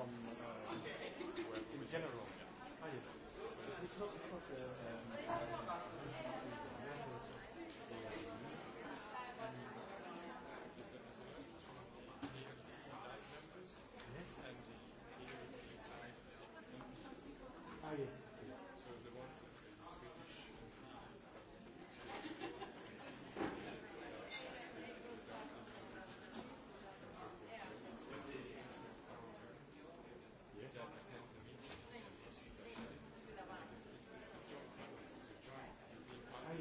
from uh, in general. Uh, ah, yes. So it's not, it's not the, um, Yes. Ah, yes.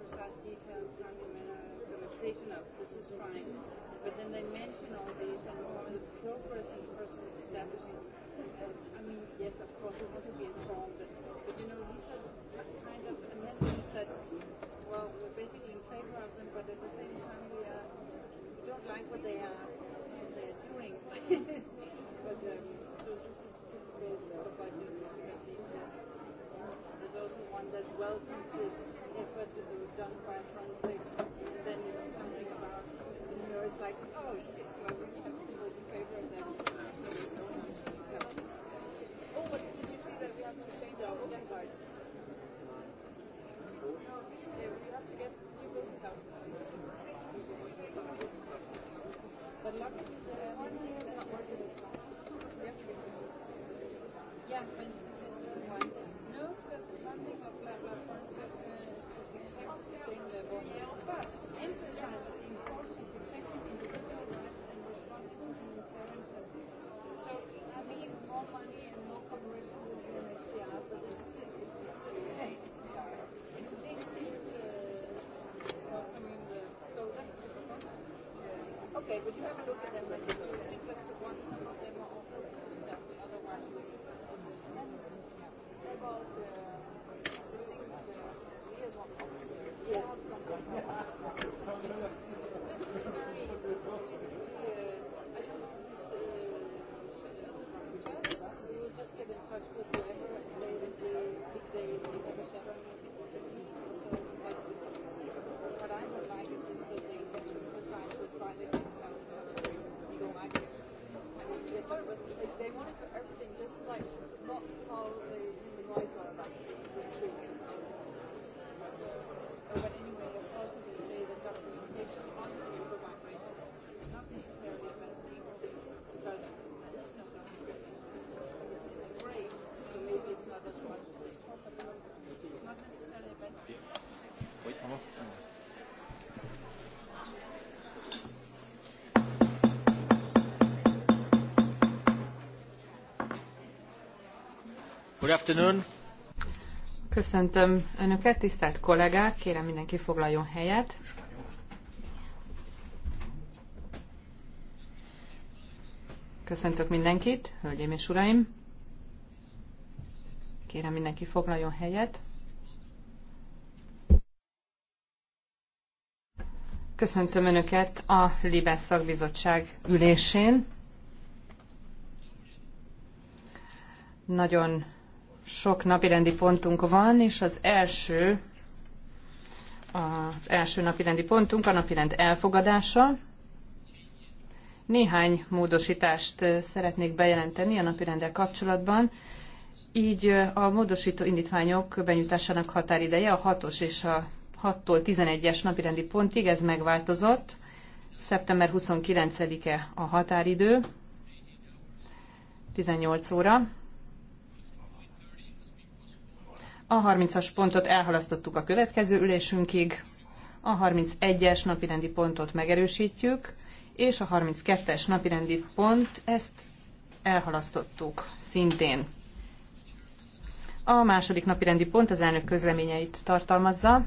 precise detail in terms of of this is fine. But then they mention all these and all the progress in process establishing. Uh, I mean, yes, of course, we want to be informed, but, but you know, these are kind of amendments that, well, we're basically in favor of them, but at the same time, we, are, we don't like what they are, what they doing. but um, so this is typical of budget. There's also one that welcomes it effort done by Frontex, then it was something about, you know, it's like, oh shit, do I really have to vote in favor of that? Yeah. Oh, but did you see that we have to change our voting cards? we have to get new voting cards. But luckily, uh, Yeah, for instance. enforcing the but emphasizes the importance of protecting individual rights and to humanitarian help. So having more money and more cooperation with Köszöntöm Önöket, tisztelt kollégák, kérem mindenki foglaljon helyet. Köszöntök mindenkit, hölgyeim és uraim. Kérem mindenki foglaljon helyet. Köszöntöm Önöket a Libes Szakbizottság ülésén. Nagyon sok napirendi pontunk van, és az első, az első napirendi pontunk a napirend elfogadása. Néhány módosítást szeretnék bejelenteni a napirendel kapcsolatban. Így a módosító indítványok benyújtásának határideje a 6-os és a 6-tól 11-es napirendi pontig, ez megváltozott. Szeptember 29-e a határidő, 18 óra. A 30-as pontot elhalasztottuk a következő ülésünkig, a 31-es napirendi pontot megerősítjük, és a 32-es napirendi pont, ezt elhalasztottuk szintén. A második napirendi pont az elnök közleményeit tartalmazza.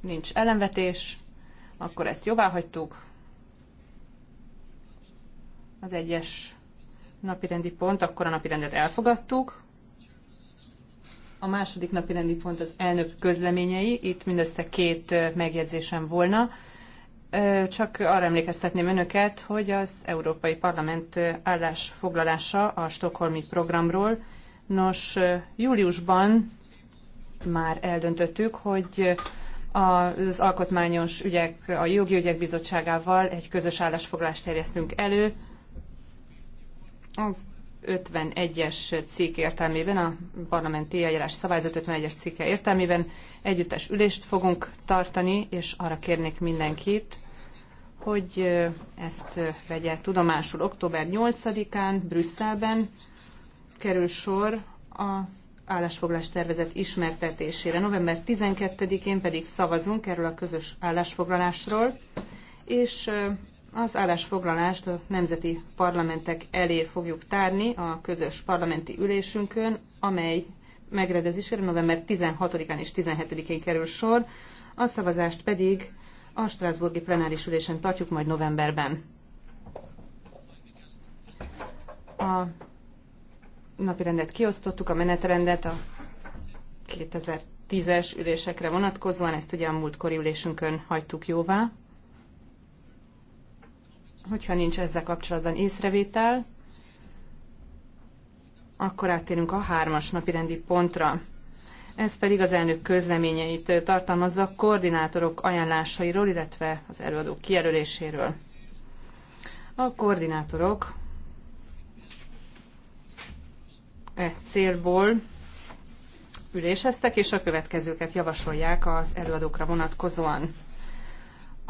Nincs ellenvetés, akkor ezt jóvá hagytuk. Az egyes napirendi pont, akkor a napirendet elfogadtuk. A második napi rendi pont az elnök közleményei. Itt mindössze két megjegyzésem volna. Csak arra emlékeztetném önöket, hogy az Európai Parlament állásfoglalása a Stockholmi programról. Nos, júliusban már eldöntöttük, hogy az Alkotmányos Ügyek, a Jogi Ügyek Bizottságával egy közös állásfoglalást terjesztünk elő. Az 51-es cikk értelmében, a parlamenti eljárás szabályzat 51-es cikke értelmében együttes ülést fogunk tartani, és arra kérnék mindenkit, hogy ezt vegye tudomásul október 8-án Brüsszelben kerül sor az állásfoglalás tervezet ismertetésére. November 12-én pedig szavazunk erről a közös állásfoglalásról, és az állásfoglalást a nemzeti parlamentek elé fogjuk tárni a közös parlamenti ülésünkön, amely megrendezésére november 16-án és 17-én kerül sor, a szavazást pedig a Strasburgi plenáris ülésen tartjuk majd novemberben. A napirendet kiosztottuk, a menetrendet a 2010-es ülésekre vonatkozóan, ezt ugye a múltkori ülésünkön hagytuk jóvá. Hogyha nincs ezzel kapcsolatban észrevétel, akkor áttérünk a hármas napi rendi pontra. Ez pedig az elnök közleményeit tartalmazza a koordinátorok ajánlásairól, illetve az előadók kijelöléséről. A koordinátorok e célból üléseztek, és a következőket javasolják az előadókra vonatkozóan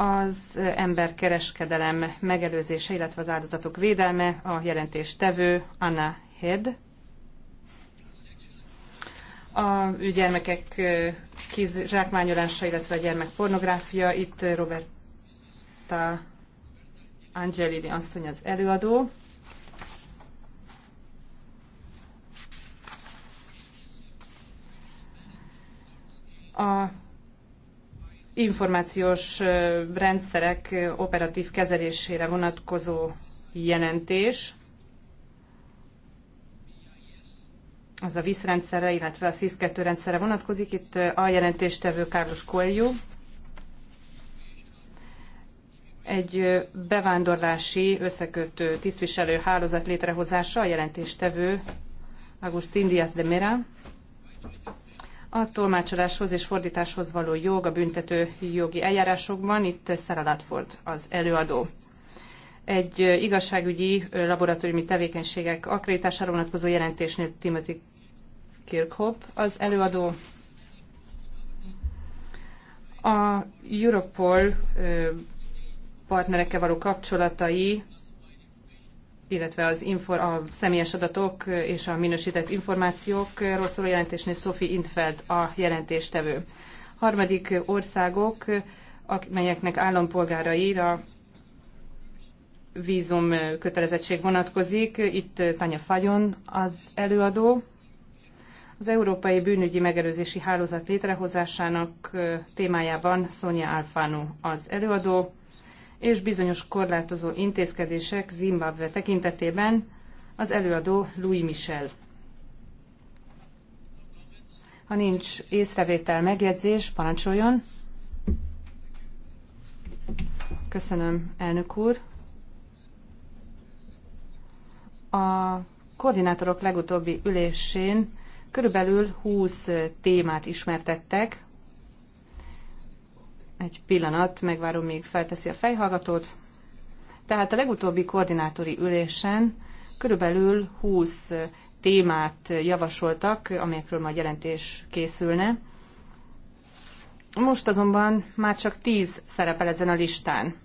az emberkereskedelem megelőzése, illetve az áldozatok védelme, a jelentéstevő Anna Hed. A gyermekek kiz, zsákmányolása, illetve a gyermekpornográfia, itt Roberta Angelini asszony az előadó. A információs rendszerek operatív kezelésére vonatkozó jelentés, az a VISZ rendszerre, illetve a SZISZ-2 rendszerre vonatkozik. Itt a jelentéstevő Carlos Coelho egy bevándorlási összekötő tisztviselő hálózat létrehozása, a jelentéstevő Agustín Díaz de Mera, a tolmácsoláshoz és fordításhoz való jog a büntető jogi eljárásokban. Itt Sarah Latford az előadó. Egy igazságügyi laboratóriumi tevékenységek akkreditására vonatkozó jelentésnél Timothy Kirkhope az előadó. A Europol partnerekkel való kapcsolatai illetve az infor, a személyes adatok és a minősített információk. szóló jelentésnél Sofi Intfeld a jelentéstevő. Harmadik országok, amelyeknek állampolgáraira vízum kötelezettség vonatkozik. Itt Tanya Fajon az előadó. Az Európai Bűnügyi Megelőzési Hálózat létrehozásának témájában Szonya Alfánu az előadó és bizonyos korlátozó intézkedések Zimbabwe tekintetében az előadó Louis Michel. Ha nincs észrevétel, megjegyzés, parancsoljon. Köszönöm, elnök úr. A koordinátorok legutóbbi ülésén körülbelül 20 témát ismertettek, egy pillanat, megvárom, még felteszi a fejhallgatót. Tehát a legutóbbi koordinátori ülésen körülbelül 20 témát javasoltak, amelyekről majd jelentés készülne. Most azonban már csak 10 szerepel ezen a listán,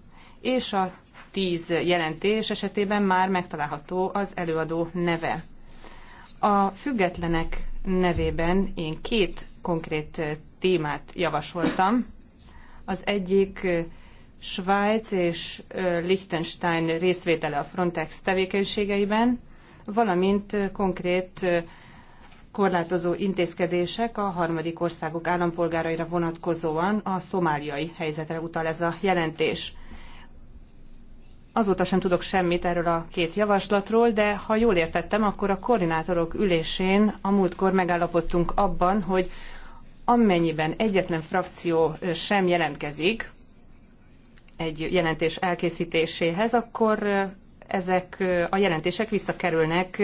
és a 10 jelentés esetében már megtalálható az előadó neve. A függetlenek nevében én két konkrét témát javasoltam, az egyik Svájc és Liechtenstein részvétele a Frontex tevékenységeiben, valamint konkrét korlátozó intézkedések a harmadik országok állampolgáraira vonatkozóan a szomáliai helyzetre utal ez a jelentés. Azóta sem tudok semmit erről a két javaslatról, de ha jól értettem, akkor a koordinátorok ülésén a múltkor megállapodtunk abban, hogy amennyiben egyetlen frakció sem jelentkezik egy jelentés elkészítéséhez, akkor ezek a jelentések visszakerülnek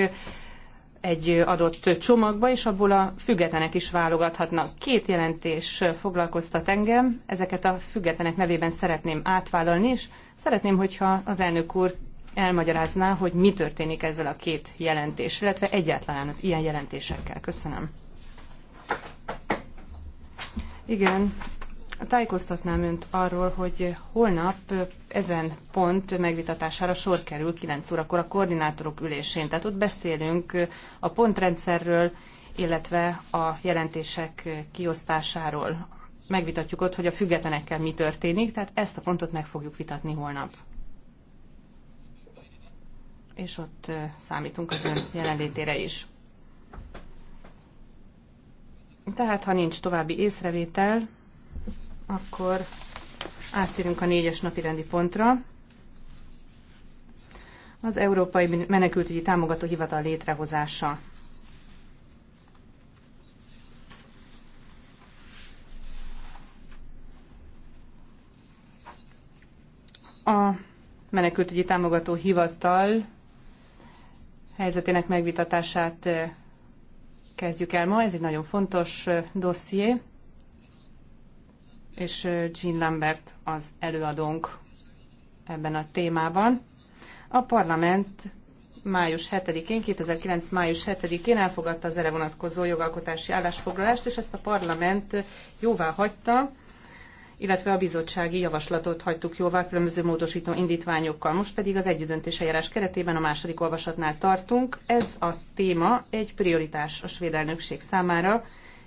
egy adott csomagba, és abból a függetlenek is válogathatnak. Két jelentés foglalkoztat engem, ezeket a függetlenek nevében szeretném átvállalni, és szeretném, hogyha az elnök úr elmagyarázná, hogy mi történik ezzel a két jelentés, illetve egyáltalán az ilyen jelentésekkel. Köszönöm. Igen, tájékoztatnám önt arról, hogy holnap ezen pont megvitatására sor kerül 9 órakor a koordinátorok ülésén. Tehát ott beszélünk a pontrendszerről, illetve a jelentések kiosztásáról. Megvitatjuk ott, hogy a függetlenekkel mi történik, tehát ezt a pontot meg fogjuk vitatni holnap. És ott számítunk az ön jelenlétére is. Tehát, ha nincs további észrevétel, akkor áttérünk a négyes napi rendi pontra. Az Európai Menekültügyi Támogató Hivatal létrehozása. A Menekültügyi Támogató Hivatal helyzetének megvitatását eh, kezdjük el ma. Ez egy nagyon fontos dosszié, és Jean Lambert az előadónk ebben a témában. A parlament május 7-én, 2009. május 7-én elfogadta az erre vonatkozó jogalkotási állásfoglalást, és ezt a parlament jóvá hagyta illetve a bizottsági javaslatot hagytuk jóvá különböző módosító indítványokkal. Most pedig az együttdöntés eljárás keretében a második olvasatnál tartunk. Ez a téma egy prioritás a svéd elnökség számára,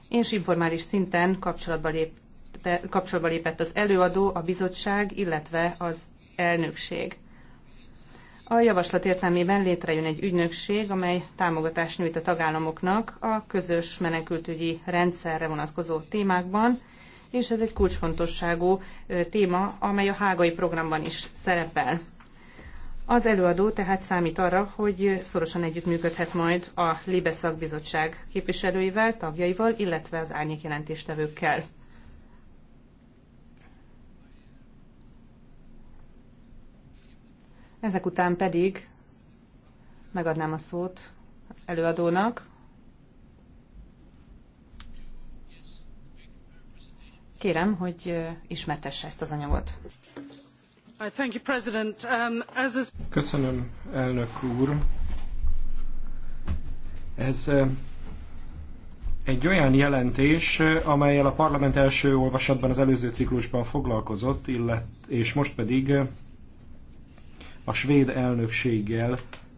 és informális szinten kapcsolatba, lépte, kapcsolatba lépett az előadó, a bizottság, illetve az elnökség. A javaslat értelmében létrejön egy ügynökség, amely támogatást nyújt a tagállamoknak a közös menekültügyi rendszerre vonatkozó témákban, és ez egy kulcsfontosságú téma, amely a hágai programban is szerepel. Az előadó tehát számít arra, hogy szorosan együttműködhet majd a Libe szakbizottság képviselőivel, tagjaival, illetve az jelentéstevőkkel. Ezek után pedig megadnám a szót az előadónak, Kérem, hogy ismertesse ezt az anyagot. Um, köszönöm, elnök úr. Ez egy olyan jelentés, amelyel a parlament első olvasatban az előző ciklusban foglalkozott, illet, és most pedig a svéd elnökséggel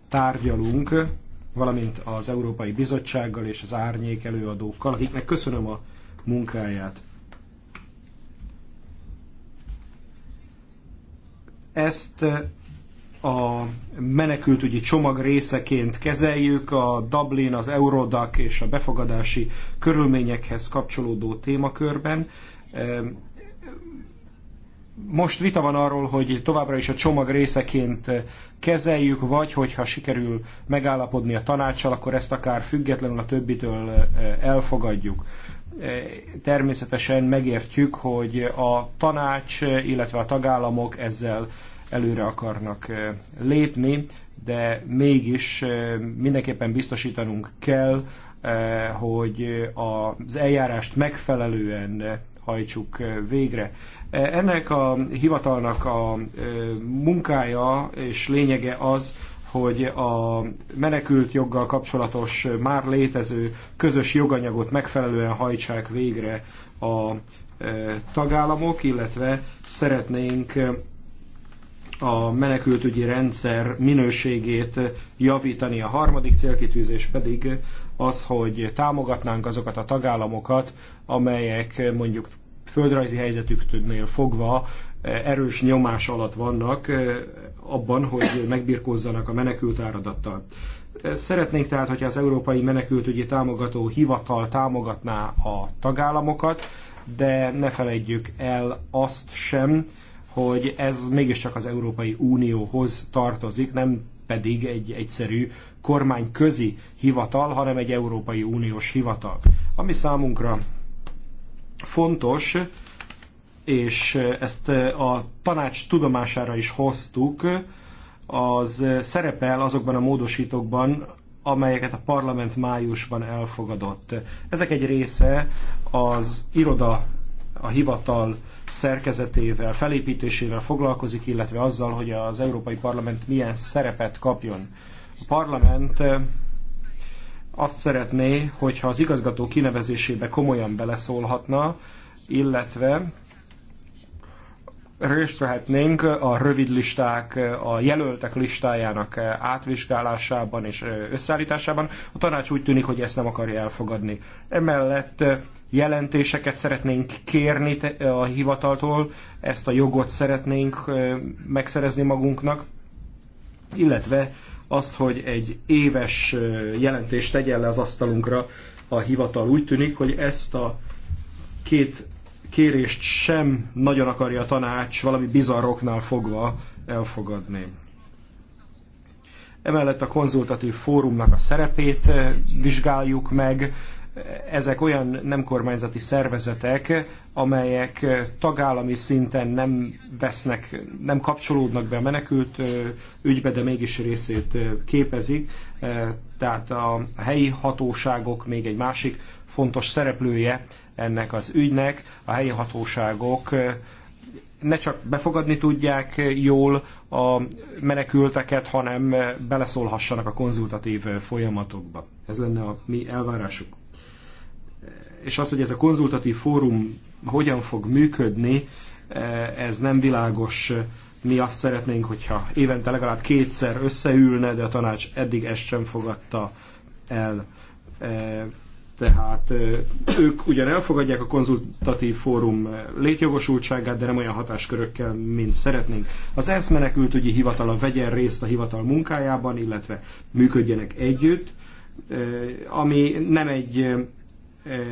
tárgyalunk, valamint az Európai Bizottsággal és az árnyék előadókkal, akiknek köszönöm a munkáját. Ezt a menekültügyi csomag részeként kezeljük, a Dublin, az Eurodac és a befogadási körülményekhez kapcsolódó témakörben. Most vita van arról, hogy továbbra is a csomag részeként kezeljük, vagy hogyha sikerül megállapodni a tanácssal, akkor ezt akár függetlenül a többitől elfogadjuk. Eh, természetesen megértjük, hogy a tanács, illetve a tagállamok ezzel előre akarnak eh, lépni, de mégis eh, mindenképpen biztosítanunk kell, hogy az eljárást megfelelően hajtsuk végre. Ennek a hivatalnak a munkája és lényege az, hogy a menekült joggal kapcsolatos már létező közös joganyagot megfelelően hajtsák végre a e, tagállamok, illetve szeretnénk e, a menekültügyi rendszer minőségét javítani. A harmadik célkitűzés pedig az, hogy támogatnánk azokat a tagállamokat, amelyek mondjuk földrajzi helyzetüknél fogva e, erős nyomás alatt vannak e, abban, hogy megbirkózzanak a menekült áradattal. E, szeretnénk tehát, hogyha az Európai Menekültügyi Támogató Hivatal támogatná a tagállamokat, de ne felejtjük el azt sem, hogy ez mégiscsak az Európai Unióhoz tartozik, nem pedig egy egyszerű kormányközi hivatal, hanem egy Európai Uniós hivatal. Ami számunkra fontos, és ezt a tanács tudomására is hoztuk, az szerepel azokban a módosítókban, amelyeket a parlament májusban elfogadott. Ezek egy része az iroda, a hivatal szerkezetével, felépítésével foglalkozik, illetve azzal, hogy az Európai Parlament milyen szerepet kapjon. A parlament azt szeretné, hogyha az igazgató kinevezésébe komolyan beleszólhatna, illetve részt vehetnénk a rövid listák, a jelöltek listájának átvizsgálásában és összeállításában. A tanács úgy tűnik, hogy ezt nem akarja elfogadni. Emellett jelentéseket szeretnénk kérni a hivataltól, ezt a jogot szeretnénk megszerezni magunknak, illetve azt, hogy egy éves jelentést tegyen le az asztalunkra a hivatal. Úgy tűnik, hogy ezt a két kérést sem nagyon akarja a tanács valami bizarroknál fogva elfogadni. Emellett a konzultatív fórumnak a szerepét vizsgáljuk meg, ezek olyan nem kormányzati szervezetek, amelyek tagállami szinten nem vesznek, nem kapcsolódnak be a menekült ügybe, de mégis részét képezik. Tehát a helyi hatóságok még egy másik fontos szereplője ennek az ügynek. A helyi hatóságok ne csak befogadni tudják jól a menekülteket, hanem beleszólhassanak a konzultatív folyamatokba. Ez lenne a mi elvárásuk és az, hogy ez a konzultatív fórum hogyan fog működni, eh, ez nem világos. Mi azt szeretnénk, hogyha évente legalább kétszer összeülne, de a tanács eddig ezt sem fogadta el. Eh, tehát eh, ők ugyan elfogadják a konzultatív fórum létjogosultságát, de nem olyan hatáskörökkel, mint szeretnénk. Az ENSZ menekültügyi hivatala vegyen részt a hivatal munkájában, illetve működjenek együtt, ami nem egy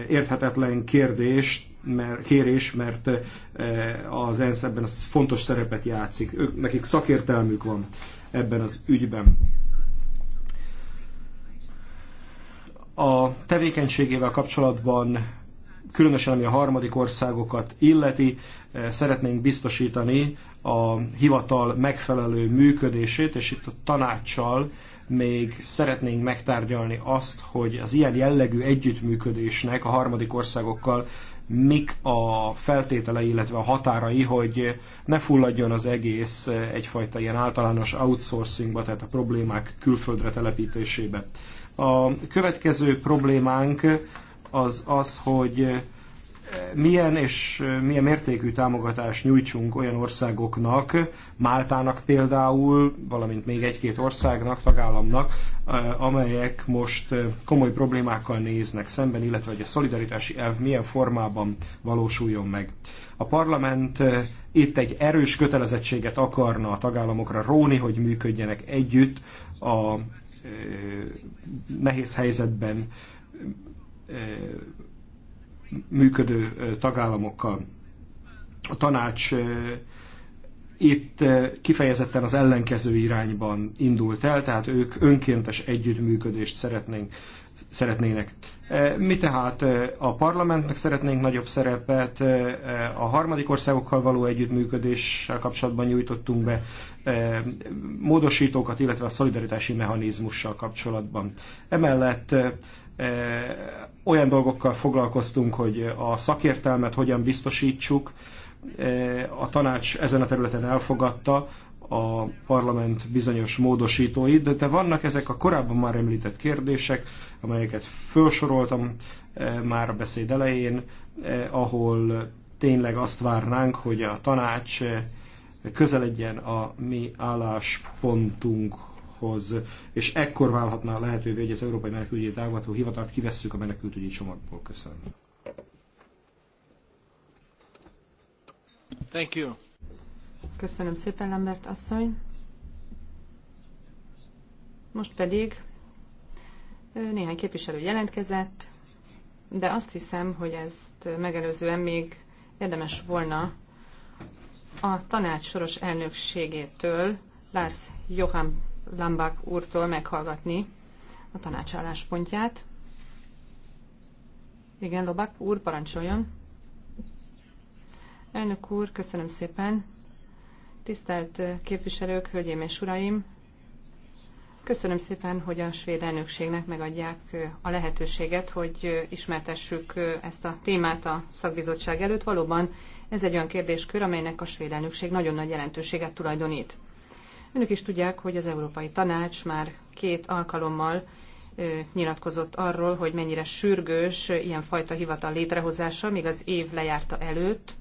érthetetlen kérdés, mert, kérés, mert e, az ENSZ ebben fontos szerepet játszik. Ők, nekik szakértelmük van ebben az ügyben. A tevékenységével kapcsolatban különösen ami a harmadik országokat illeti, e, szeretnénk biztosítani a hivatal megfelelő működését, és itt a tanácssal még szeretnénk megtárgyalni azt, hogy az ilyen jellegű együttműködésnek a harmadik országokkal mik a feltételei, illetve a határai, hogy ne fulladjon az egész egyfajta ilyen általános outsourcingba, tehát a problémák külföldre telepítésébe. A következő problémánk az az, hogy milyen és milyen mértékű támogatást nyújtsunk olyan országoknak, Máltának például, valamint még egy-két országnak, tagállamnak, amelyek most komoly problémákkal néznek szemben, illetve hogy a szolidaritási elv milyen formában valósuljon meg. A parlament itt egy erős kötelezettséget akarna a tagállamokra róni, hogy működjenek együtt a nehéz helyzetben működő tagállamokkal. A tanács itt kifejezetten az ellenkező irányban indult el, tehát ők önkéntes együttműködést szeretnénk, szeretnének. Mi tehát a parlamentnek szeretnénk nagyobb szerepet, a harmadik országokkal való együttműködéssel kapcsolatban nyújtottunk be módosítókat, illetve a szolidaritási mechanizmussal kapcsolatban. Emellett olyan dolgokkal foglalkoztunk, hogy a szakértelmet hogyan biztosítsuk. E, a tanács ezen a területen elfogadta a parlament bizonyos módosítóit, de vannak ezek a korábban már említett kérdések, amelyeket felsoroltam e, már a beszéd elején, e, ahol tényleg azt várnánk, hogy a tanács közeledjen a mi álláspontunkhoz hoz, és ekkor válhatna lehetővé, hogy az Európai Menekültügyi Támogató Hivatalt kivesszük a menekültügyi csomagból. Köszönöm. Thank you. Köszönöm szépen, Lambert asszony. Most pedig néhány képviselő jelentkezett, de azt hiszem, hogy ezt megelőzően még érdemes volna a tanács soros elnökségétől Lars Johan Lambák úrtól meghallgatni a tanácsálláspontját. Igen, Lobak úr, parancsoljon. Elnök úr, köszönöm szépen. Tisztelt képviselők, hölgyeim és uraim! Köszönöm szépen, hogy a svéd elnökségnek megadják a lehetőséget, hogy ismertessük ezt a témát a szakbizottság előtt. Valóban ez egy olyan kérdéskör, amelynek a svéd elnökség nagyon nagy jelentőséget tulajdonít. Önök is tudják, hogy az Európai Tanács már két alkalommal nyilatkozott arról, hogy mennyire sürgős ilyenfajta hivatal létrehozása még az év lejárta előtt.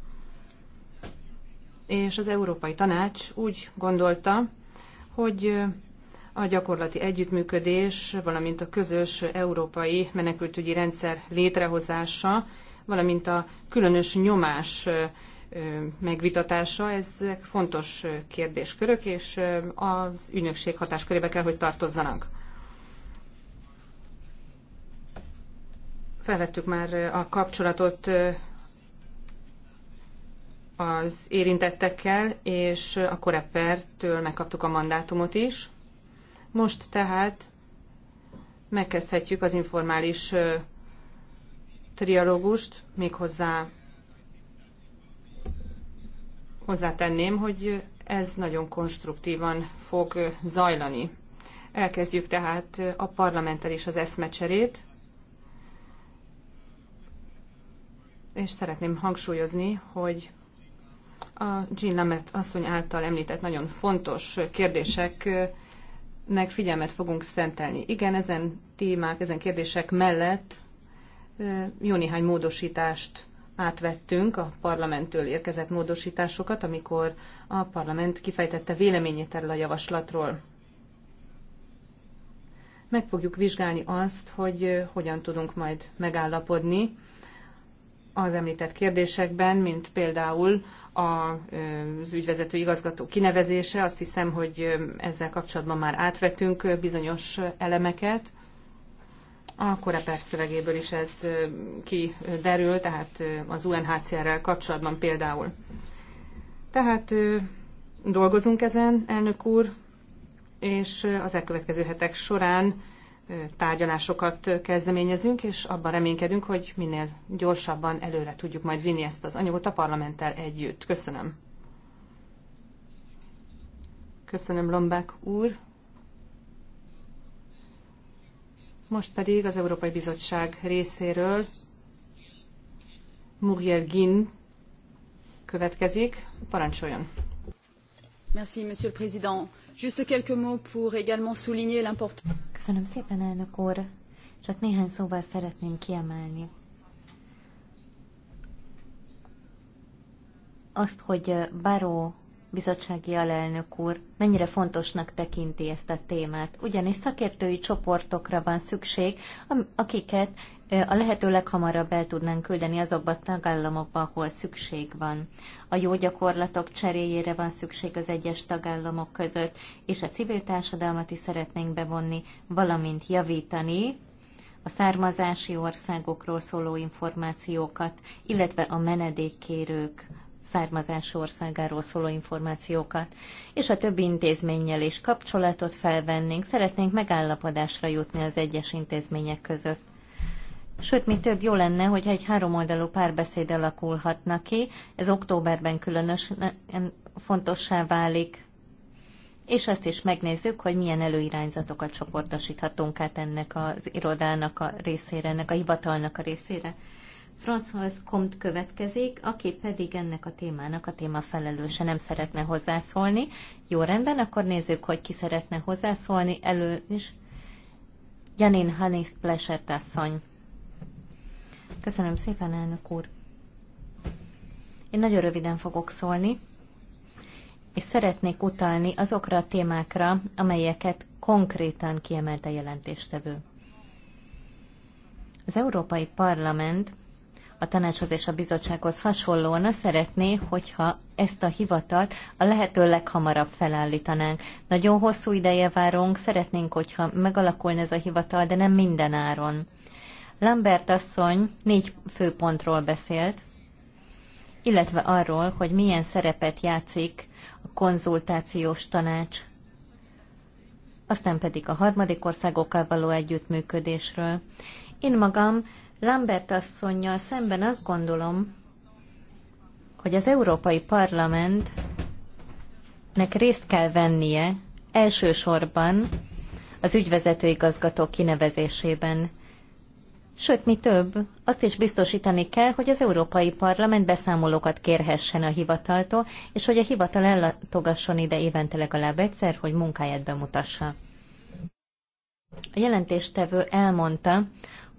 És az Európai Tanács úgy gondolta, hogy a gyakorlati együttműködés, valamint a közös európai menekültügyi rendszer létrehozása, valamint a különös nyomás megvitatása, ezek fontos kérdéskörök, és az ügynökség hatáskörébe kell, hogy tartozzanak. Felvettük már a kapcsolatot az érintettekkel, és a Korepertől megkaptuk a mandátumot is. Most tehát megkezdhetjük az informális trialógust, méghozzá Hozzátenném, hogy ez nagyon konstruktívan fog zajlani. Elkezdjük tehát a parlamenttel is az eszmecserét, és szeretném hangsúlyozni, hogy a Jean Lamert asszony által említett nagyon fontos kérdéseknek figyelmet fogunk szentelni. Igen, ezen témák, ezen kérdések mellett jó néhány módosítást átvettünk a parlamenttől érkezett módosításokat, amikor a parlament kifejtette véleményét erről a javaslatról. Meg fogjuk vizsgálni azt, hogy hogyan tudunk majd megállapodni az említett kérdésekben, mint például az ügyvezető igazgató kinevezése. Azt hiszem, hogy ezzel kapcsolatban már átvettünk bizonyos elemeket a Koreper szövegéből is ez kiderül, tehát az UNHCR-rel kapcsolatban például. Tehát dolgozunk ezen, elnök úr, és az elkövetkező hetek során tárgyalásokat kezdeményezünk, és abban reménykedünk, hogy minél gyorsabban előre tudjuk majd vinni ezt az anyagot a parlamenttel együtt. Köszönöm. Köszönöm, Lombák úr. Most pedig az Európai Bizottság részéről Muriel Gin következik. Parancsoljon! Merci, Monsieur le Président. Juste quelques mots pour également souligner l'importance. Köszönöm szépen, elnök úr. Csak néhány szóval szeretném kiemelni. Azt, hogy Baró bizottsági alelnök úr mennyire fontosnak tekinti ezt a témát, ugyanis szakértői csoportokra van szükség, akiket a lehető leghamarabb el tudnánk küldeni azokba a tagállamokba, ahol szükség van. A jó gyakorlatok cseréjére van szükség az egyes tagállamok között, és a civil társadalmat is szeretnénk bevonni, valamint javítani a származási országokról szóló információkat, illetve a menedékkérők származási országáról szóló információkat, és a többi intézménnyel is kapcsolatot felvennénk, szeretnénk megállapodásra jutni az egyes intézmények között. Sőt, mi több jó lenne, hogy egy háromoldalú párbeszéd alakulhatna ki, ez októberben különösen fontossá válik, és azt is megnézzük, hogy milyen előirányzatokat csoportosíthatunk át ennek az irodának a részére, ennek a hivatalnak a részére. Franzhoz Comte következik, aki pedig ennek a témának a téma felelőse nem szeretne hozzászólni. Jó rendben, akkor nézzük, hogy ki szeretne hozzászólni. Elő is Janin Hanis Plesett asszony. Köszönöm szépen, elnök úr. Én nagyon röviden fogok szólni, és szeretnék utalni azokra a témákra, amelyeket konkrétan kiemelt a jelentéstevő. Az Európai Parlament a tanácshoz és a bizottsághoz hasonlóan szeretné, hogyha ezt a hivatalt a lehető leghamarabb felállítanánk. Nagyon hosszú ideje várunk, szeretnénk, hogyha megalakulna ez a hivatal, de nem minden áron. Lambert asszony négy főpontról beszélt, illetve arról, hogy milyen szerepet játszik a konzultációs tanács, aztán pedig a harmadik országokkal való együttműködésről. Én magam Lambert asszonynal szemben azt gondolom, hogy az Európai Parlamentnek részt kell vennie elsősorban az ügyvezető igazgató kinevezésében. Sőt, mi több, azt is biztosítani kell, hogy az Európai Parlament beszámolókat kérhessen a hivataltól, és hogy a hivatal ellátogasson ide évente legalább egyszer, hogy munkáját bemutassa. A jelentéstevő elmondta,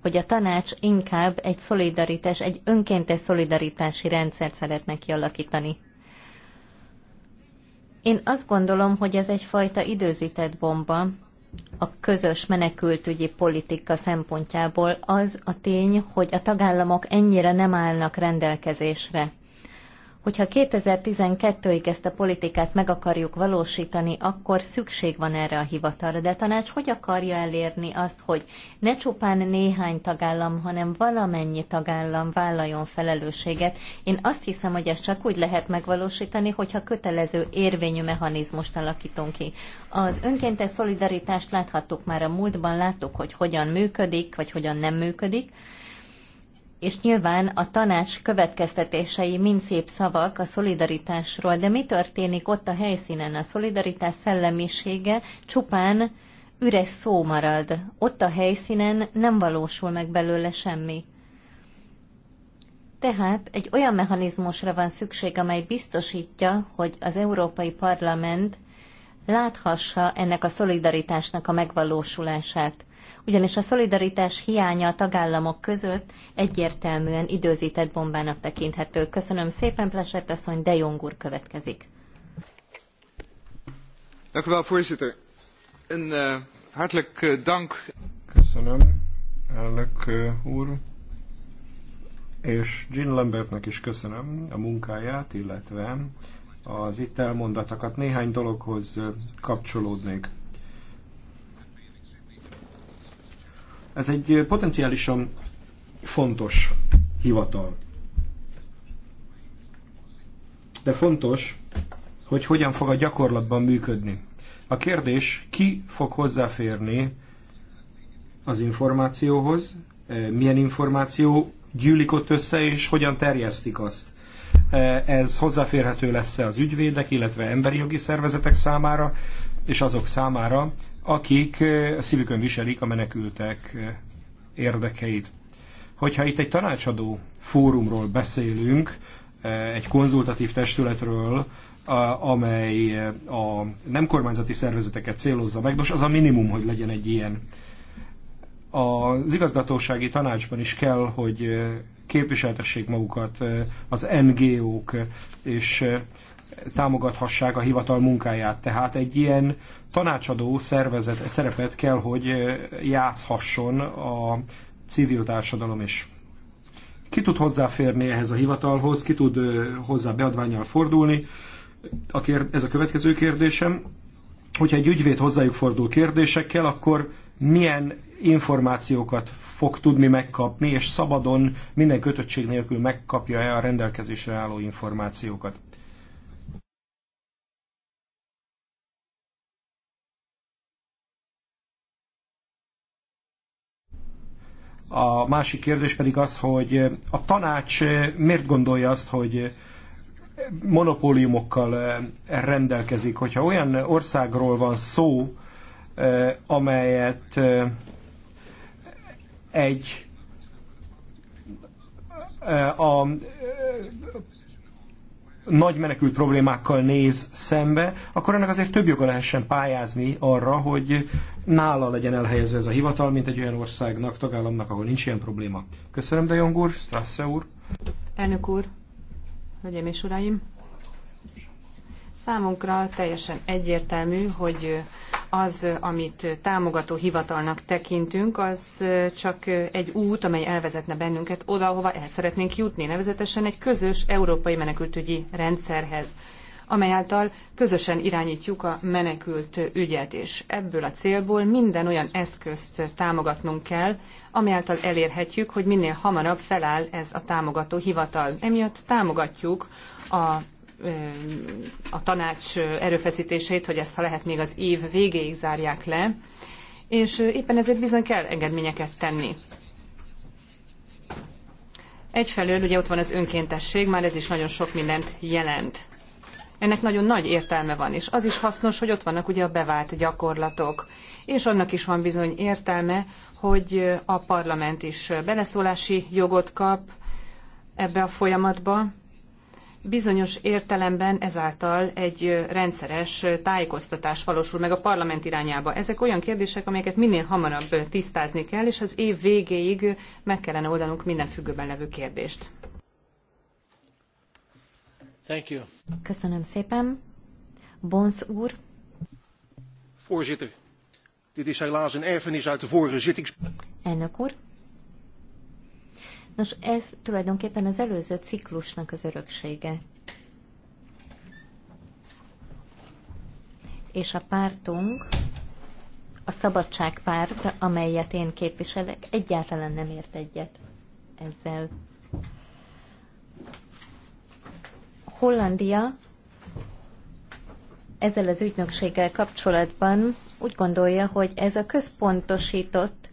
hogy a tanács inkább egy szolidaritás, egy önkéntes szolidaritási rendszert szeretne kialakítani. Én azt gondolom, hogy ez egyfajta időzített bomba a közös menekültügyi politika szempontjából az a tény, hogy a tagállamok ennyire nem állnak rendelkezésre hogyha 2012-ig ezt a politikát meg akarjuk valósítani, akkor szükség van erre a hivatalra. De a tanács hogy akarja elérni azt, hogy ne csupán néhány tagállam, hanem valamennyi tagállam vállaljon felelősséget? Én azt hiszem, hogy ezt csak úgy lehet megvalósítani, hogyha kötelező érvényű mechanizmust alakítunk ki. Az önkéntes szolidaritást láthattuk már a múltban, láttuk, hogy hogyan működik, vagy hogyan nem működik és nyilván a tanács következtetései mind szép szavak a szolidaritásról, de mi történik ott a helyszínen? A szolidaritás szellemisége csupán üres szó marad. Ott a helyszínen nem valósul meg belőle semmi. Tehát egy olyan mechanizmusra van szükség, amely biztosítja, hogy az Európai Parlament láthassa ennek a szolidaritásnak a megvalósulását ugyanis a szolidaritás hiánya a tagállamok között egyértelműen időzített bombának tekinthető. Köszönöm szépen, Plesert asszony, de Jong úr következik. Eh, eh, köszönöm, elnök eh, úr. És Jean Lambertnek is köszönöm a munkáját, illetve az itt elmondatokat. Néhány dologhoz kapcsolódnék. Ez egy potenciálisan fontos hivatal. De fontos, hogy hogyan fog a gyakorlatban működni. A kérdés, ki fog hozzáférni az információhoz, e, milyen információ gyűlik ott össze, és hogyan terjesztik azt. E, ez hozzáférhető lesz-e az ügyvédek, illetve emberi jogi szervezetek számára, és azok számára, akik a szívükön viselik a menekültek érdekeit. Hogyha itt egy tanácsadó fórumról beszélünk, egy konzultatív testületről, amely a nem kormányzati szervezeteket célozza meg, most az a minimum, hogy legyen egy ilyen. Az igazgatósági tanácsban is kell, hogy képviseltessék magukat az NGO-k, és támogathassák a hivatal munkáját. Tehát egy ilyen tanácsadó szervezet szerepet kell, hogy játszhasson a civil társadalom is. Ki tud hozzáférni ehhez a hivatalhoz, ki tud hozzá beadványjal fordulni? A ez a következő kérdésem. Hogyha egy ügyvéd hozzájuk fordul kérdésekkel, akkor milyen információkat fog tudni megkapni, és szabadon minden kötöttség nélkül megkapja-e a rendelkezésre álló információkat? A másik kérdés pedig az, hogy a tanács miért gondolja azt, hogy monopóliumokkal eh, rendelkezik. Hogyha olyan országról van szó, eh, amelyet eh, egy a nagy menekült problémákkal néz szembe, akkor ennek azért több joga lehessen pályázni arra, hogy nála legyen elhelyezve ez a hivatal, mint egy olyan országnak, tagállamnak, ahol nincs ilyen probléma. Köszönöm, de Jong úr, Strasse úr. Elnök úr, hölgyeim és uraim, számunkra teljesen egyértelmű, hogy az, amit támogató hivatalnak tekintünk, az csak egy út, amely elvezetne bennünket oda, ahova el szeretnénk jutni, nevezetesen egy közös európai menekültügyi rendszerhez amely által közösen irányítjuk a menekült ügyet, és ebből a célból minden olyan eszközt támogatnunk kell, amely által elérhetjük, hogy minél hamarabb feláll ez a támogató hivatal. Emiatt támogatjuk a a tanács erőfeszítéseit, hogy ezt ha lehet még az év végéig zárják le, és éppen ezért bizony kell engedményeket tenni. Egyfelől ugye ott van az önkéntesség, már ez is nagyon sok mindent jelent ennek nagyon nagy értelme van, és az is hasznos, hogy ott vannak ugye a bevált gyakorlatok. És annak is van bizony értelme, hogy a parlament is beleszólási jogot kap ebbe a folyamatba, bizonyos értelemben ezáltal egy rendszeres tájékoztatás valósul meg a parlament irányába. Ezek olyan kérdések, amelyeket minél hamarabb tisztázni kell, és az év végéig meg kellene oldanunk minden függőben levő kérdést. Thank you. Köszönöm szépen. Bons úr. Voorzitter, dit is helaas een erfenis uit de vorige zittings... Elnök úr. Nos, ez tulajdonképpen az előző ciklusnak az öröksége. És a pártunk, a szabadságpárt, amelyet én képviselek, egyáltalán nem ért egyet ezzel. Hollandia ezzel az ügynökséggel kapcsolatban úgy gondolja, hogy ez a központosított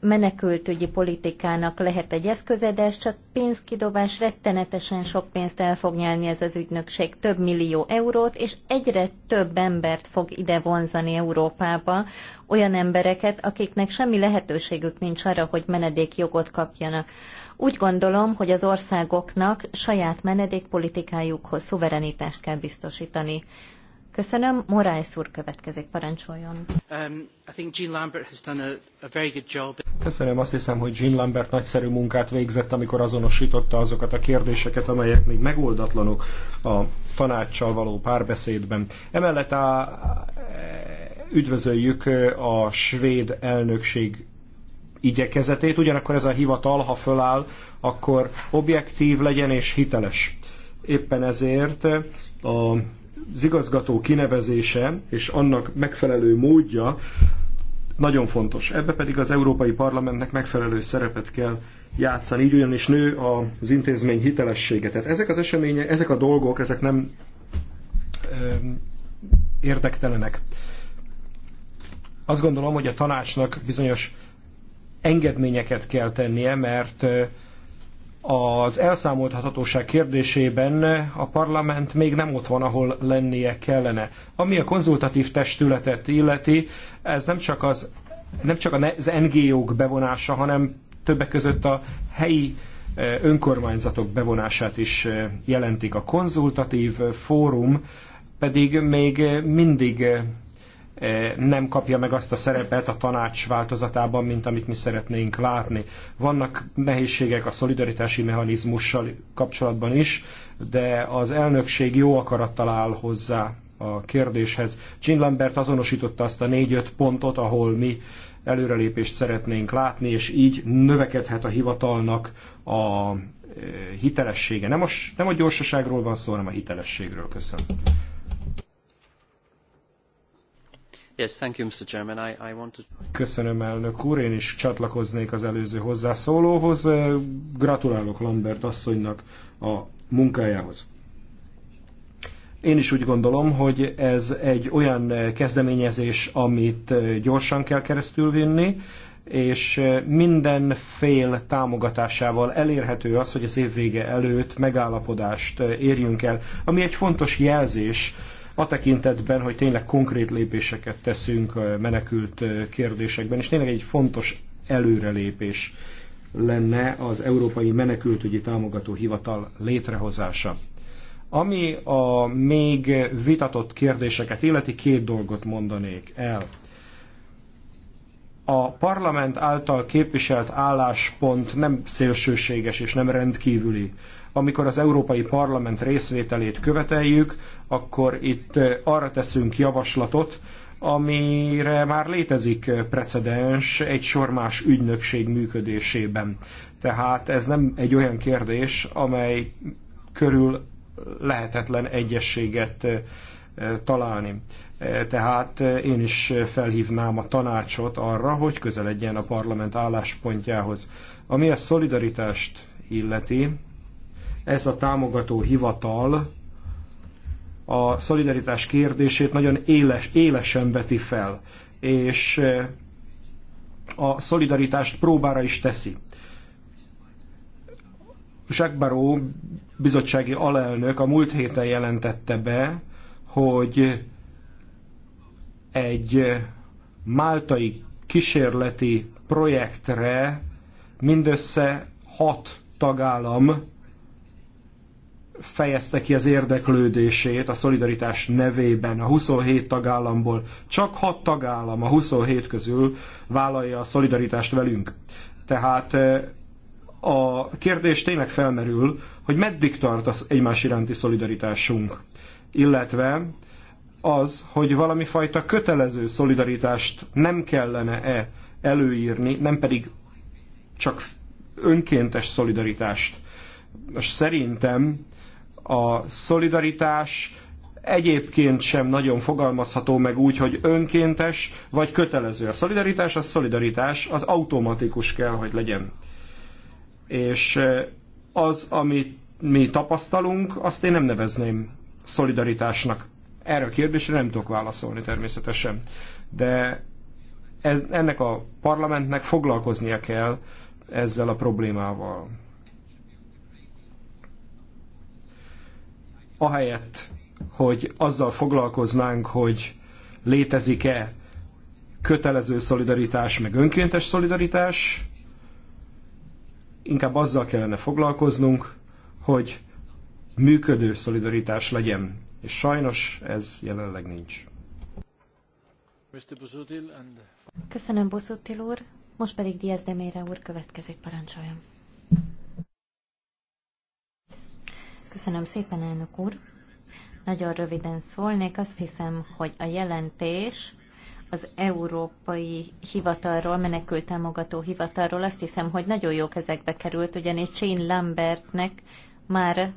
menekültügyi politikának lehet egy eszköze, de ez csak pénzkidobás, rettenetesen sok pénzt el fog nyelni ez az ügynökség, több millió eurót, és egyre több embert fog ide vonzani Európába, olyan embereket, akiknek semmi lehetőségük nincs arra, hogy menedékjogot kapjanak. Úgy gondolom, hogy az országoknak saját menedékpolitikájukhoz szuverenitást kell biztosítani. Köszönöm, Morales úr következik, parancsoljon. Um, Köszönöm, azt hiszem, hogy Jean Lambert nagyszerű munkát végzett, amikor azonosította azokat a kérdéseket, amelyek még megoldatlanok a tanácssal való párbeszédben. Emellett a, üdvözöljük a svéd elnökség igyekezetét, ugyanakkor ez a hivatal, ha föláll, akkor objektív legyen és hiteles. Éppen ezért az igazgató kinevezése és annak megfelelő módja nagyon fontos. Ebbe pedig az Európai Parlamentnek megfelelő szerepet kell játszani, így ugyanis nő az intézmény hitelessége. Tehát ezek az események, ezek a dolgok, ezek nem érdektelenek. Azt gondolom, hogy a tanácsnak bizonyos engedményeket kell tennie, mert az elszámolthatatóság kérdésében a parlament még nem ott van, ahol lennie kellene. Ami a konzultatív testületet illeti, ez nem csak az, nem csak az NGO-k bevonása, hanem többek között a helyi önkormányzatok bevonását is jelentik. A konzultatív fórum pedig még mindig nem kapja meg azt a szerepet a tanács változatában, mint amit mi szeretnénk látni. Vannak nehézségek a szolidaritási mechanizmussal kapcsolatban is, de az elnökség jó akarattal áll hozzá a kérdéshez. Jean Lambert azonosította azt a négy-öt pontot, ahol mi előrelépést szeretnénk látni, és így növekedhet a hivatalnak a e, hitelessége. Nem a, nem a gyorsaságról van szó, hanem a hitelességről. Köszönöm. Yes, thank you, Mr. Chairman. I, I Köszönöm, elnök úr. Én is csatlakoznék az előző hozzászólóhoz. Eh, gratulálok Lambert asszonynak a munkájához. Én is úgy gondolom, hogy ez egy olyan eh, kezdeményezés, amit eh, gyorsan kell keresztülvinni, és minden fél támogatásával elérhető az, hogy az év vége előtt megállapodást érjünk el, ami egy fontos jelzés a tekintetben, hogy tényleg konkrét lépéseket teszünk menekült kérdésekben, és tényleg egy fontos előrelépés lenne az Európai Menekültügyi Támogató Hivatal létrehozása. Ami a még vitatott kérdéseket illeti, két dolgot mondanék el. A parlament által képviselt álláspont nem szélsőséges és nem rendkívüli. Amikor az Európai Parlament részvételét követeljük, akkor itt arra teszünk javaslatot, amire már létezik precedens egy sor más ügynökség működésében. Tehát ez nem egy olyan kérdés, amely körül lehetetlen egyességet találni. Tehát én is felhívnám a tanácsot arra, hogy közeledjen a parlament álláspontjához. Ami a szolidaritást illeti, ez a támogató hivatal a szolidaritás kérdését nagyon éles, élesen veti fel, és e, a szolidaritást próbára is teszi. Jacques Barrault bizottsági alelnök a múlt héten jelentette be, hogy egy máltai kísérleti projektre mindössze hat tagállam fejezte ki az érdeklődését a szolidaritás nevében a 27 tagállamból. Csak 6 tagállam a 27 közül vállalja a szolidaritást velünk. Tehát eh, a kérdés tényleg felmerül, hogy meddig tart az egymás iránti szolidaritásunk, illetve az, hogy valami fajta kötelező szolidaritást nem kellene-e előírni, nem pedig csak önkéntes szolidaritást. Most szerintem a szolidaritás egyébként sem nagyon fogalmazható meg úgy, hogy önkéntes vagy kötelező. A szolidaritás, a szolidaritás az automatikus kell, hogy legyen. És e, az, amit mi tapasztalunk, azt én nem nevezném szolidaritásnak. Erre a kérdésre nem tudok válaszolni természetesen. De ennek a parlamentnek foglalkoznia kell ezzel a problémával. ahelyett, hogy azzal foglalkoznánk, hogy létezik-e kötelező szolidaritás, meg önkéntes szolidaritás, inkább azzal kellene foglalkoznunk, hogy működő szolidaritás legyen. És sajnos ez jelenleg nincs. Köszönöm, Buszutil úr. Most pedig Diaz Demére úr következik, parancsoljon. Köszönöm szépen, elnök úr. Nagyon röviden szólnék. Azt hiszem, hogy a jelentés az Európai Hivatalról, menekültámogató hivatalról, azt hiszem, hogy nagyon jó kezekbe került, ugyanis Jane Lambertnek már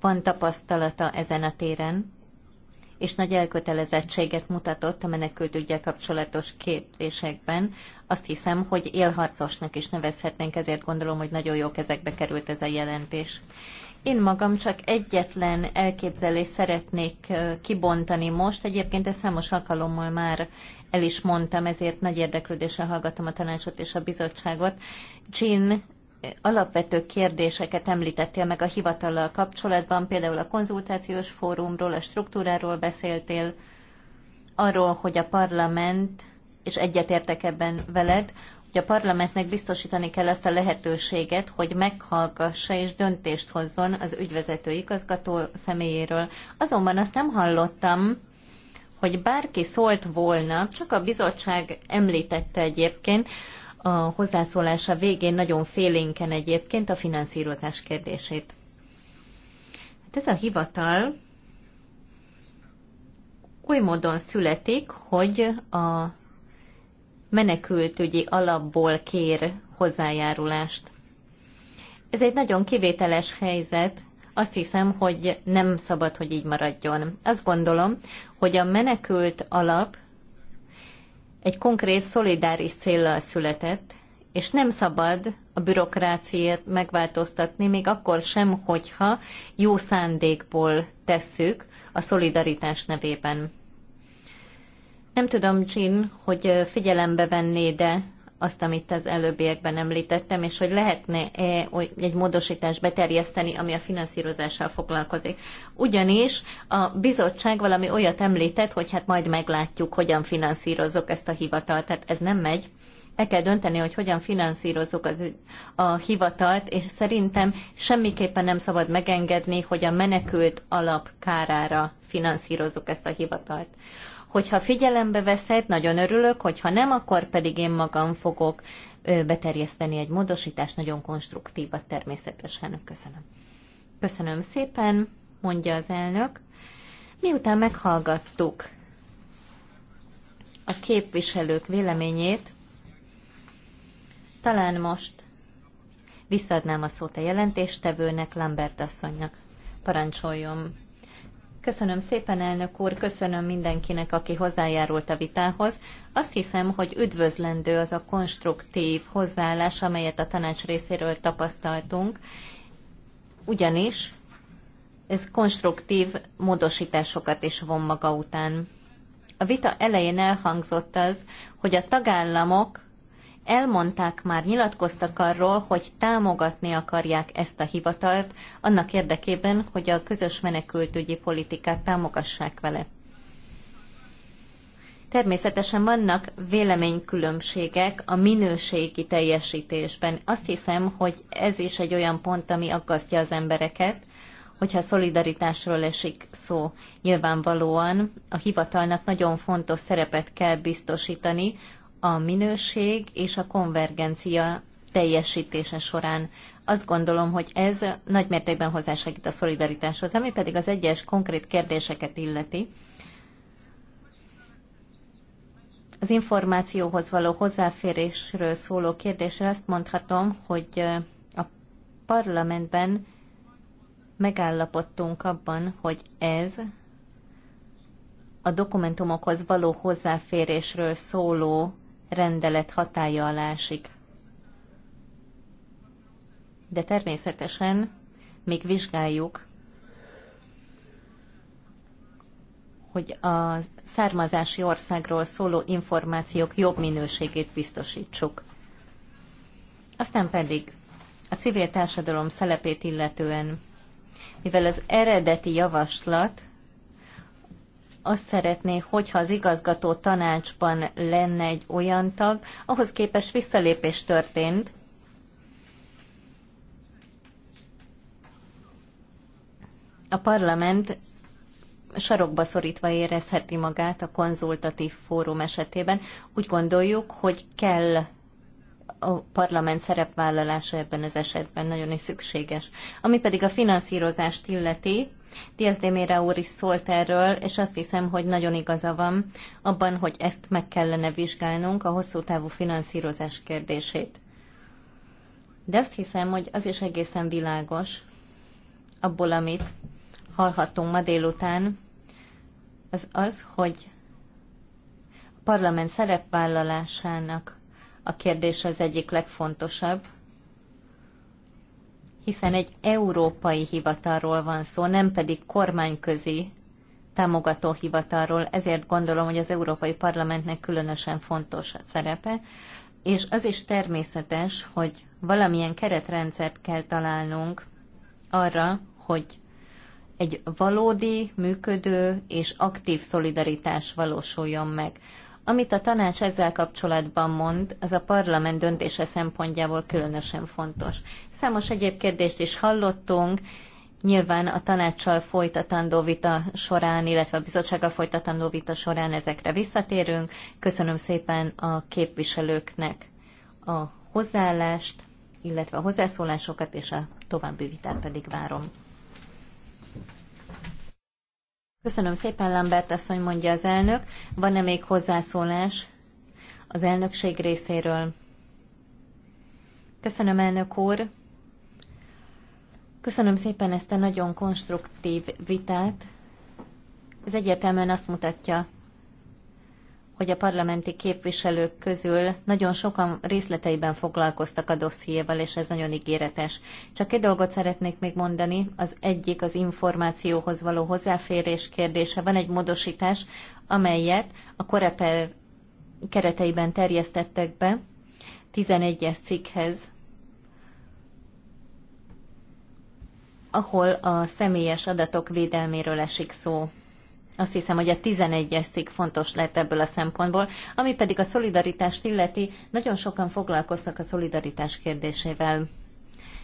van tapasztalata ezen a téren, és nagy elkötelezettséget mutatott a menekült ügyel kapcsolatos kérdésekben. Azt hiszem, hogy élharcosnak is nevezhetnénk, ezért gondolom, hogy nagyon jó kezekbe került ez a jelentés. Én magam csak egyetlen elképzelést szeretnék kibontani most, egyébként ezt számos alkalommal már el is mondtam, ezért nagy érdeklődéssel hallgatom a tanácsot és a bizottságot. Jean alapvető kérdéseket említettél meg a hivatallal kapcsolatban, például a konzultációs fórumról, a struktúráról beszéltél, arról, hogy a parlament, és egyetértek ebben veled, hogy a parlamentnek biztosítani kell azt a lehetőséget, hogy meghallgassa és döntést hozzon az ügyvezető igazgató személyéről. Azonban azt nem hallottam, hogy bárki szólt volna, csak a bizottság említette egyébként, a hozzászólása végén nagyon félénken egyébként a finanszírozás kérdését. Hát ez a hivatal új módon születik, hogy a menekültügyi alapból kér hozzájárulást. Ez egy nagyon kivételes helyzet, azt hiszem, hogy nem szabad, hogy így maradjon. Azt gondolom, hogy a menekült alap egy konkrét szolidáris célral született, és nem szabad a bürokráciát megváltoztatni, még akkor sem, hogyha jó szándékból tesszük a szolidaritás nevében. Nem tudom, Jean, hogy figyelembe venné, de azt, amit az előbbiekben említettem, és hogy lehetne -e egy módosítást beterjeszteni, ami a finanszírozással foglalkozik. Ugyanis a bizottság valami olyat említett, hogy hát majd meglátjuk, hogyan finanszírozok ezt a hivatalt, tehát ez nem megy. El kell dönteni, hogy hogyan finanszírozzuk az, a hivatalt, és szerintem semmiképpen nem szabad megengedni, hogy a menekült alap kárára finanszírozzuk ezt a hivatalt. Hogyha figyelembe veszed, nagyon örülök, hogyha nem, akkor pedig én magam fogok beterjeszteni egy módosítást, nagyon konstruktívat természetesen. Köszönöm. Köszönöm szépen, mondja az elnök. Miután meghallgattuk a képviselők véleményét, talán most visszaadnám a szót a jelentéstevőnek, Lambert asszonynak. Parancsoljon! Köszönöm szépen, elnök úr, köszönöm mindenkinek, aki hozzájárult a vitához. Azt hiszem, hogy üdvözlendő az a konstruktív hozzáállás, amelyet a tanács részéről tapasztaltunk, ugyanis ez konstruktív módosításokat is von maga után. A vita elején elhangzott az, hogy a tagállamok elmondták már, nyilatkoztak arról, hogy támogatni akarják ezt a hivatalt annak érdekében, hogy a közös menekültügyi politikát támogassák vele. Természetesen vannak véleménykülönbségek a minőségi teljesítésben. Azt hiszem, hogy ez is egy olyan pont, ami aggasztja az embereket, hogyha szolidaritásról esik szó. Nyilvánvalóan a hivatalnak nagyon fontos szerepet kell biztosítani, a minőség és a konvergencia teljesítése során. Azt gondolom, hogy ez nagy mértékben hozzásegít a szolidaritáshoz, ami pedig az egyes konkrét kérdéseket illeti. Az információhoz való hozzáférésről szóló kérdésre azt mondhatom, hogy a parlamentben megállapodtunk abban, hogy ez a dokumentumokhoz való hozzáférésről szóló rendelet hatája alá esik. De természetesen még vizsgáljuk, hogy a származási országról szóló információk jobb minőségét biztosítsuk. Aztán pedig a civil társadalom szelepét illetően, mivel az eredeti javaslat azt szeretné, hogyha az igazgató tanácsban lenne egy olyan tag, ahhoz képest visszalépés történt, a parlament sarokba szorítva érezheti magát a konzultatív fórum esetében. Úgy gondoljuk, hogy kell a parlament szerepvállalása ebben az esetben nagyon is szükséges. Ami pedig a finanszírozást illeti, Diaz de Mera úr is szólt erről, és azt hiszem, hogy nagyon igaza van abban, hogy ezt meg kellene vizsgálnunk, a hosszú távú finanszírozás kérdését. De azt hiszem, hogy az is egészen világos abból, amit hallhattunk ma délután, az az, hogy a parlament szerepvállalásának a kérdés az egyik legfontosabb, hiszen egy európai hivatalról van szó, nem pedig kormányközi támogató hivatalról, ezért gondolom, hogy az Európai Parlamentnek különösen fontos a szerepe, és az is természetes, hogy valamilyen keretrendszert kell találnunk arra, hogy egy valódi, működő és aktív szolidaritás valósuljon meg. Amit a tanács ezzel kapcsolatban mond, az a parlament döntése szempontjából különösen fontos. Számos egyéb kérdést is hallottunk, Nyilván a tanácssal folytatandó vita során, illetve a bizottsággal folytatandó vita során ezekre visszatérünk. Köszönöm szépen a képviselőknek a hozzáállást, illetve a hozzászólásokat, és a további vitát pedig várom. Köszönöm szépen, Lambert asszony, mondja az elnök. Van-e még hozzászólás az elnökség részéről? Köszönöm, elnök úr. Köszönöm szépen ezt a nagyon konstruktív vitát. Ez egyértelműen azt mutatja, hogy a parlamenti képviselők közül nagyon sokan részleteiben foglalkoztak a dossziéval, és ez nagyon ígéretes. Csak egy dolgot szeretnék még mondani, az egyik az információhoz való hozzáférés kérdése. Van egy módosítás, amelyet a Koreper kereteiben terjesztettek be, 11-es cikkhez, ahol a személyes adatok védelméről esik szó. Azt hiszem, hogy a 11-es cikk fontos lett ebből a szempontból, ami pedig a szolidaritást illeti, nagyon sokan foglalkoznak a szolidaritás kérdésével.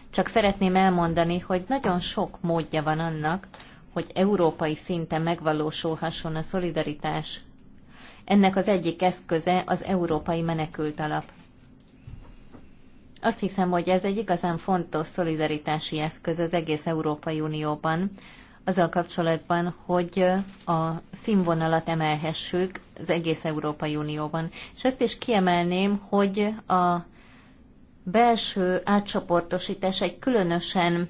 Csak szeretném elmondani, hogy nagyon sok módja van annak, hogy európai szinten megvalósulhasson a szolidaritás. Ennek az egyik eszköze az Európai Menekült Alap. Azt hiszem, hogy ez egy igazán fontos szolidaritási eszköz az egész Európai Unióban, azzal kapcsolatban, hogy a színvonalat emelhessük az egész Európai Unióban. És ezt is kiemelném, hogy a belső átcsoportosítás egy különösen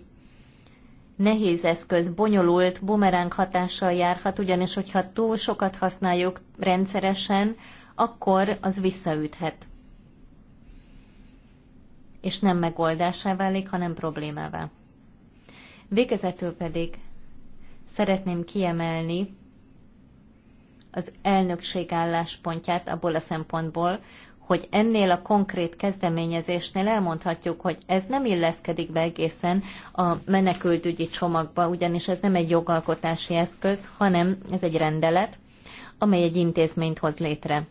nehéz eszköz, bonyolult, bumeránk hatással járhat, ugyanis hogyha túl sokat használjuk rendszeresen, akkor az visszaüthet. És nem megoldásá válik, hanem problémává. Végezetül pedig Szeretném kiemelni az elnökség álláspontját abból a szempontból, hogy ennél a konkrét kezdeményezésnél elmondhatjuk, hogy ez nem illeszkedik be egészen a menekültügyi csomagba, ugyanis ez nem egy jogalkotási eszköz, hanem ez egy rendelet, amely egy intézményt hoz létre.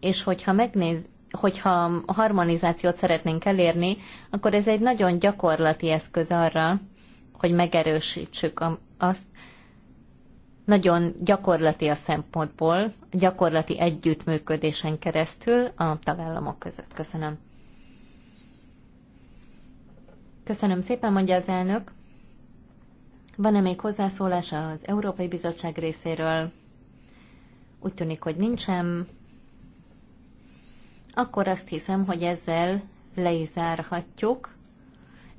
És hogyha megnéz, hogyha harmonizációt szeretnénk elérni, akkor ez egy nagyon gyakorlati eszköz arra, hogy megerősítsük azt, nagyon gyakorlati a szempontból, gyakorlati együttműködésen keresztül a tagállamok között. Köszönöm. Köszönöm szépen, mondja az elnök. Van-e még hozzászólás az Európai Bizottság részéről? Úgy tűnik, hogy nincsen. Akkor azt hiszem, hogy ezzel le is zárhatjuk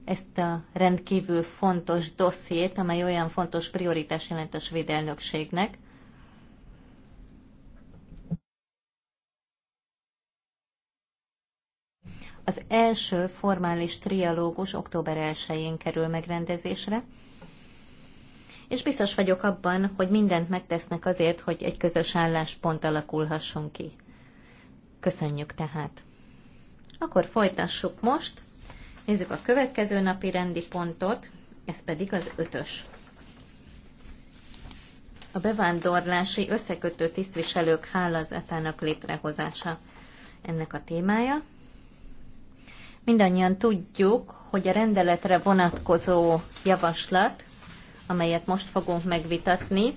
ezt a rendkívül fontos dossziét, amely olyan fontos prioritás jelent a svéd elnökségnek. Az első formális trialógus október 1-én kerül megrendezésre, és biztos vagyok abban, hogy mindent megtesznek azért, hogy egy közös álláspont alakulhasson ki. Köszönjük tehát! Akkor folytassuk most. Nézzük a következő napi rendi pontot, ez pedig az ötös. A bevándorlási összekötő tisztviselők hálazatának létrehozása ennek a témája. Mindannyian tudjuk, hogy a rendeletre vonatkozó javaslat, amelyet most fogunk megvitatni,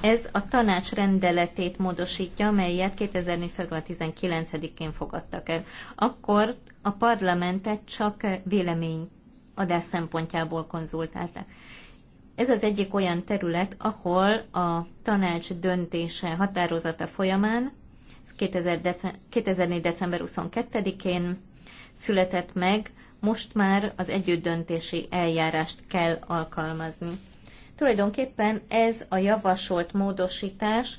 ez a tanács rendeletét módosítja, amelyet 2004. február 19-én fogadtak el. Akkor a parlamentet csak vélemény, adás szempontjából konzultálták. Ez az egyik olyan terület, ahol a tanács döntése határozata folyamán 2004. december 22-én született meg, most már az együttdöntési eljárást kell alkalmazni. Tulajdonképpen ez a javasolt módosítás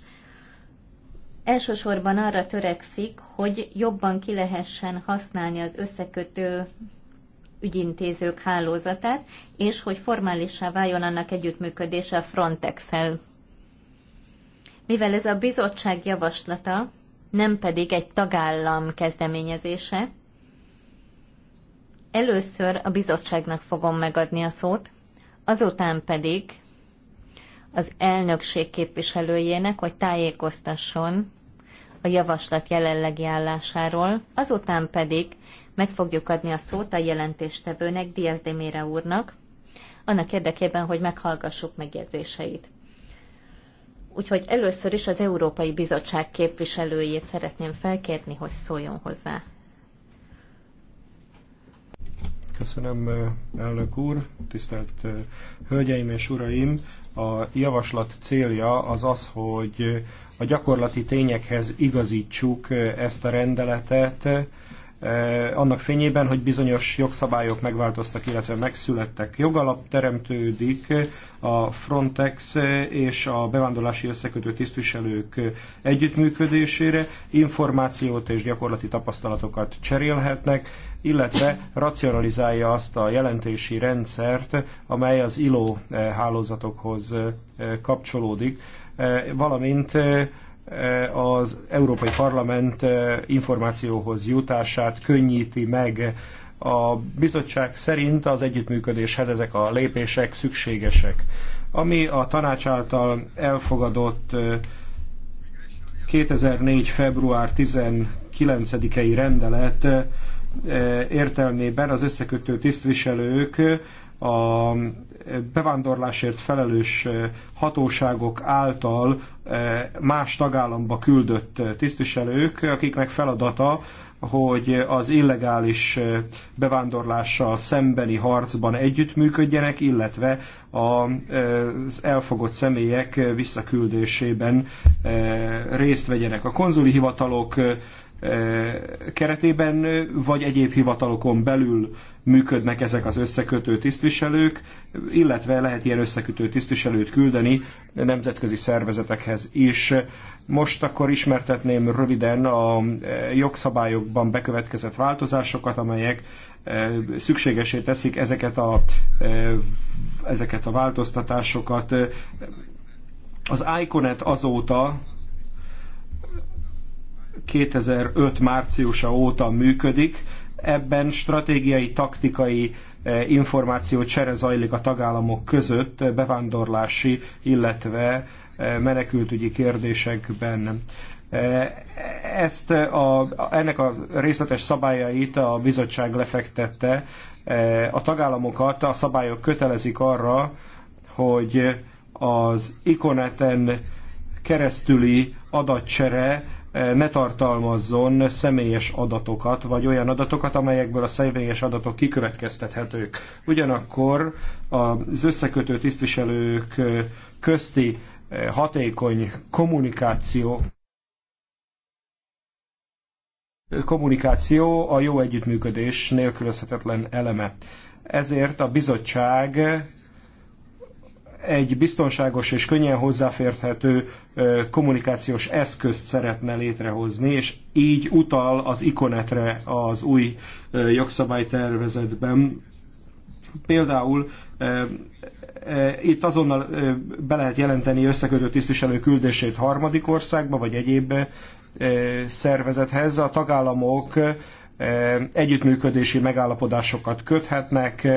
elsősorban arra törekszik, hogy jobban ki lehessen használni az összekötő ügyintézők hálózatát, és hogy formálisá váljon annak együttműködése a Frontex-el. Mivel ez a bizottság javaslata, nem pedig egy tagállam kezdeményezése, először a bizottságnak fogom megadni a szót, azután pedig az elnökség képviselőjének, hogy tájékoztasson a javaslat jelenlegi állásáról, azután pedig meg fogjuk adni a szót a jelentéstevőnek, Diaz de Mére úrnak, annak érdekében, hogy meghallgassuk megjegyzéseit. Úgyhogy először is az Európai Bizottság képviselőjét szeretném felkérni, hogy szóljon hozzá. Köszönöm, elnök úr, tisztelt hölgyeim és uraim! a javaslat célja az az, hogy a gyakorlati tényekhez igazítsuk ezt a rendeletet, annak fényében, hogy bizonyos jogszabályok megváltoztak, illetve megszülettek. Jogalap teremtődik a Frontex és a bevándorlási összekötő tisztviselők együttműködésére, információt és gyakorlati tapasztalatokat cserélhetnek, illetve racionalizálja azt a jelentési rendszert, amely az ILO eh, hálózatokhoz eh, kapcsolódik, eh, valamint az Európai Parlament információhoz jutását könnyíti meg. A bizottság szerint az együttműködéshez ezek a lépések szükségesek. Ami a tanács által elfogadott 2004. február 19-i rendelet Eh, értelmében az összekötő tisztviselők a bevándorlásért felelős eh, hatóságok által eh, más tagállamba küldött tisztviselők, akiknek feladata, hogy az illegális bevándorlással szembeni harcban együttműködjenek, illetve az elfogott személyek visszaküldésében részt vegyenek. A konzuli hivatalok keretében, vagy egyéb hivatalokon belül működnek ezek az összekötő tisztviselők, illetve lehet ilyen összekötő tisztviselőt küldeni nemzetközi szervezetekhez is. Most akkor ismertetném röviden a jogszabályokban bekövetkezett változásokat, amelyek szükségesé teszik ezeket a, ezeket a változtatásokat. Az Iconet azóta 2005 márciusa óta működik. Ebben stratégiai, taktikai eh, információ csere zajlik a tagállamok között eh, bevándorlási, illetve eh, menekültügyi kérdésekben. Ezt a, ennek a részletes szabályait a bizottság lefektette. A tagállamokat a szabályok kötelezik arra, hogy az ikoneten keresztüli adatcsere ne tartalmazzon személyes adatokat, vagy olyan adatokat, amelyekből a személyes adatok kikövetkeztethetők. Ugyanakkor az összekötő tisztviselők közti eh, hatékony kommunikáció kommunikáció a jó együttműködés nélkülözhetetlen eleme. Ezért a bizottság egy biztonságos és könnyen hozzáférhető kommunikációs eszközt szeretne létrehozni, és így utal az ikonetre az új jogszabálytervezetben. Például itt azonnal be lehet jelenteni összekötő tisztviselő küldését harmadik országba, vagy egyéb szervezethez. A tagállamok együttműködési megállapodásokat köthetnek,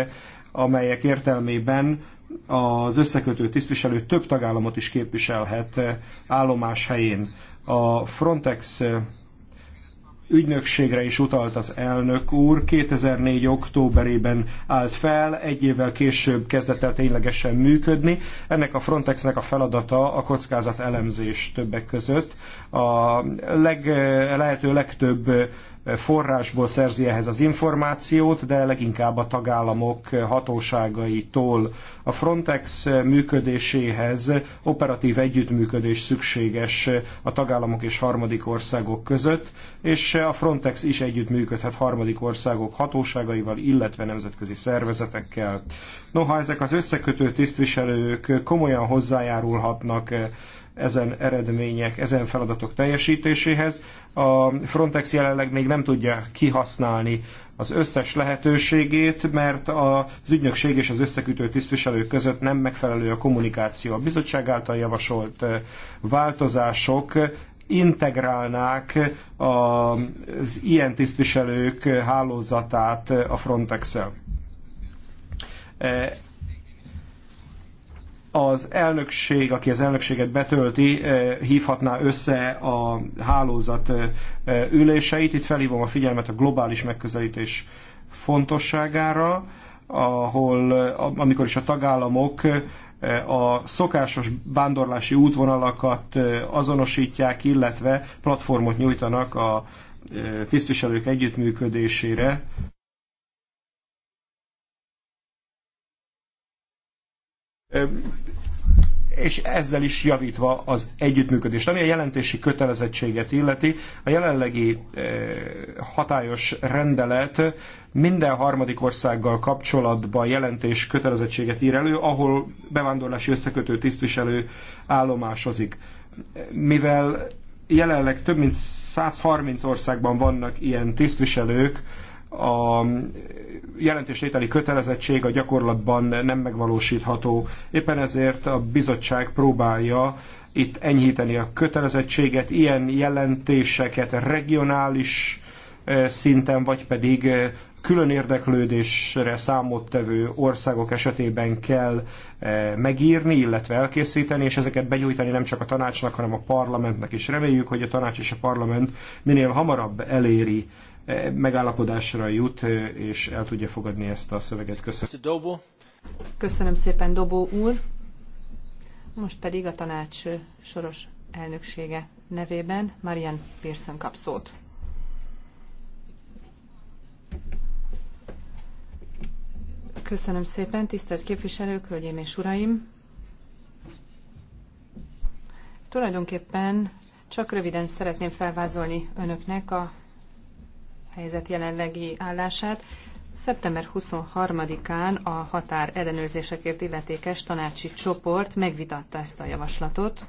amelyek értelmében az összekötő tisztviselő több tagállamot is képviselhet eh, állomás helyén. A Frontex eh, ügynökségre is utalt az elnök úr. 2004. októberében állt fel, egy évvel később kezdett el ténylegesen működni. Ennek a Frontexnek a feladata a kockázat elemzés többek között. A leg, eh, lehető legtöbb forrásból szerzi ehhez az információt, de leginkább a tagállamok hatóságaitól. A Frontex működéséhez operatív együttműködés szükséges a tagállamok és harmadik országok között, és a Frontex is együttműködhet harmadik országok hatóságaival, illetve nemzetközi szervezetekkel. Noha ezek az összekötő tisztviselők komolyan hozzájárulhatnak ezen eredmények, ezen feladatok teljesítéséhez. A Frontex jelenleg még nem tudja kihasználni az összes lehetőségét, mert az ügynökség és az összekütő tisztviselők között nem megfelelő a kommunikáció. A bizottság által javasolt eh, változások integrálnák az ilyen tisztviselők hálózatát a Frontex-el. Eh, az elnökség, aki az elnökséget betölti, eh, hívhatná össze a hálózat eh, eh, üléseit. Itt felhívom a figyelmet a globális megközelítés fontosságára, ahol, amikor is a tagállamok a szokásos vándorlási útvonalakat azonosítják, illetve platformot nyújtanak a tisztviselők együttműködésére. és ezzel is javítva az együttműködést. Ami a jelentési kötelezettséget illeti, a jelenlegi hatályos rendelet minden harmadik országgal kapcsolatban jelentés kötelezettséget ír elő, ahol bevándorlási összekötő tisztviselő állomásozik. Mivel jelenleg több mint 130 országban vannak ilyen tisztviselők, a jelentéstételi kötelezettség a gyakorlatban nem megvalósítható. Éppen ezért a bizottság próbálja itt enyhíteni a kötelezettséget, ilyen jelentéseket regionális eh, szinten, vagy pedig eh, külön érdeklődésre számottevő országok esetében kell eh, megírni, illetve elkészíteni, és ezeket begyújtani nem csak a tanácsnak, hanem a parlamentnek is. Reméljük, hogy a tanács és a parlament minél hamarabb eléri megállapodásra jut, és el tudja fogadni ezt a szöveget. Köszönöm. Köszönöm szépen, Dobó úr. Most pedig a tanács soros elnöksége nevében Marian Pearson kap szót. Köszönöm szépen, tisztelt képviselők, hölgyeim és uraim! Tulajdonképpen csak röviden szeretném felvázolni önöknek a helyzet jelenlegi állását. Szeptember 23-án a határ ellenőrzésekért illetékes tanácsi csoport megvitatta ezt a javaslatot.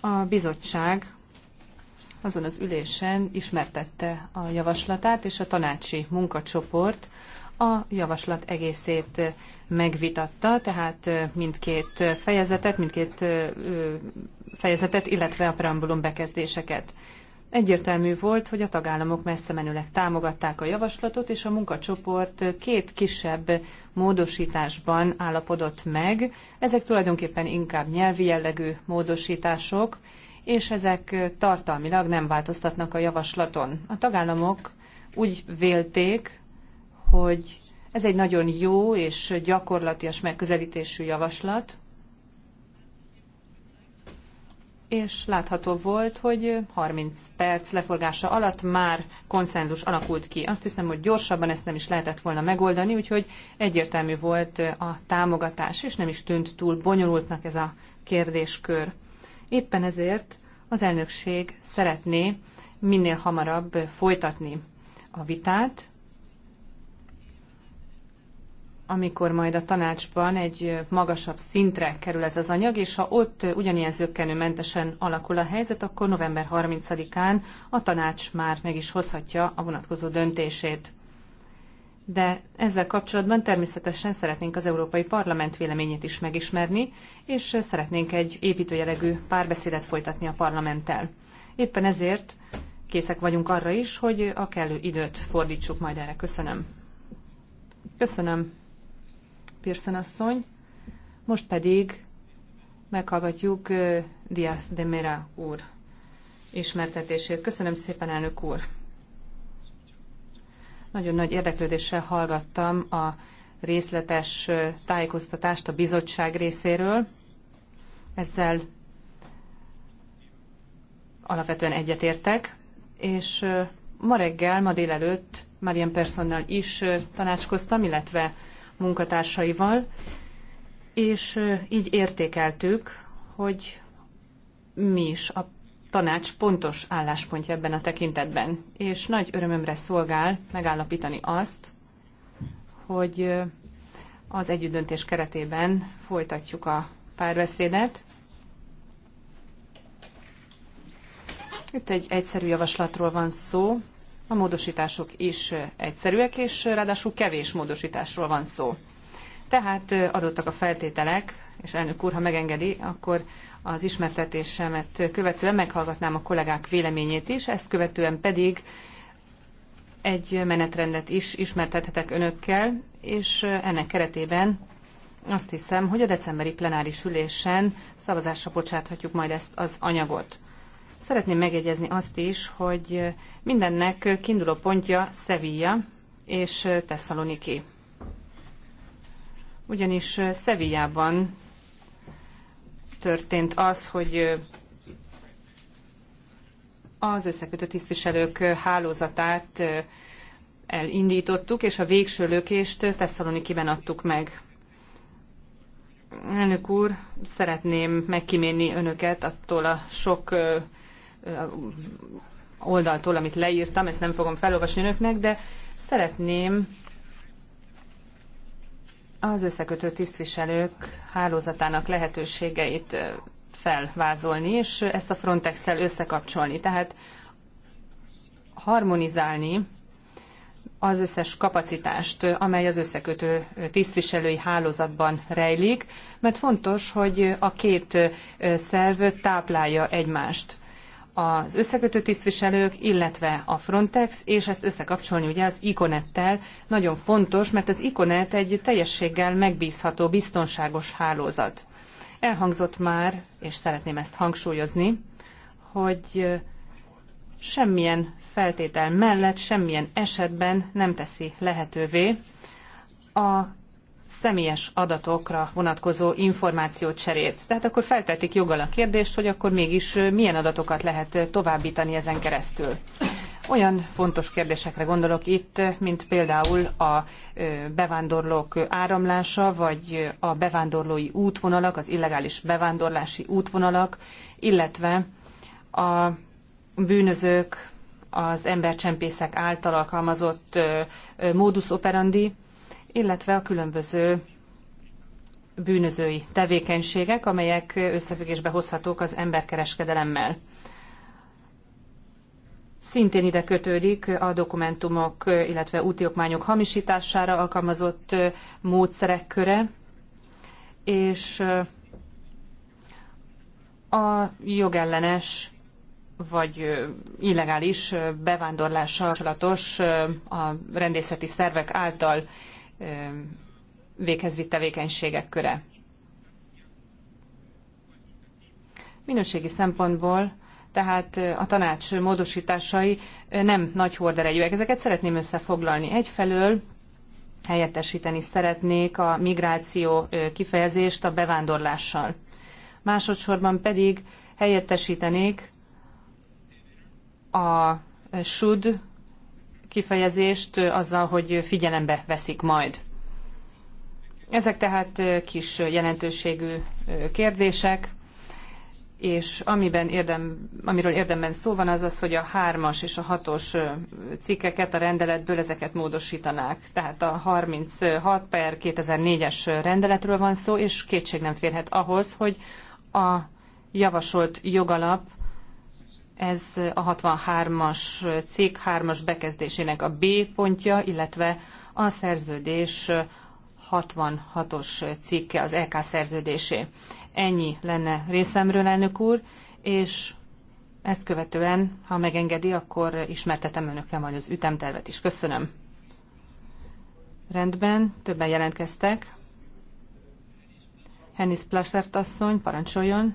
A bizottság azon az ülésen ismertette a javaslatát, és a tanácsi munkacsoport a javaslat egészét megvitatta, tehát mindkét fejezetet, mindkét fejezetet, illetve a preambulum bekezdéseket. Egyértelmű volt, hogy a tagállamok messze menőleg támogatták a javaslatot, és a munkacsoport két kisebb módosításban állapodott meg. Ezek tulajdonképpen inkább nyelvi jellegű módosítások, és ezek tartalmilag nem változtatnak a javaslaton. A tagállamok úgy vélték, hogy ez egy nagyon jó és gyakorlatias megközelítésű javaslat, és látható volt, hogy 30 perc leforgása alatt már konszenzus alakult ki. Azt hiszem, hogy gyorsabban ezt nem is lehetett volna megoldani, úgyhogy egyértelmű volt a támogatás, és nem is tűnt túl bonyolultnak ez a kérdéskör. Éppen ezért az elnökség szeretné minél hamarabb folytatni a vitát, amikor majd a tanácsban egy magasabb szintre kerül ez az anyag, és ha ott ugyanilyen zöggenőmentesen alakul a helyzet, akkor november 30-án a tanács már meg is hozhatja a vonatkozó döntését. De ezzel kapcsolatban természetesen szeretnénk az Európai Parlament véleményét is megismerni, és szeretnénk egy építőjelegű párbeszédet folytatni a parlamenttel. Éppen ezért készek vagyunk arra is, hogy a kellő időt fordítsuk majd erre. Köszönöm. Köszönöm, Pearson asszony. Most pedig meghallgatjuk Diaz de Mera úr ismertetését. Köszönöm szépen, elnök úr! Nagyon nagy érdeklődéssel hallgattam a részletes tájékoztatást a bizottság részéről. Ezzel alapvetően egyetértek, és ma reggel, ma délelőtt Marian Personnal is tanácskoztam, illetve munkatársaival, és így értékeltük, hogy mi is a tanács pontos álláspontja ebben a tekintetben. És nagy örömömre szolgál megállapítani azt, hogy az együttdöntés keretében folytatjuk a párbeszédet. Itt egy egyszerű javaslatról van szó, a módosítások is egyszerűek, és ráadásul kevés módosításról van szó. Tehát adottak a feltételek, és elnök úr, ha megengedi, akkor az ismertetésemet követően meghallgatnám a kollégák véleményét is, ezt követően pedig egy menetrendet is ismertethetek önökkel, és ennek keretében azt hiszem, hogy a decemberi plenáris ülésen szavazásra bocsáthatjuk majd ezt az anyagot. Szeretném megjegyezni azt is, hogy mindennek kiinduló pontja Sevilla és Thessaloniki. Ugyanis Sevillában történt az, hogy az összekötő tisztviselők hálózatát elindítottuk, és a végső lökést Tesszalonikiben adtuk meg. Elnök úr, szeretném megkímélni önöket attól a sok oldaltól, amit leírtam, ezt nem fogom felolvasni önöknek, de szeretném az összekötő tisztviselők hálózatának lehetőségeit felvázolni, és ezt a Frontex-tel összekapcsolni. Tehát harmonizálni az összes kapacitást, amely az összekötő tisztviselői hálózatban rejlik, mert fontos, hogy a két szerv táplálja egymást az összekötő tisztviselők, illetve a Frontex, és ezt összekapcsolni ugye az Iconettel. Nagyon fontos, mert az Iconet egy teljességgel megbízható, biztonságos hálózat. Elhangzott már, és szeretném ezt hangsúlyozni, hogy semmilyen feltétel mellett, semmilyen esetben nem teszi lehetővé a személyes adatokra vonatkozó információt cserélt. Tehát akkor feltetik joggal a kérdést, hogy akkor mégis milyen adatokat lehet továbbítani ezen keresztül. Olyan fontos kérdésekre gondolok itt, mint például a bevándorlók áramlása, vagy a bevándorlói útvonalak, az illegális bevándorlási útvonalak, illetve a bűnözők, az embercsempészek által alkalmazott modus operandi, illetve a különböző bűnözői tevékenységek, amelyek összefüggésbe hozhatók az emberkereskedelemmel. Szintén ide kötődik a dokumentumok, illetve útiokmányok hamisítására alkalmazott módszerek köre, és a jogellenes vagy illegális bevándorlással kapcsolatos a rendészeti szervek által véghez vitt tevékenységek köre. Minőségi szempontból tehát a tanács módosításai nem nagy horderejűek. Ezeket szeretném összefoglalni. Egyfelől helyettesíteni szeretnék a migráció kifejezést a bevándorlással. Másodszorban pedig helyettesítenék a should kifejezést azzal, hogy figyelembe veszik majd. Ezek tehát kis jelentőségű kérdések, és amiben érdem, amiről érdemben szó van, az az, hogy a hármas és a hatos cikkeket a rendeletből ezeket módosítanák. Tehát a 36 per 2004-es rendeletről van szó, és kétség nem férhet ahhoz, hogy a javasolt jogalap ez a 63-as cég 3-as bekezdésének a B pontja, illetve a szerződés 66-os cikke az LK e szerződésé. Ennyi lenne részemről, elnök úr, és ezt követően, ha megengedi, akkor ismertetem önökkel majd az ütemtervet is. Köszönöm. Rendben, többen jelentkeztek. Hennis Plasert asszony, parancsoljon.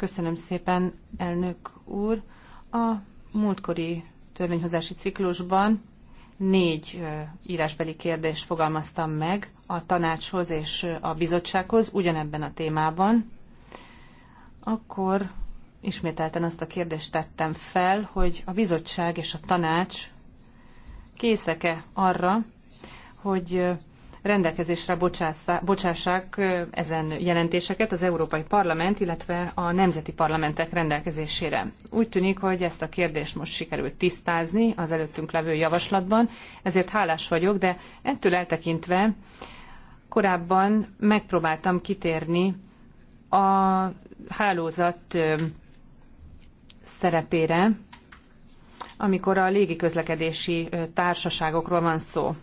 Köszönöm szépen, elnök úr. A múltkori törvényhozási ciklusban négy írásbeli kérdést fogalmaztam meg a tanácshoz és a bizottsághoz ugyanebben a témában. Akkor ismételten azt a kérdést tettem fel, hogy a bizottság és a tanács készek-e arra, hogy rendelkezésre bocsássák ezen jelentéseket az Európai Parlament, illetve a nemzeti parlamentek rendelkezésére. Úgy tűnik, hogy ezt a kérdést most sikerült tisztázni az előttünk levő javaslatban, ezért hálás vagyok, de ettől eltekintve korábban megpróbáltam kitérni a hálózat szerepére, amikor a légiközlekedési társaságokról van szó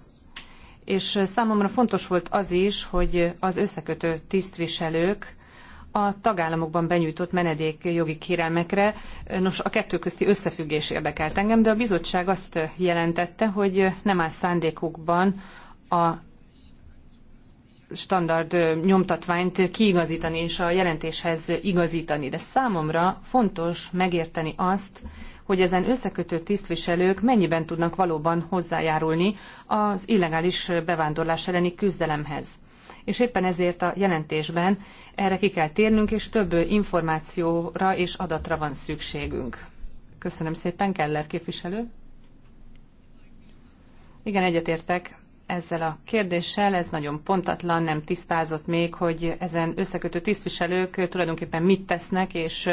és számomra fontos volt az is, hogy az összekötő tisztviselők a tagállamokban benyújtott menedékjogi kérelmekre, nos a kettő közti összefüggés érdekelt engem, de a bizottság azt jelentette, hogy nem áll szándékukban a standard nyomtatványt kiigazítani és a jelentéshez igazítani. De számomra fontos megérteni azt, hogy ezen összekötő tisztviselők mennyiben tudnak valóban hozzájárulni az illegális bevándorlás elleni küzdelemhez. És éppen ezért a jelentésben erre ki kell térnünk, és több információra és adatra van szükségünk. Köszönöm szépen, Keller képviselő. Igen, egyetértek ezzel a kérdéssel, ez nagyon pontatlan, nem tisztázott még, hogy ezen összekötő tisztviselők tulajdonképpen mit tesznek, és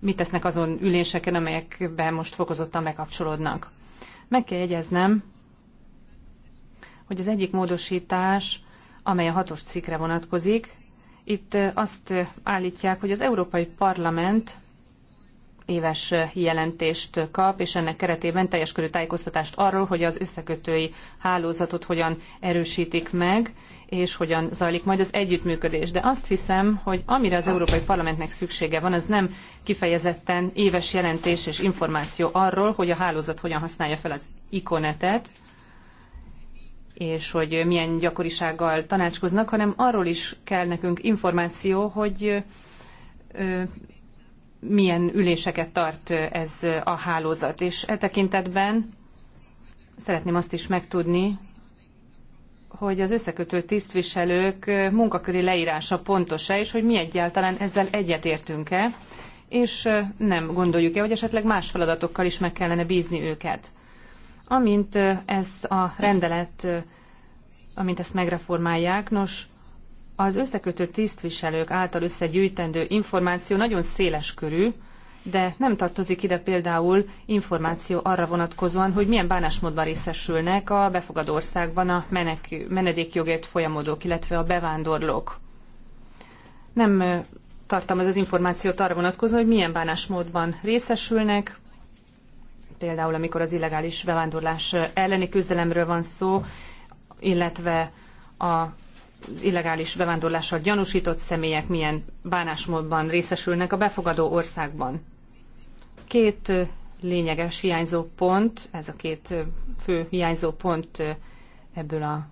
mit tesznek azon üléseken, amelyekben most fokozottan bekapcsolódnak. Meg kell jegyeznem, hogy az egyik módosítás, amely a hatos cikkre vonatkozik, itt azt állítják, hogy az Európai Parlament éves jelentést kap, és ennek keretében teljes körű tájékoztatást arról, hogy az összekötői hálózatot hogyan erősítik meg, és hogyan zajlik majd az együttműködés. De azt hiszem, hogy amire az Európai Parlamentnek szüksége van, az nem kifejezetten éves jelentés és információ arról, hogy a hálózat hogyan használja fel az ikonetet, és hogy milyen gyakorisággal tanácskoznak, hanem arról is kell nekünk információ, hogy milyen üléseket tart ez a hálózat. És e tekintetben szeretném azt is megtudni, hogy az összekötő tisztviselők munkaköri leírása pontos-e, és hogy mi egyáltalán ezzel egyetértünk-e, és nem gondoljuk-e, hogy esetleg más feladatokkal is meg kellene bízni őket. Amint ez a rendelet, amint ezt megreformálják, nos, az összekötő tisztviselők által összegyűjtendő információ nagyon széles körű, de nem tartozik ide például információ arra vonatkozóan, hogy milyen bánásmódban részesülnek a befogadó országban a menek, menedékjogért folyamodók, illetve a bevándorlók. Nem tartalmaz az információt arra vonatkozóan, hogy milyen bánásmódban részesülnek, például amikor az illegális bevándorlás elleni küzdelemről van szó, illetve a az illegális bevándorlással gyanúsított személyek milyen bánásmódban részesülnek a befogadó országban két lényeges hiányzó pont, ez a két fő hiányzó pont ebből a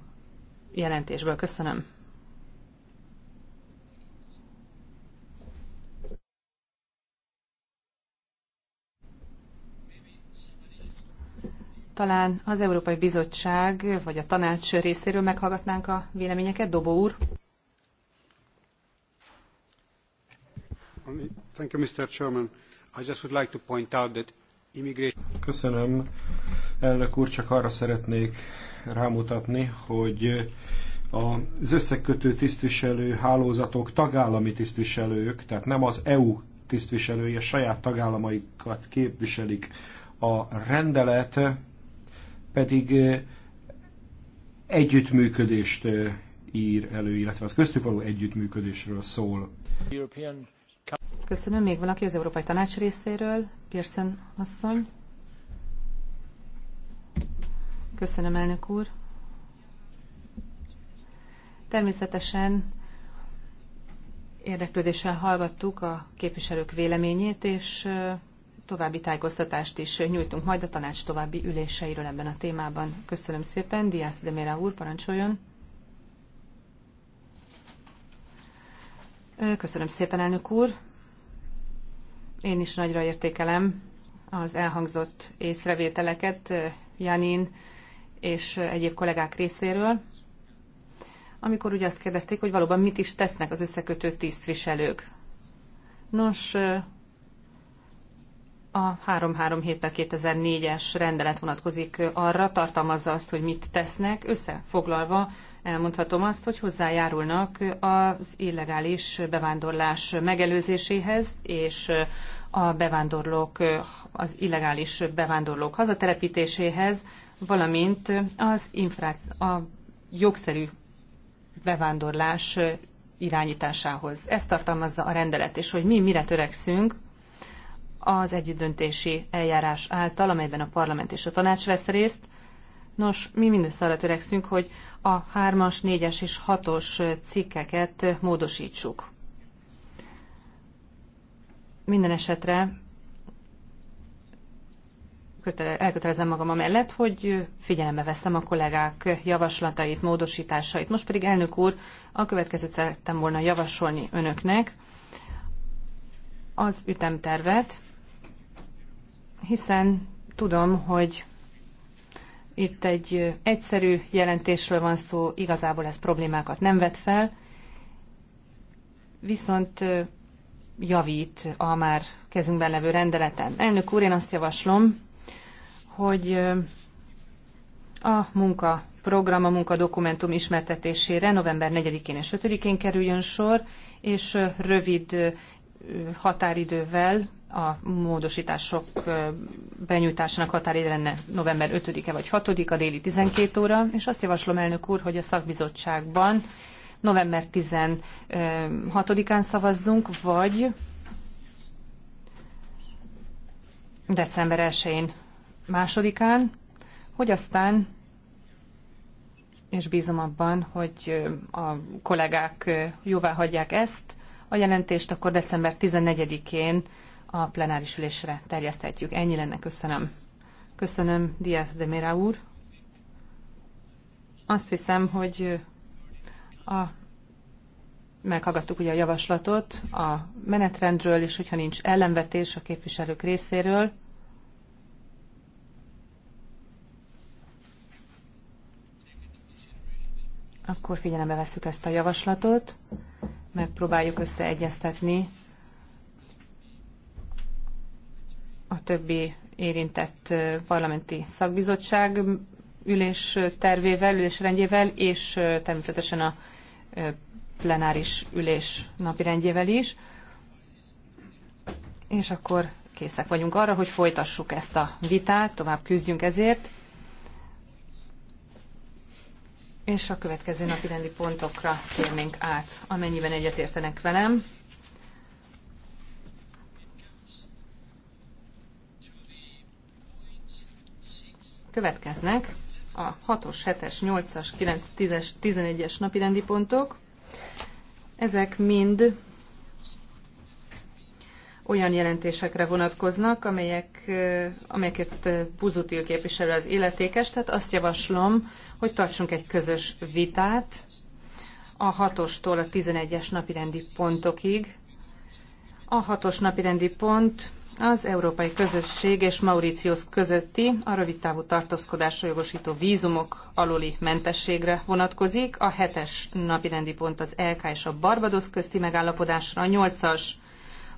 jelentésből. Köszönöm. Talán az Európai Bizottság vagy a tanács részéről meghallgatnánk a véleményeket. Dobó úr. Thank you, Mr. Chairman. Köszönöm. Elnök úr, csak arra szeretnék rámutatni, hogy az összekötő tisztviselő hálózatok tagállami tisztviselők, tehát nem az EU tisztviselői, a saját tagállamaikat képviselik. A rendelet pedig együttműködést ír elő, illetve az köztük való együttműködésről szól. European Köszönöm. Még valaki az Európai Tanács részéről? Pearson asszony. Köszönöm, elnök úr. Természetesen érdeklődéssel hallgattuk a képviselők véleményét, és további tájékoztatást is nyújtunk majd a tanács további üléseiről ebben a témában. Köszönöm szépen. Diász Demére úr, parancsoljon. Köszönöm szépen, elnök úr. Én is nagyra értékelem az elhangzott észrevételeket Janin és egyéb kollégák részéről, amikor ugye azt kérdezték, hogy valóban mit is tesznek az összekötő tisztviselők. Nos, a 3-3 héttel 2004-es rendelet vonatkozik arra, tartalmazza azt, hogy mit tesznek, összefoglalva elmondhatom azt, hogy hozzájárulnak az illegális bevándorlás megelőzéséhez, és a bevándorlók, az illegális bevándorlók hazatelepítéséhez, valamint az infrá- a jogszerű bevándorlás irányításához. Ezt tartalmazza a rendelet, és hogy mi mire törekszünk az együttdöntési eljárás által, amelyben a parlament és a tanács vesz részt. Nos, mi mindössze arra törekszünk, hogy a 3-as, 4-es és 6-os cikkeket módosítsuk. Minden esetre elkötelezem magam amellett, hogy figyelembe veszem a kollégák javaslatait, módosításait. Most pedig, elnök úr, a következőt szerettem volna javasolni önöknek az ütemtervet, hiszen tudom, hogy itt egy egyszerű jelentésről van szó, igazából ez problémákat nem vet fel, viszont javít a már kezünkben levő rendeleten. Elnök úr, én azt javaslom, hogy a munka program, a munkadokumentum ismertetésére november 4-én és 5-én kerüljön sor, és rövid határidővel a módosítások benyújtásának határideje lenne november 5-e vagy 6-a déli 12 óra, és azt javaslom, elnök úr, hogy a szakbizottságban november 16-án szavazzunk, vagy december 1-én másodikán, hogy aztán, és bízom abban, hogy a kollégák jóvá hagyják ezt, a jelentést akkor december 14-én a plenáris ülésre terjeszthetjük. Ennyi lenne, köszönöm. Köszönöm, Diaz de Mera úr. Azt hiszem, hogy a meghallgattuk ugye a javaslatot a menetrendről, és hogyha nincs ellenvetés a képviselők részéről, akkor figyelembe veszük ezt a javaslatot, megpróbáljuk összeegyeztetni a többi érintett parlamenti szakbizottság ülés tervével, ülésrendjével, és természetesen a plenáris ülés napirendjével is. És akkor készek vagyunk arra, hogy folytassuk ezt a vitát, tovább küzdjünk ezért. És a következő napi rendi pontokra térnénk át, amennyiben egyetértenek velem. Következnek a 6-os, 7-es, 8-as, 9-es, 10-es, 11-es napirendi pontok. Ezek mind olyan jelentésekre vonatkoznak, amelyek, eh, amelyeket eh, Buzutil képviselő az illetékes, tehát azt javaslom, hogy tartsunk egy közös vitát a 6-ostól a 11-es napirendi pontokig. A 6-os napirendi pont az Európai Közösség és Mauritius közötti a rövid távú tartózkodásra jogosító vízumok aluli mentességre vonatkozik. A hetes napirendi pont az LK és a Barbados közti megállapodásra, a nyolcas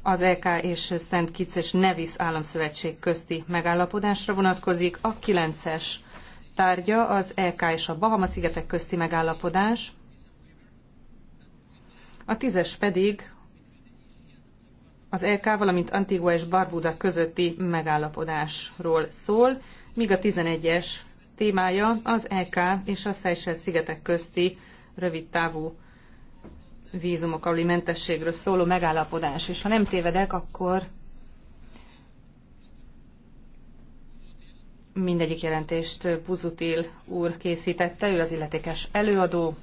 az EK és Szent Kitts és Nevis államszövetség közti megállapodásra vonatkozik, a kilences tárgya az EK és a Bahama-szigetek közti megállapodás, a 10 pedig az LK, valamint Antigua és Barbuda közötti megállapodásról szól, míg a 11-es témája az LK és a Seychelles szigetek közti rövidtávú vízumok aluli mentességről szóló megállapodás. És ha nem tévedek, akkor mindegyik jelentést Buzutil úr készítette, ő az illetékes előadó,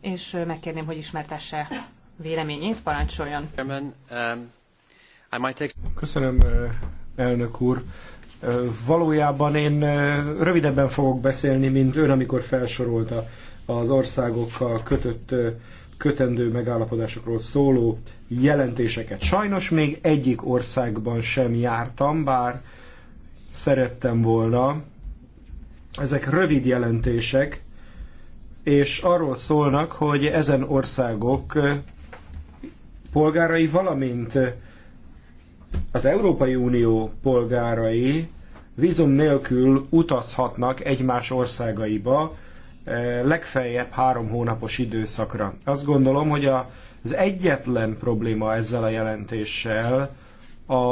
és megkérném, hogy ismertesse véleményét, parancsoljon. Um, Köszönöm, uh, elnök úr. Uh, valójában én uh, rövidebben fogok beszélni, mint ön, amikor felsorolta az országokkal kötött kötendő megállapodásokról szóló jelentéseket. Sajnos még egyik országban sem jártam, bár szerettem volna. Ezek rövid jelentések, és arról szólnak, hogy ezen országok polgárai, valamint az Európai Unió polgárai vízum nélkül utazhatnak egymás országaiba, eh, legfeljebb három hónapos időszakra. Azt gondolom, hogy az egyetlen probléma ezzel a jelentéssel a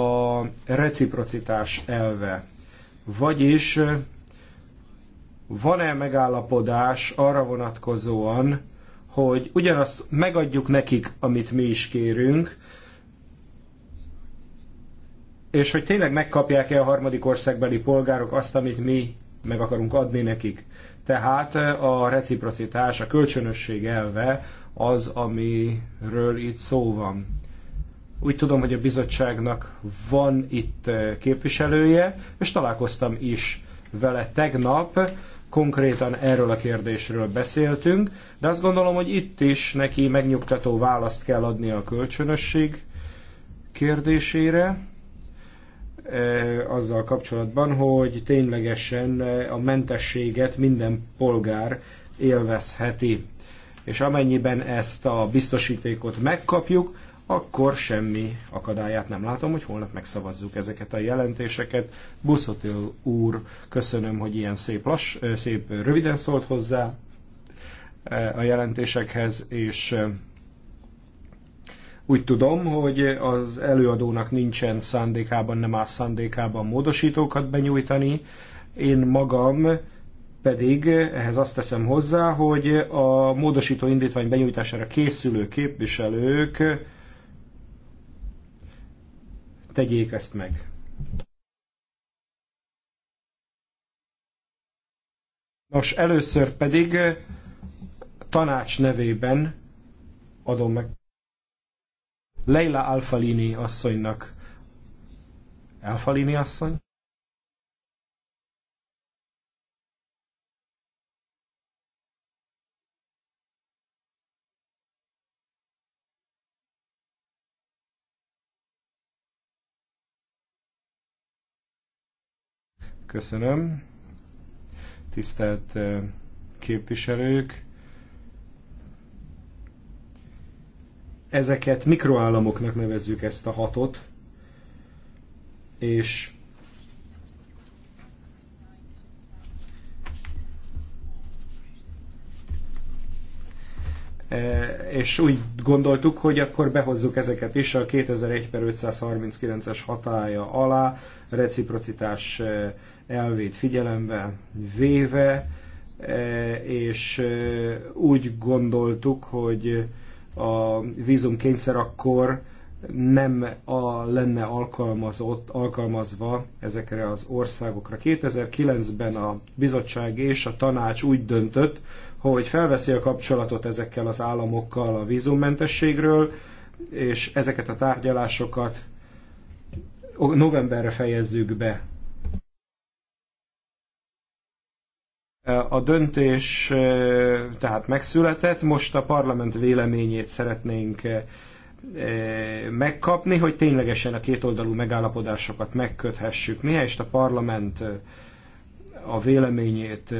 reciprocitás elve. Vagyis eh, van-e megállapodás arra vonatkozóan, hogy ugyanazt megadjuk nekik, amit mi is kérünk, és hogy tényleg megkapják-e a harmadik országbeli polgárok azt, amit mi meg akarunk adni nekik. Tehát a reciprocitás, a kölcsönösség elve az, amiről itt szó van. Úgy tudom, hogy a bizottságnak van itt képviselője, és találkoztam is vele tegnap, konkrétan erről a kérdésről beszéltünk, de azt gondolom, hogy itt is neki megnyugtató választ kell adni a kölcsönösség kérdésére, e, azzal kapcsolatban, hogy ténylegesen a mentességet minden polgár élvezheti. És amennyiben ezt a biztosítékot megkapjuk, akkor semmi akadályát nem látom, hogy holnap megszavazzuk ezeket a jelentéseket. Buszotil úr, köszönöm, hogy ilyen szép, lass, szép röviden szólt hozzá a jelentésekhez, és úgy tudom, hogy az előadónak nincsen szándékában, nem áll szándékában módosítókat benyújtani. Én magam pedig ehhez azt teszem hozzá, hogy a módosító indítvány benyújtására készülő képviselők tegyék ezt meg. Nos, először pedig eh, tanács nevében adom meg Leila Alfalini asszonynak. Alfalini asszony? Köszönöm. Tisztelt képviselők! Ezeket mikroállamoknak nevezzük ezt a hatot, és és úgy gondoltuk, hogy akkor behozzuk ezeket is a 2001 per 539-es hatája alá, reciprocitás elvét figyelembe véve, és úgy gondoltuk, hogy a vízum kényszer akkor nem a, lenne alkalmazott, alkalmazva ezekre az országokra. 2009-ben a bizottság és a tanács úgy döntött, hogy felveszi a kapcsolatot ezekkel az államokkal a vízummentességről, és ezeket a tárgyalásokat novemberre fejezzük be. E, a döntés e, tehát megszületett, most a parlament véleményét szeretnénk e, megkapni, hogy ténylegesen a kétoldalú megállapodásokat megköthessük. Mihelyest a parlament a véleményét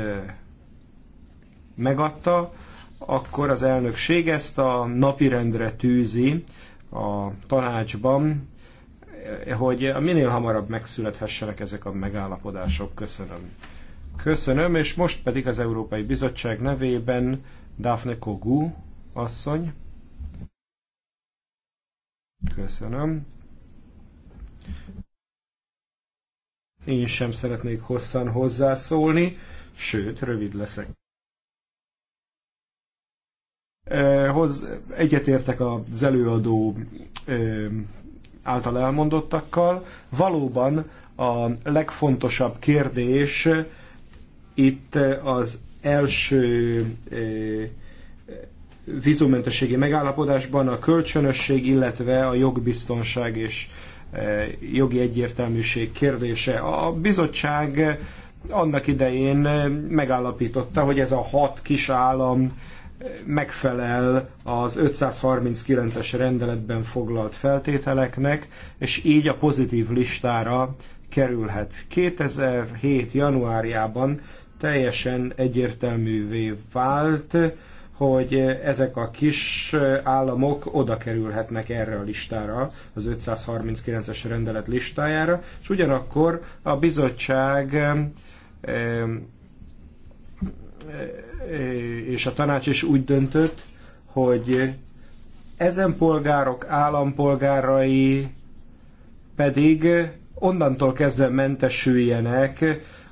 megadta, akkor az elnökség ezt a napirendre tűzi a tanácsban, hogy minél hamarabb megszülethessenek ezek a megállapodások. Köszönöm. Köszönöm, és most pedig az Európai Bizottság nevében Daphne Kogu asszony. Köszönöm. Én sem szeretnék hosszan hozzászólni, sőt, rövid leszek. Eh, hoz, egyetértek az előadó eh, által elmondottakkal. Valóban a legfontosabb kérdés itt az első eh, vízumentességi megállapodásban a kölcsönösség, illetve a jogbiztonság és jogi egyértelműség kérdése. A bizottság annak idején megállapította, hogy ez a hat kis állam megfelel az 539-es rendeletben foglalt feltételeknek, és így a pozitív listára kerülhet. 2007. januárjában teljesen egyértelművé vált, hogy ezek a kis államok oda kerülhetnek erre a listára, az 539-es rendelet listájára, és ugyanakkor a bizottság és a tanács is úgy döntött, hogy ezen polgárok állampolgárai pedig onnantól kezdve mentesüljenek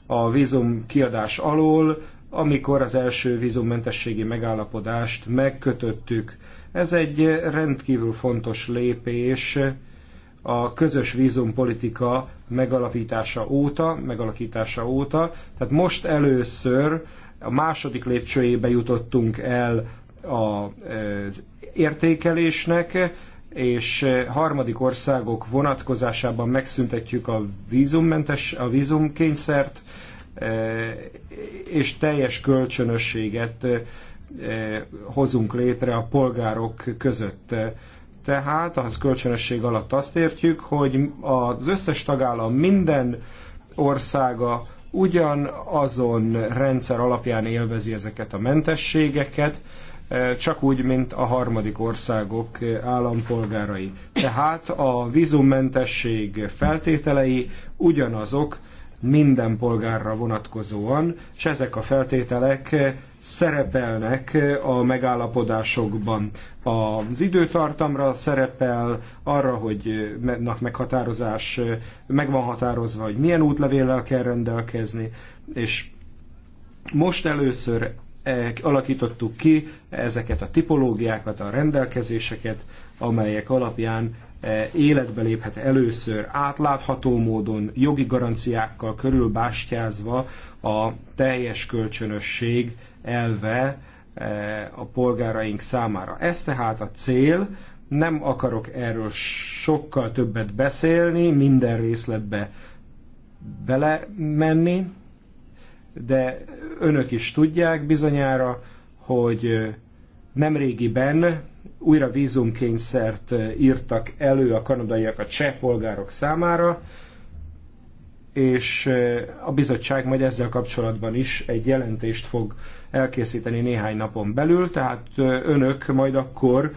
a vízum kiadás alól, amikor az első vízummentességi megállapodást megkötöttük. Ez egy rendkívül fontos lépés a közös vízumpolitika megalapítása óta, megalakítása óta. Tehát most először a második lépcsőjébe jutottunk el az értékelésnek, és harmadik országok vonatkozásában megszüntetjük a vízummentes, a vízumkényszert, és teljes kölcsönösséget eh, hozunk létre a polgárok között. Tehát az kölcsönösség alatt azt értjük, hogy az összes tagállam minden országa ugyanazon rendszer alapján élvezi ezeket a mentességeket, e, csak úgy, mint a harmadik országok állampolgárai. Tehát a vízummentesség feltételei ugyanazok, minden polgárra vonatkozóan, és ezek a feltételek szerepelnek a megállapodásokban. Az időtartamra szerepel arra, hogy meghatározás, meg van határozva, hogy milyen útlevéllel kell rendelkezni, és most először e, alakítottuk ki ezeket a tipológiákat, a rendelkezéseket, amelyek alapján E, életbe léphet először átlátható módon, jogi garanciákkal körülbástyázva a teljes kölcsönösség elve e, a polgáraink számára. Ez tehát a cél, nem akarok erről sokkal többet beszélni, minden részletbe belemenni, de önök is tudják bizonyára, hogy e, nemrégiben újra vízumkényszert eh, írtak elő a kanadaiak a cseh polgárok számára, és eh, a bizottság majd ezzel kapcsolatban is egy jelentést fog elkészíteni néhány napon belül, tehát eh, önök majd akkor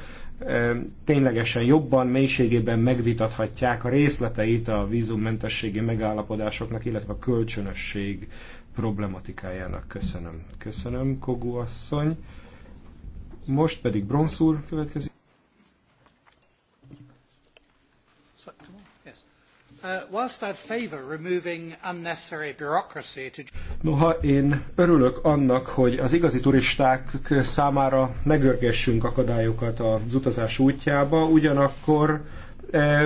ténylegesen jobban, mélységében megvitathatják a részleteit a vízummentességi megállapodásoknak, illetve a kölcsönösség problematikájának. Köszönöm. Köszönöm, Kogu asszony. Most pedig Bronsz úr következik. Uh, Noha én örülök annak, hogy az igazi turisták számára ne akadályokat az utazás útjába, ugyanakkor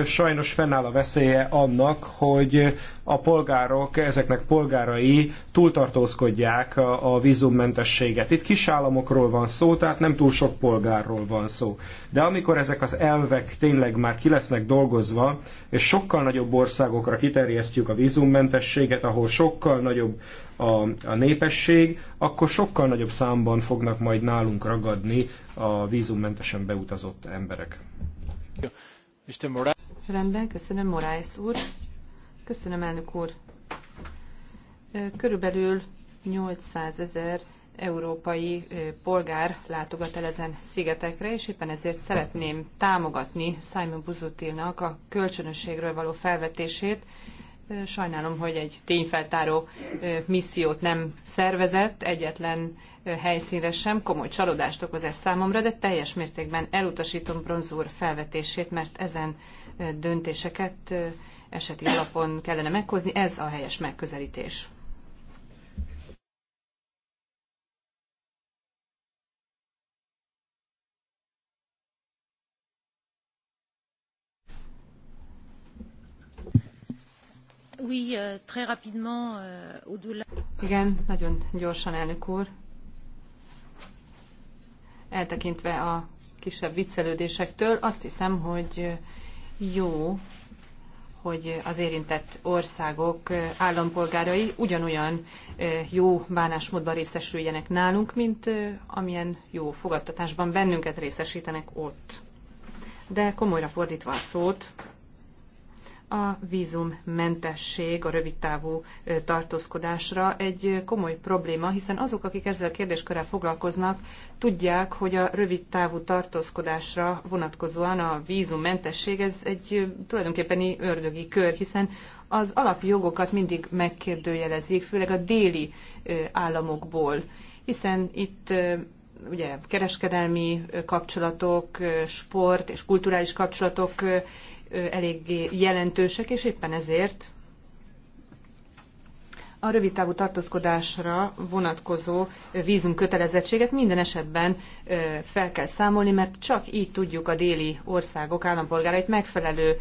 sajnos fennáll a veszélye annak, hogy a polgárok, ezeknek polgárai túltartózkodják a vízummentességet. Itt kisállamokról van szó, tehát nem túl sok polgárról van szó. De amikor ezek az elvek tényleg már ki lesznek dolgozva, és sokkal nagyobb országokra kiterjesztjük a vízummentességet, ahol sokkal nagyobb a, a népesség, akkor sokkal nagyobb számban fognak majd nálunk ragadni a vízummentesen beutazott emberek. Rendben, köszönöm Morales úr. Köszönöm elnök úr. Körülbelül 800 ezer európai polgár látogat el ezen szigetekre, és éppen ezért szeretném támogatni Simon Buzutilnak a kölcsönösségről való felvetését. Sajnálom, hogy egy tényfeltáró missziót nem szervezett, egyetlen helyszínre sem. Komoly csalódást okoz ez számomra, de teljes mértékben elutasítom bronzúr felvetését, mert ezen döntéseket eseti alapon kellene meghozni. Ez a helyes megközelítés. Oui, euh, très rapidement, euh, au-delà. Igen, nagyon gyorsan, elnök úr eltekintve a kisebb viccelődésektől, azt hiszem, hogy jó, hogy az érintett országok állampolgárai ugyanolyan jó bánásmódban részesüljenek nálunk, mint amilyen jó fogadtatásban bennünket részesítenek ott. De komolyra fordítva a szót, a vízummentesség a rövidtávú tartózkodásra egy komoly probléma, hiszen azok, akik ezzel a kérdéskörrel foglalkoznak, tudják, hogy a rövidtávú tartózkodásra vonatkozóan a vízummentesség ez egy tulajdonképpen ördögi kör, hiszen az alapjogokat mindig megkérdőjelezik, főleg a déli államokból, hiszen itt ugye kereskedelmi kapcsolatok, sport és kulturális kapcsolatok eléggé jelentősek, és éppen ezért a rövidtávú tartózkodásra vonatkozó vízum kötelezettséget minden esetben fel kell számolni, mert csak így tudjuk a déli országok állampolgárait megfelelő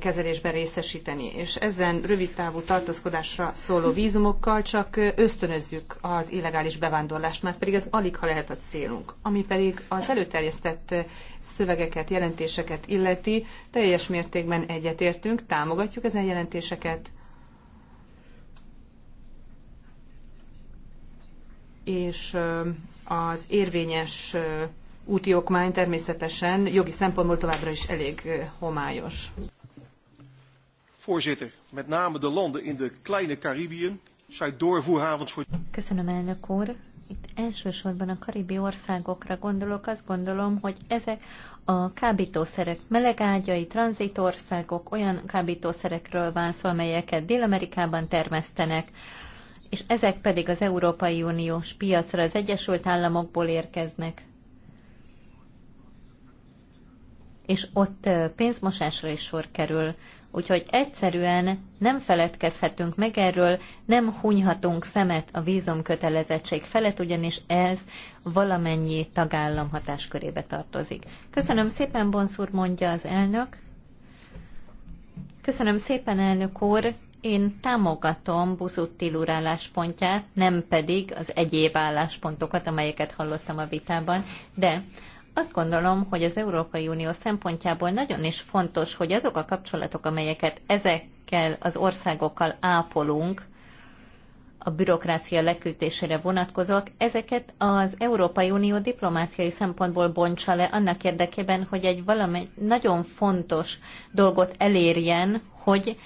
kezelésben részesíteni. És ezen rövidtávú tartózkodásra szóló vízumokkal csak ösztönözzük az illegális bevándorlást, mert pedig ez alig ha lehet a célunk. Ami pedig az előterjesztett szövegeket, jelentéseket illeti, teljes mértékben egyetértünk, támogatjuk ezen jelentéseket, és az érvényes úti okmány természetesen jogi szempontból továbbra is elég homályos. Voorzitter, met name de landen in de kleine Caribieën zijn doorvoerhavens voor... Köszönöm, elnök úr. Itt elsősorban a karibi országokra gondolok, azt gondolom, hogy ezek a kábítószerek melegágyai, tranzitországok, olyan kábítószerekről van szó, amelyeket Dél-Amerikában termesztenek, és ezek pedig az Európai Uniós piacra az Egyesült Államokból érkeznek, és ott pénzmosásra is sor kerül. Úgyhogy egyszerűen nem feledkezhetünk meg erről, nem hunyhatunk szemet a vízumkötelezettség felett, ugyanis ez valamennyi tagállam hatáskörébe tartozik. Köszönöm szépen, Bonszúr mondja az elnök. Köszönöm szépen, elnök úr. Én támogatom Buzuttil úr álláspontját, nem pedig az egyéb álláspontokat, amelyeket hallottam a vitában, de azt gondolom, hogy az Európai Unió szempontjából nagyon is fontos, hogy azok a kapcsolatok, amelyeket ezekkel az országokkal ápolunk, a bürokrácia leküzdésére vonatkozók, ezeket az Európai Unió diplomáciai szempontból bontsa le annak érdekében, hogy egy valami nagyon fontos dolgot elérjen, hogy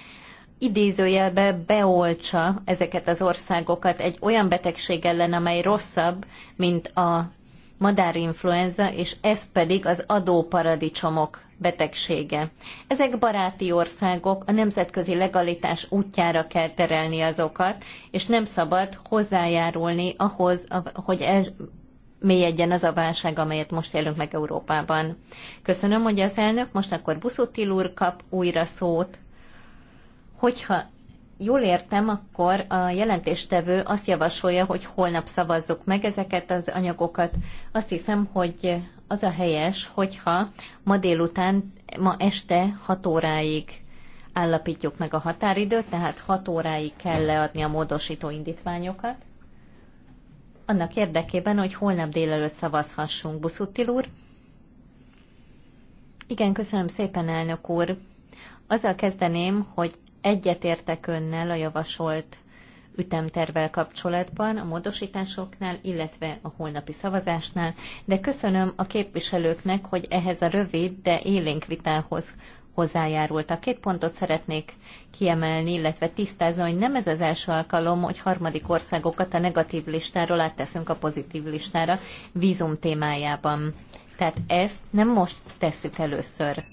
idézőjelbe beoltsa ezeket az országokat egy olyan betegség ellen, amely rosszabb, mint a madárinfluenza, és ez pedig az adóparadicsomok betegsége. Ezek baráti országok, a nemzetközi legalitás útjára kell terelni azokat, és nem szabad hozzájárulni ahhoz, hogy el, mélyedjen az a válság, amelyet most élünk meg Európában. Köszönöm, hogy az elnök, most akkor Buszutil úr kap újra szót. Hogyha jól értem, akkor a jelentéstevő azt javasolja, hogy holnap szavazzuk meg ezeket az anyagokat. Azt hiszem, hogy az a helyes, hogyha ma délután, ma este 6 óráig állapítjuk meg a határidőt, tehát 6 óráig kell leadni a módosító indítványokat. Annak érdekében, hogy holnap délelőtt szavazhassunk, Buszuttil úr. Igen, köszönöm szépen, elnök úr. Azzal kezdeném, hogy Egyetértek önnel a javasolt ütemtervel kapcsolatban, a módosításoknál, illetve a holnapi szavazásnál, de köszönöm a képviselőknek, hogy ehhez a rövid, de élénk vitához hozzájárultak. Két pontot szeretnék kiemelni, illetve tisztázni, hogy nem ez az első alkalom, hogy harmadik országokat a negatív listáról átteszünk a pozitív listára vízum témájában. Tehát ezt nem most tesszük először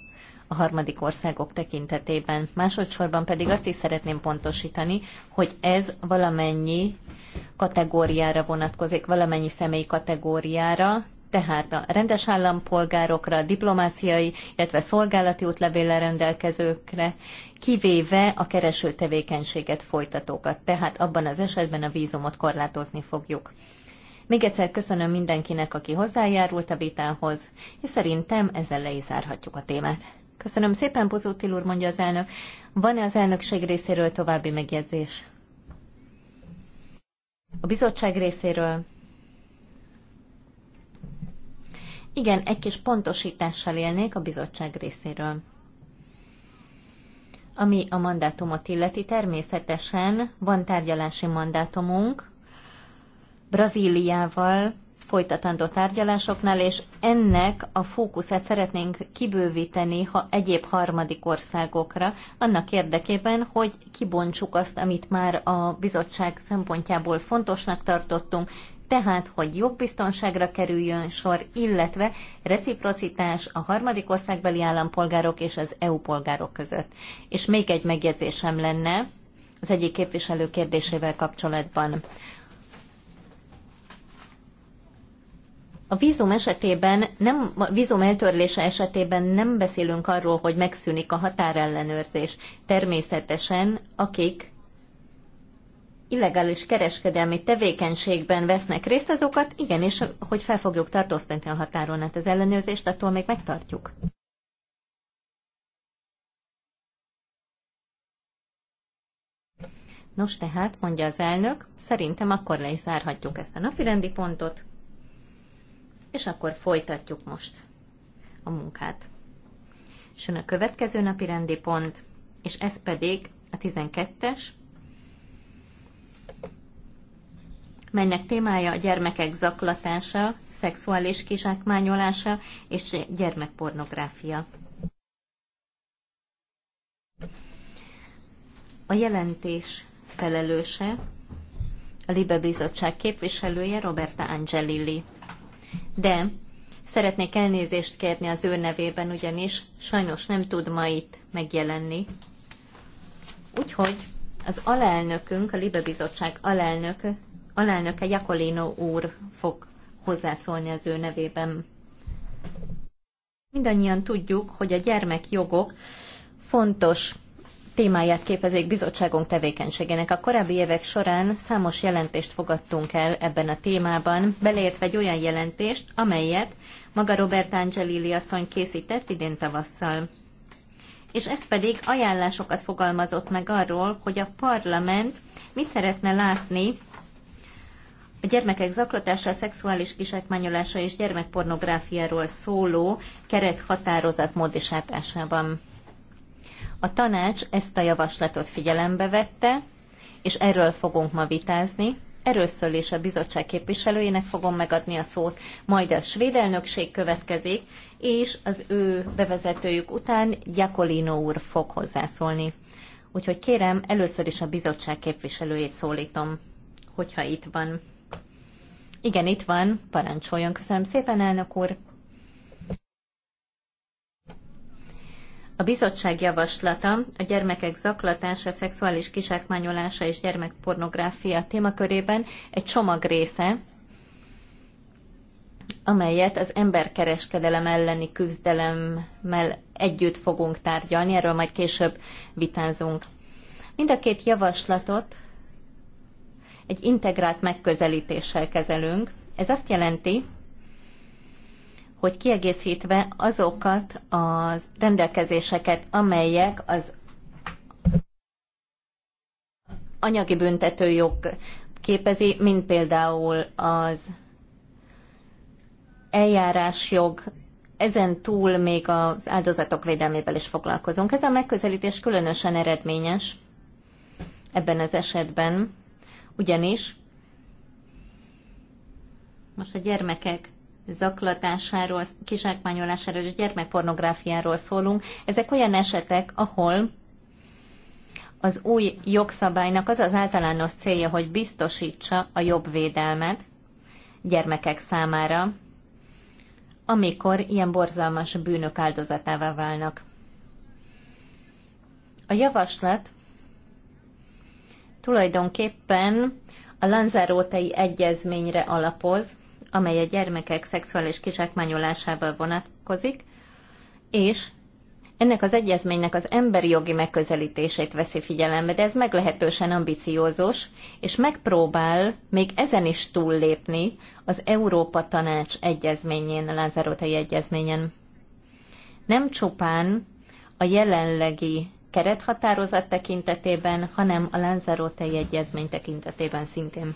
a harmadik országok tekintetében. Másodszorban pedig azt is szeretném pontosítani, hogy ez valamennyi kategóriára vonatkozik, valamennyi személy kategóriára, tehát a rendes állampolgárokra, a diplomáciai, illetve szolgálati útlevéllel rendelkezőkre, kivéve a kereső tevékenységet folytatókat. Tehát abban az esetben a vízumot korlátozni fogjuk. Még egyszer köszönöm mindenkinek, aki hozzájárult a vitához, és szerintem ezzel le is zárhatjuk a témát. Köszönöm szépen, Pozótil úr, mondja az elnök. Van-e az elnökség részéről további megjegyzés? A bizottság részéről? Igen, egy kis pontosítással élnék a bizottság részéről. Ami a mandátumot illeti, természetesen van tárgyalási mandátumunk Brazíliával folytatandó tárgyalásoknál, és ennek a fókuszát szeretnénk kibővíteni ha egyéb harmadik országokra, annak érdekében, hogy kibontsuk azt, amit már a bizottság szempontjából fontosnak tartottunk, tehát, hogy jobb biztonságra kerüljön sor, illetve reciprocitás a harmadik országbeli állampolgárok és az EU polgárok között. És még egy megjegyzésem lenne az egyik képviselő kérdésével kapcsolatban. A vízum esetében, nem, a vízum eltörlése esetében nem beszélünk arról, hogy megszűnik a határellenőrzés. Természetesen, akik illegális kereskedelmi tevékenységben vesznek részt, azokat igenis, hogy fel fogjuk tartóztatni a határon át az ellenőrzést, attól még megtartjuk. Nos tehát, mondja az elnök, szerintem akkor le is zárhatjuk ezt a napirendi pontot és akkor folytatjuk most a munkát. És jön a következő napi rendi pont, és ez pedig a 12-es, melynek témája a gyermekek zaklatása, szexuális kizsákmányolása és gyermekpornográfia. A jelentés felelőse a Libe Bizottság képviselője Roberta Angelilli de szeretnék elnézést kérni az ő nevében, ugyanis sajnos nem tud ma itt megjelenni. Úgyhogy az alelnökünk, a Libe Bizottság alelnök, alelnöke Jakolino úr fog hozzászólni az ő nevében. Mindannyian tudjuk, hogy a gyermekjogok fontos témáját képezik bizottságunk tevékenységének. A korábbi évek során számos jelentést fogadtunk el ebben a témában, beleértve egy olyan jelentést, amelyet maga Robert Angelili asszony készített idén tavasszal. És ez pedig ajánlásokat fogalmazott meg arról, hogy a parlament mit szeretne látni a gyermekek zaklatása, a szexuális kisekmányolása és gyermekpornográfiáról szóló kerethatározat módosításában. A tanács ezt a javaslatot figyelembe vette, és erről fogunk ma vitázni. Erőször is a bizottság képviselőjének fogom megadni a szót, majd a svéd elnökség következik, és az ő bevezetőjük után Gyakolino úr fog hozzászólni. Úgyhogy kérem, először is a bizottság képviselőjét szólítom, hogyha itt van. Igen, itt van, parancsoljon, köszönöm szépen, elnök úr. A bizottság javaslata a gyermekek zaklatása, szexuális kizsákmányolása és gyermekpornográfia témakörében egy csomag része, amelyet az emberkereskedelem elleni küzdelemmel együtt fogunk tárgyalni, erről majd később vitázunk. Mind a két javaslatot egy integrált megközelítéssel kezelünk. Ez azt jelenti, hogy kiegészítve azokat a az rendelkezéseket, amelyek az anyagi büntetőjog képezi, mint például az eljárásjog, ezen túl még az áldozatok védelmével is foglalkozunk. Ez a megközelítés különösen eredményes ebben az esetben, ugyanis most a gyermekek zaklatásáról, kizsákmányolásáról, gyermekpornográfiáról szólunk. Ezek olyan esetek, ahol az új jogszabálynak az az általános célja, hogy biztosítsa a jobb védelmet gyermekek számára, amikor ilyen borzalmas bűnök áldozatává válnak. A javaslat tulajdonképpen a lanzarote egyezményre alapoz, amely a gyermekek szexuális kizsákmányolásával vonatkozik, és ennek az egyezménynek az emberi jogi megközelítését veszi figyelembe, de ez meglehetősen ambiciózus, és megpróbál még ezen is túllépni az Európa Tanács egyezményén, a Lázárotai egyezményen. Nem csupán a jelenlegi kerethatározat tekintetében, hanem a Lánzarótai Egyezmény tekintetében szintén.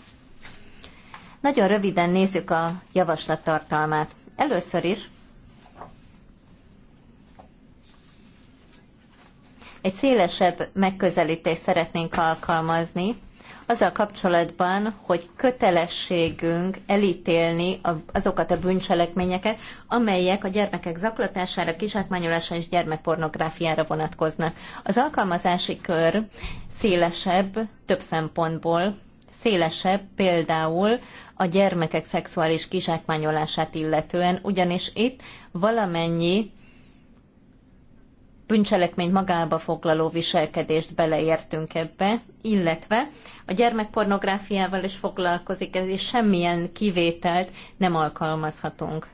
Nagyon röviden nézzük a javaslat tartalmát. Először is egy szélesebb megközelítést szeretnénk alkalmazni, azzal kapcsolatban, hogy kötelességünk elítélni azokat a bűncselekményeket, amelyek a gyermekek zaklatására, kizsákmányolására és gyermekpornográfiára vonatkoznak. Az alkalmazási kör szélesebb több szempontból, szélesebb például a gyermekek szexuális kizsákmányolását illetően, ugyanis itt valamennyi bűncselekményt magába foglaló viselkedést beleértünk ebbe, illetve a gyermekpornográfiával is foglalkozik, ez és semmilyen kivételt nem alkalmazhatunk.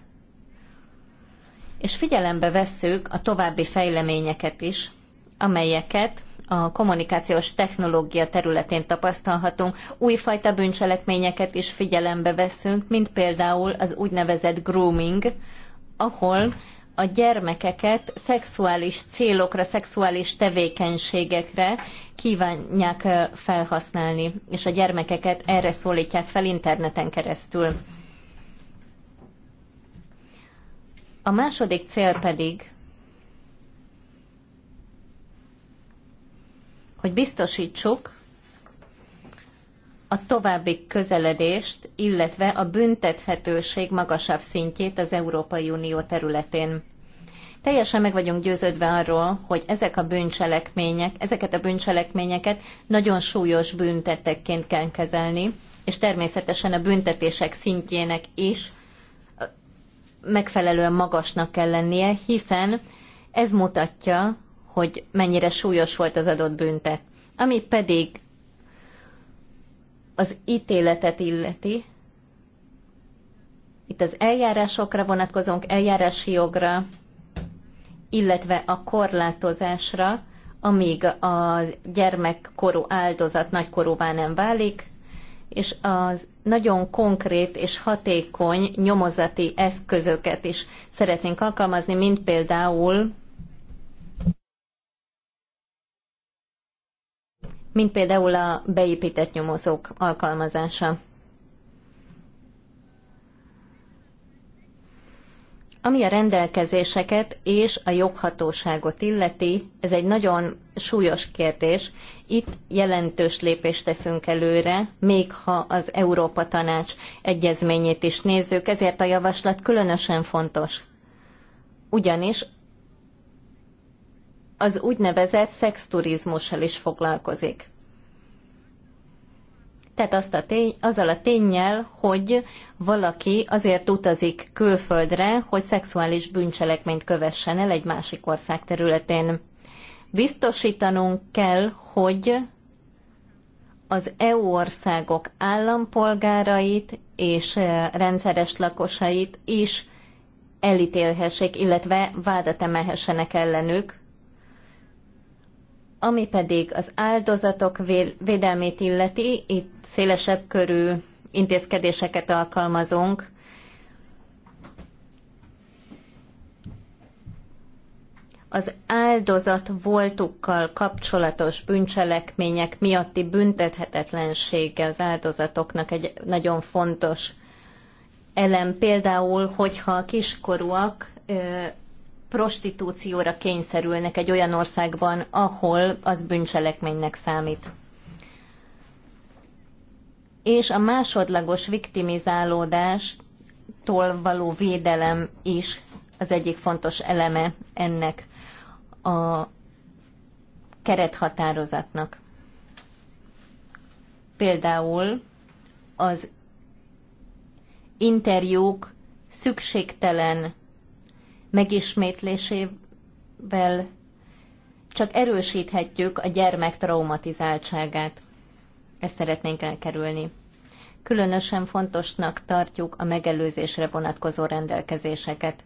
És figyelembe vesszük a további fejleményeket is, amelyeket a kommunikációs technológia területén tapasztalhatunk. Újfajta bűncselekményeket is figyelembe veszünk, mint például az úgynevezett grooming, ahol a gyermekeket szexuális célokra, szexuális tevékenységekre kívánják felhasználni, és a gyermekeket erre szólítják fel interneten keresztül. A második cél pedig hogy biztosítsuk a további közeledést, illetve a büntethetőség magasabb szintjét az Európai Unió területén. Teljesen meg vagyunk győződve arról, hogy ezek a bűncselekmények, ezeket a bűncselekményeket nagyon súlyos büntetekként kell kezelni, és természetesen a büntetések szintjének is megfelelően magasnak kell lennie, hiszen ez mutatja, hogy mennyire súlyos volt az adott büntet. Ami pedig az ítéletet illeti, itt az eljárásokra vonatkozunk, eljárási jogra, illetve a korlátozásra, amíg a gyermekkorú áldozat nagykorúvá nem válik, és az nagyon konkrét és hatékony nyomozati eszközöket is szeretnénk alkalmazni, mint például mint például a beépített nyomozók alkalmazása. Ami a rendelkezéseket és a joghatóságot illeti, ez egy nagyon súlyos kérdés. Itt jelentős lépést teszünk előre, még ha az Európa Tanács egyezményét is nézzük, ezért a javaslat különösen fontos. Ugyanis az úgynevezett szexturizmussal is foglalkozik. Tehát azt a tény, azzal a tényel, hogy valaki azért utazik külföldre, hogy szexuális bűncselekményt kövessen el egy másik ország területén. Biztosítanunk kell, hogy az EU országok állampolgárait és eh, rendszeres lakosait is elítélhessék, illetve vádat emelhessenek ellenük, ami pedig az áldozatok védelmét illeti, itt szélesebb körű intézkedéseket alkalmazunk. Az áldozat voltukkal kapcsolatos bűncselekmények miatti büntethetetlensége az áldozatoknak egy nagyon fontos elem. Például, hogyha kiskorúak prostitúcióra kényszerülnek egy olyan országban, ahol az bűncselekménynek számít. És a másodlagos viktimizálódástól való védelem is az egyik fontos eleme ennek a kerethatározatnak. Például az interjúk szükségtelen megismétlésével csak erősíthetjük a gyermek traumatizáltságát. Ezt szeretnénk elkerülni. Különösen fontosnak tartjuk a megelőzésre vonatkozó rendelkezéseket.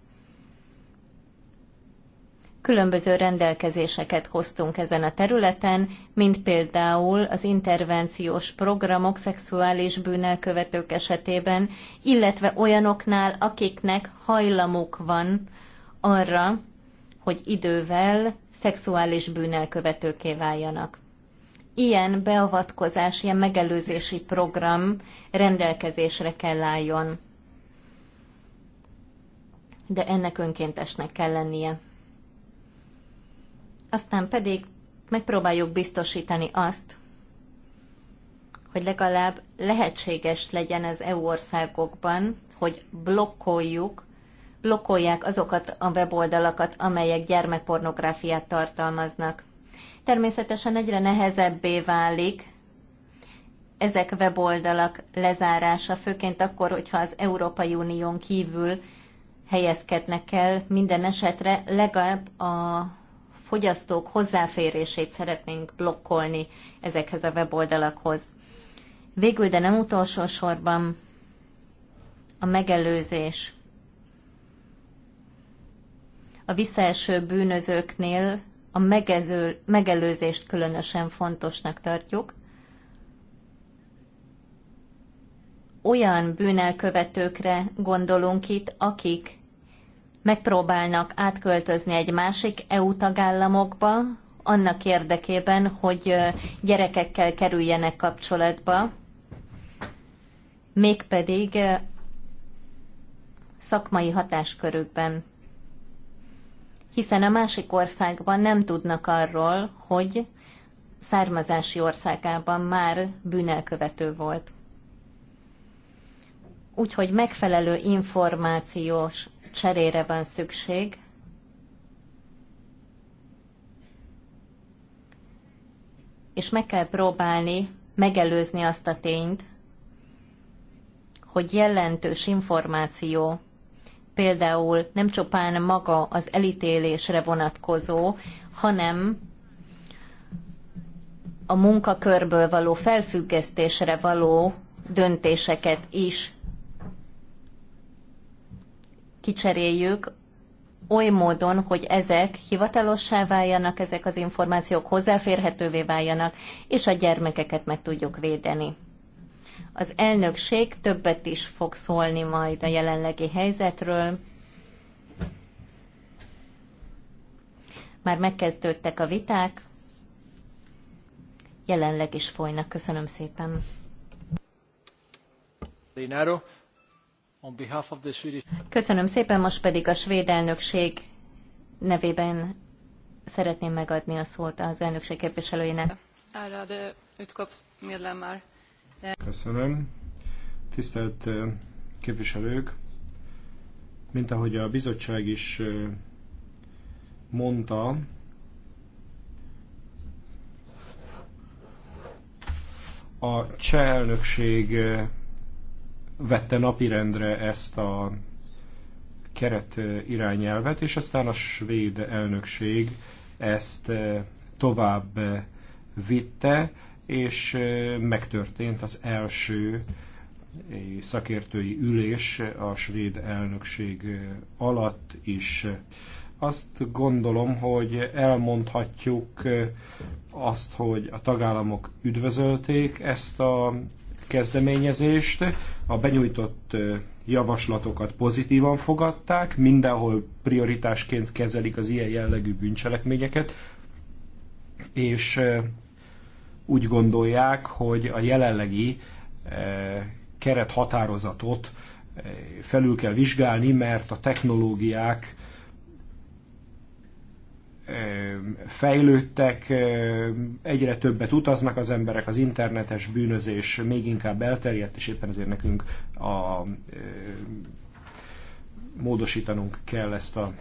Különböző rendelkezéseket hoztunk ezen a területen, mint például az intervenciós programok szexuális bűnelkövetők esetében, illetve olyanoknál, akiknek hajlamuk van arra, hogy idővel szexuális bűnelkövetőké váljanak. Ilyen beavatkozás, ilyen megelőzési program rendelkezésre kell álljon. De ennek önkéntesnek kell lennie. Aztán pedig megpróbáljuk biztosítani azt, hogy legalább lehetséges legyen az EU országokban, hogy blokkoljuk blokkolják azokat a weboldalakat, amelyek gyermekpornográfiát tartalmaznak. Természetesen egyre nehezebbé válik ezek weboldalak lezárása, főként akkor, hogyha az Európai Unión kívül helyezkednek el, minden esetre legalább a fogyasztók hozzáférését szeretnénk blokkolni ezekhez a weboldalakhoz. Végül, de nem utolsó sorban a megelőzés a visszaeső bűnözőknél a megező, megelőzést különösen fontosnak tartjuk. Olyan bűnelkövetőkre gondolunk itt, akik megpróbálnak átköltözni egy másik EU tagállamokba, annak érdekében, hogy gyerekekkel kerüljenek kapcsolatba, mégpedig szakmai hatáskörükben hiszen a másik országban nem tudnak arról, hogy származási országában már bűnelkövető volt. Úgyhogy megfelelő információs cserére van szükség, és meg kell próbálni megelőzni azt a tényt, hogy jelentős információ például nem csupán maga az elítélésre vonatkozó, hanem a munkakörből való felfüggesztésre való döntéseket is kicseréljük oly módon, hogy ezek hivatalossá váljanak, ezek az információk hozzáférhetővé váljanak, és a gyermekeket meg tudjuk védeni. Az elnökség többet is fog szólni majd a jelenlegi helyzetről. Már megkezdődtek a viták, jelenleg is folynak. Köszönöm szépen. Köszönöm szépen, most pedig a svéd elnökség nevében szeretném megadni a szót az elnökség képviselőjének. Árade utskottsmedlemmar. Köszönöm. Tisztelt képviselők, mint ahogy a bizottság is mondta, a cseh elnökség vette napirendre ezt a keret irányelvet, és aztán a svéd elnökség ezt tovább vitte és megtörtént az első szakértői ülés a svéd elnökség alatt is. Azt gondolom, hogy elmondhatjuk azt, hogy a tagállamok üdvözölték ezt a kezdeményezést, a benyújtott javaslatokat pozitívan fogadták, mindenhol prioritásként kezelik az ilyen jellegű bűncselekményeket, és úgy gondolják, hogy a jelenlegi eh, határozatot eh, felül kell vizsgálni, mert a technológiák eh, fejlődtek, egyre többet utaznak az emberek, az internetes bűnözés még inkább elterjedt, és éppen ezért nekünk a, módosítanunk kell ezt a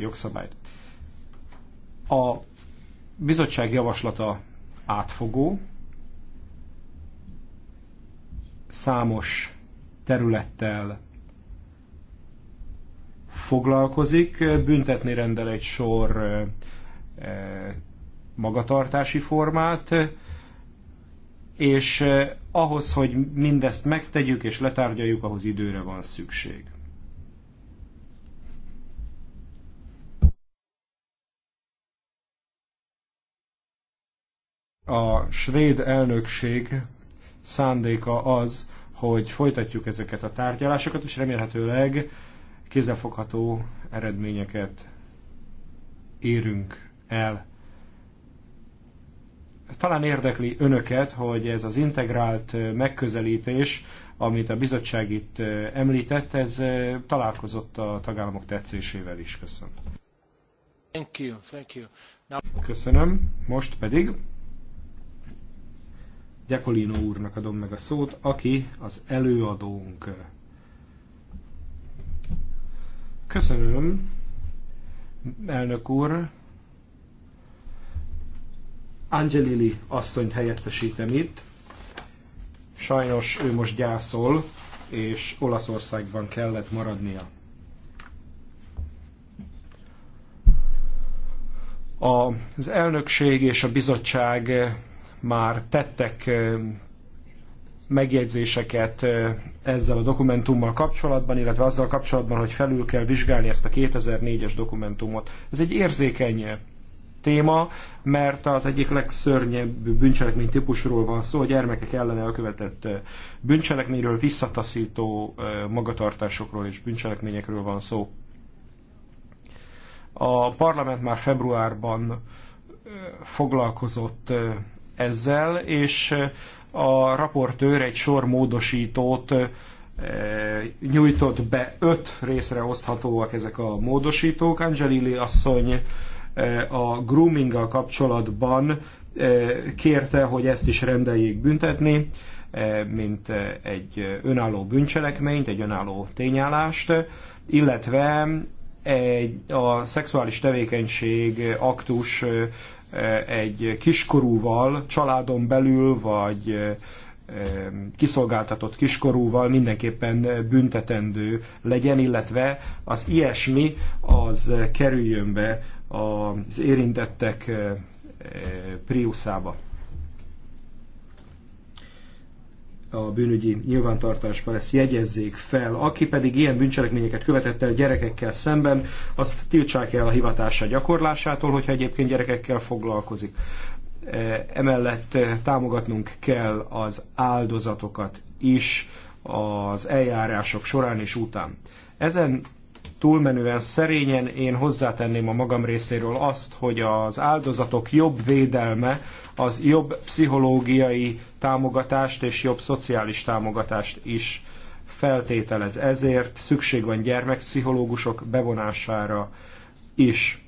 jogszabályt. A bizottság javaslata átfogó, számos területtel foglalkozik, büntetni rendel egy sor magatartási formát, és ahhoz, hogy mindezt megtegyük és letárgyaljuk, ahhoz időre van szükség. a svéd elnökség szándéka az, hogy folytatjuk ezeket a tárgyalásokat, és remélhetőleg kézzelfogható eredményeket érünk el. Talán érdekli önöket, hogy ez az integrált megközelítés, amit a bizottság itt említett, ez találkozott a tagállamok tetszésével is. Köszönöm. Thank you, thank you. Now... Köszönöm. Most pedig Gyakolino úrnak adom meg a szót, aki az előadónk. Köszönöm, elnök úr. Angelili asszonyt helyettesítem itt. Sajnos ő most gyászol, és Olaszországban kellett maradnia. Az elnökség és a bizottság már tettek megjegyzéseket ezzel a dokumentummal kapcsolatban, illetve azzal kapcsolatban, hogy felül kell vizsgálni ezt a 2004-es dokumentumot. Ez egy érzékeny téma, mert az egyik legszörnyebb bűncselekmény típusról van szó, a gyermekek ellen elkövetett bűncselekményről, visszataszító magatartásokról és bűncselekményekről van szó. A parlament már februárban foglalkozott ezzel, és eh, a raportőr egy sor módosítót eh, nyújtott be, öt részre oszthatóak ezek a módosítók. Angelili asszony eh, a groominggal kapcsolatban kérte, hogy ezt is rendeljék büntetni, mint egy önálló bűncselekményt, egy önálló tényállást, illetve egy, a szexuális tevékenység aktus egy kiskorúval, családon belül, vagy kiszolgáltatott kiskorúval mindenképpen büntetendő legyen, illetve az ilyesmi az kerüljön be az érintettek Priuszába. a bűnügyi nyilvántartásba ezt jegyezzék fel. Aki pedig ilyen bűncselekményeket követett el gyerekekkel szemben, azt tiltsák el a hivatása gyakorlásától, hogyha egyébként gyerekekkel foglalkozik. E, emellett e, támogatnunk kell az áldozatokat is az eljárások során és után. Ezen túlmenően szerényen. Én hozzátenném a magam részéről azt, hogy az áldozatok jobb védelme az jobb pszichológiai támogatást és jobb szociális támogatást is feltételez. Ezért szükség van gyermekpszichológusok bevonására is.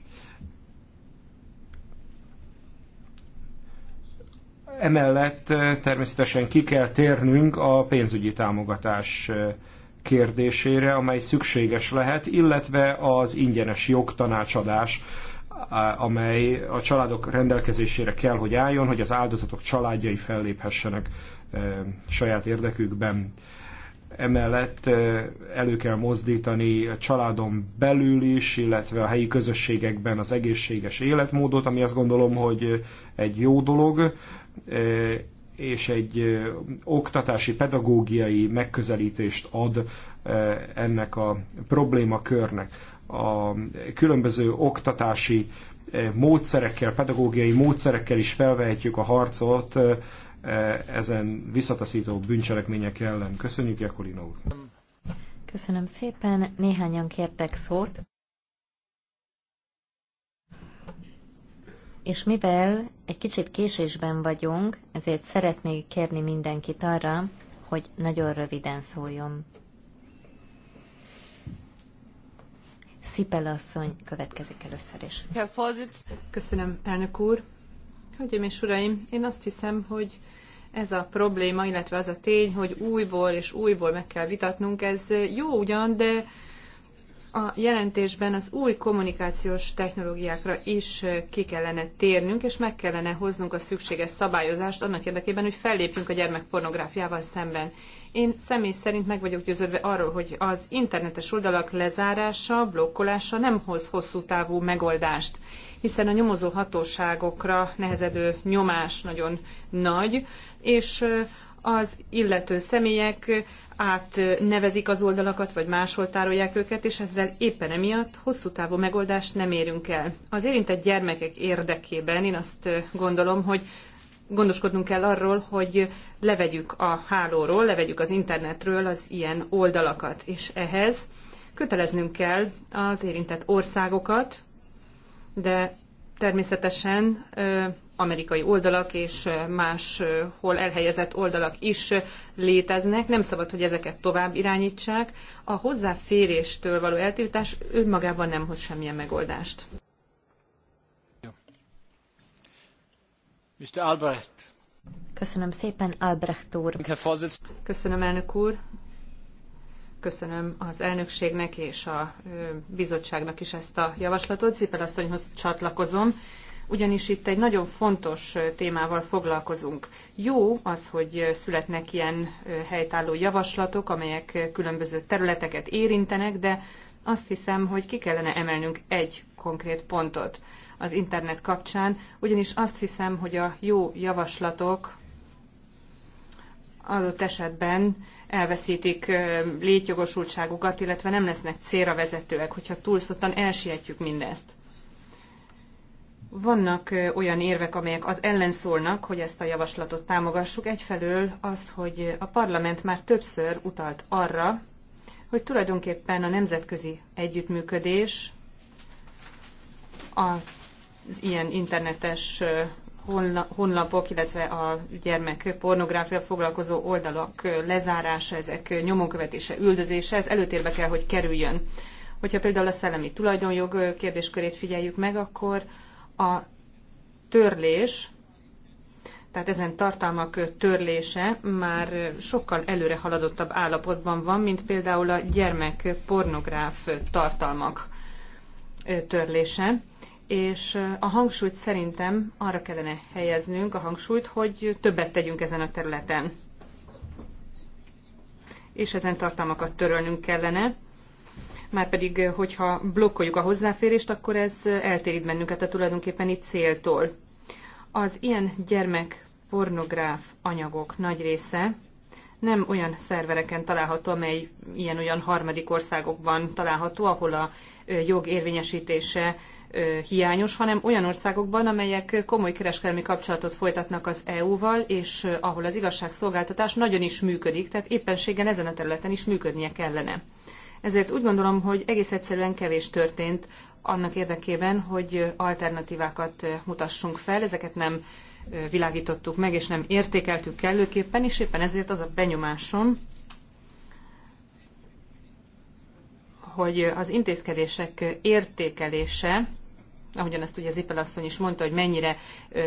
Emellett eh, természetesen ki kell térnünk a pénzügyi támogatás eh, kérdésére, amely szükséges lehet, illetve az ingyenes jogtanácsadás, amely a családok rendelkezésére kell, hogy álljon, hogy az áldozatok családjai felléphessenek saját érdekükben. Emellett elő kell mozdítani a családon belül is, illetve a helyi közösségekben az egészséges életmódot, ami azt gondolom, hogy egy jó dolog, és egy oktatási, pedagógiai megközelítést ad ennek a problémakörnek. A különböző oktatási módszerekkel, pedagógiai módszerekkel is felvehetjük a harcot ezen visszataszító bűncselekmények ellen. Köszönjük, Jakolina úr! Köszönöm szépen, néhányan kértek szót. és mivel egy kicsit késésben vagyunk, ezért szeretnék kérni mindenkit arra, hogy nagyon röviden szóljon. Szipel asszony következik először is. Köszönöm, elnök úr. Hölgyeim és uraim, én azt hiszem, hogy ez a probléma, illetve az a tény, hogy újból és újból meg kell vitatnunk, ez jó ugyan, de a jelentésben az új kommunikációs technológiákra is ki kellene térnünk, és meg kellene hoznunk a szükséges szabályozást annak érdekében, hogy fellépjünk a gyermekpornográfiával szemben. Én személy szerint meg vagyok győződve arról, hogy az internetes oldalak lezárása, blokkolása nem hoz hosszú távú megoldást, hiszen a nyomozó hatóságokra nehezedő nyomás nagyon nagy, és az illető személyek átnevezik az oldalakat, vagy máshol tárolják őket, és ezzel éppen emiatt hosszú távú megoldást nem érünk el. Az érintett gyermekek érdekében én azt gondolom, hogy gondoskodnunk kell arról, hogy levegyük a hálóról, levegyük az internetről az ilyen oldalakat, és ehhez köteleznünk kell az érintett országokat, de természetesen amerikai oldalak és máshol elhelyezett oldalak is léteznek. Nem szabad, hogy ezeket tovább irányítsák. A hozzáféréstől való eltiltás önmagában nem hoz semmilyen megoldást. Mr. Albrecht. Köszönöm szépen, Albrecht úr. Köszönöm, elnök úr. Köszönöm az elnökségnek és a bizottságnak is ezt a javaslatot. Szépen asszonyhoz csatlakozom ugyanis itt egy nagyon fontos témával foglalkozunk. Jó az, hogy születnek ilyen helytálló javaslatok, amelyek különböző területeket érintenek, de azt hiszem, hogy ki kellene emelnünk egy konkrét pontot az internet kapcsán, ugyanis azt hiszem, hogy a jó javaslatok adott esetben elveszítik létjogosultságukat, illetve nem lesznek célra vezetőek, hogyha túlszottan elsietjük mindezt. Vannak olyan érvek, amelyek az ellen szólnak, hogy ezt a javaslatot támogassuk. Egyfelől az, hogy a parlament már többször utalt arra, hogy tulajdonképpen a nemzetközi együttműködés az ilyen internetes honlapok, illetve a gyermek pornográfia foglalkozó oldalak lezárása, ezek nyomonkövetése, üldözése, ez előtérbe kell, hogy kerüljön. Hogyha például a szellemi tulajdonjog kérdéskörét figyeljük meg, akkor a törlés, tehát ezen tartalmak törlése már sokkal előre haladottabb állapotban van, mint például a gyermek pornográf tartalmak törlése. És a hangsúlyt szerintem arra kellene helyeznünk, a hangsúlyt, hogy többet tegyünk ezen a területen. És ezen tartalmakat törölnünk kellene, márpedig eh, hogyha blokkoljuk a hozzáférést, akkor ez eh, eltérít bennünket a tulajdonképpeni céltól. Az ilyen gyermek pornográf anyagok nagy része nem olyan szervereken található, amely ilyen-olyan harmadik országokban található, ahol a eh, jog érvényesítése hiányos, hanem olyan országokban, amelyek komoly kereskedelmi kapcsolatot folytatnak az EU-val, és ahol az igazságszolgáltatás nagyon is működik, tehát éppenséggel ezen a területen is működnie kellene. Ezért úgy gondolom, hogy egész egyszerűen kevés történt annak érdekében, hogy alternatívákat mutassunk fel. Ezeket nem világítottuk meg, és nem értékeltük kellőképpen, és éppen ezért az a benyomásom, hogy az intézkedések értékelése, ahogyan azt ugye Zippel asszony is mondta, hogy mennyire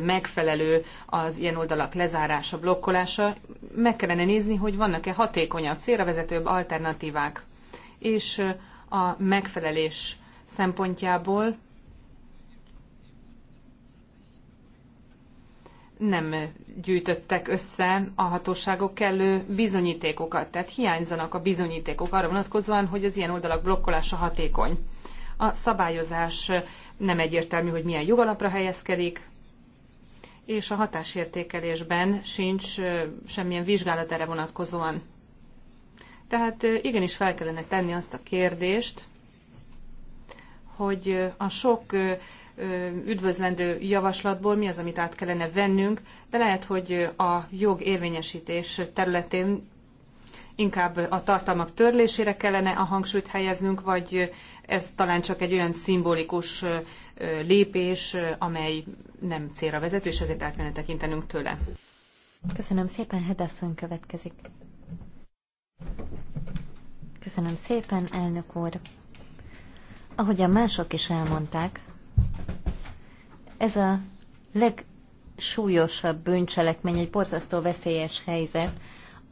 megfelelő az ilyen oldalak lezárása, blokkolása, meg kellene nézni, hogy vannak-e hatékonyabb, célra vezetőbb alternatívák és a megfelelés szempontjából nem gyűjtöttek össze a hatóságok kellő bizonyítékokat, tehát hiányzanak a bizonyítékok arra vonatkozóan, hogy az ilyen oldalak blokkolása hatékony. A szabályozás nem egyértelmű, hogy milyen jogalapra helyezkedik, és a hatásértékelésben sincs semmilyen vizsgálat erre vonatkozóan. Tehát igenis fel kellene tenni azt a kérdést, hogy a sok üdvözlendő javaslatból mi az, amit át kellene vennünk, de lehet, hogy a jog érvényesítés területén inkább a tartalmak törlésére kellene a hangsúlyt helyeznünk, vagy ez talán csak egy olyan szimbolikus lépés, amely nem célra vezető, és ezért át kellene tekintenünk tőle. Köszönöm szépen, Hedasszony következik. Köszönöm szépen, elnök úr. Ahogyan mások is elmondták, ez a legsúlyosabb bűncselekmény, egy borzasztó veszélyes helyzet,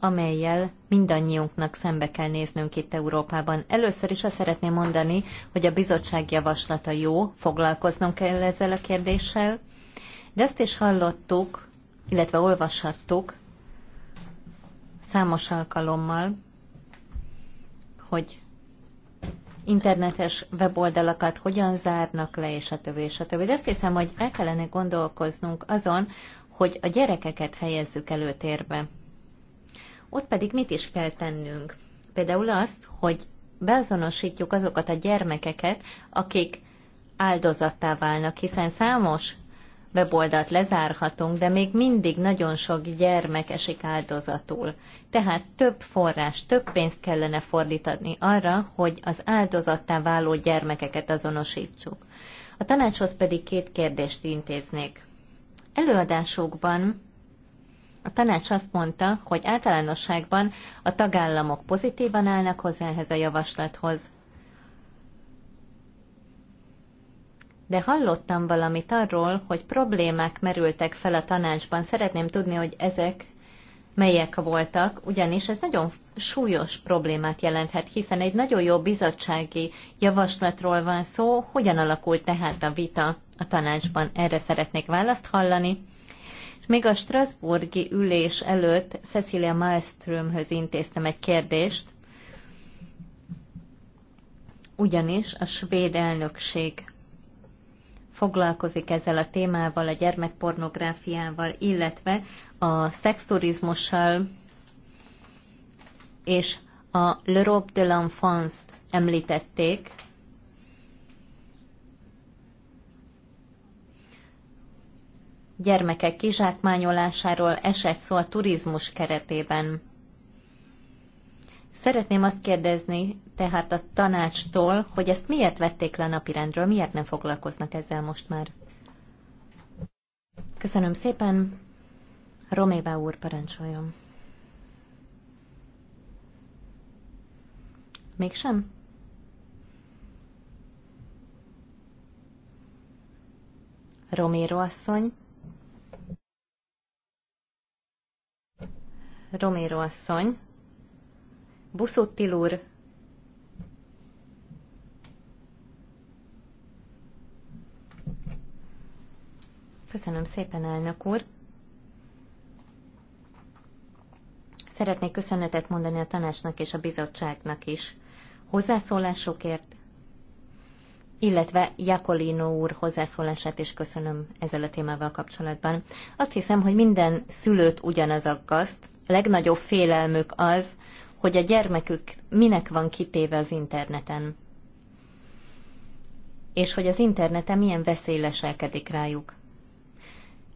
amelyel mindannyiunknak szembe kell néznünk itt Európában. Először is azt szeretném mondani, hogy a bizottság javaslata jó, foglalkoznunk kell ezzel a kérdéssel, de azt is hallottuk, illetve olvashattuk, számos alkalommal, hogy internetes weboldalakat hogyan zárnak le, és a többi, és a többi. De azt hiszem, hogy el kellene gondolkoznunk azon, hogy a gyerekeket helyezzük előtérbe. Ott pedig mit is kell tennünk? Például azt, hogy beazonosítjuk azokat a gyermekeket, akik áldozattá válnak, hiszen számos weboldalt lezárhatunk, de még mindig nagyon sok gyermek esik áldozatul. Tehát több forrás, több pénzt kellene fordítani arra, hogy az áldozattá váló gyermekeket azonosítsuk. A tanácshoz pedig két kérdést intéznék. Előadásokban a tanács azt mondta, hogy általánosságban a tagállamok pozitívan állnak hozzá ehhez a javaslathoz, de hallottam valamit arról, hogy problémák merültek fel a tanácsban. Szeretném tudni, hogy ezek melyek voltak, ugyanis ez nagyon súlyos problémát jelenthet, hiszen egy nagyon jó bizottsági javaslatról van szó, hogyan alakult tehát a vita a tanácsban. Erre szeretnék választ hallani. még a Strasburgi ülés előtt Cecilia Malmströmhöz intéztem egy kérdést, ugyanis a svéd elnökség foglalkozik ezzel a témával, a gyermekpornográfiával, illetve a szexturizmussal, és a L'Europe de l'Enfance-t említették, gyermekek kizsákmányolásáról esett szó a turizmus keretében. Szeretném azt kérdezni tehát a tanácstól, hogy ezt miért vették le a napirendről, miért nem foglalkoznak ezzel most már? Köszönöm szépen. Romébá úr, parancsoljon. Mégsem? Roméro asszony. Roméro asszony. Buszottil úr. Köszönöm szépen, elnök úr. Szeretnék köszönetet mondani a tanácsnak és a bizottságnak is hozzászólásokért, illetve Jakolino úr hozzászólását is köszönöm ezzel a témával kapcsolatban. Azt hiszem, hogy minden szülőt ugyanaz aggaszt. A legnagyobb félelmük az, hogy a gyermekük minek van kitéve az interneten, és hogy az interneten milyen veszély leselkedik rájuk.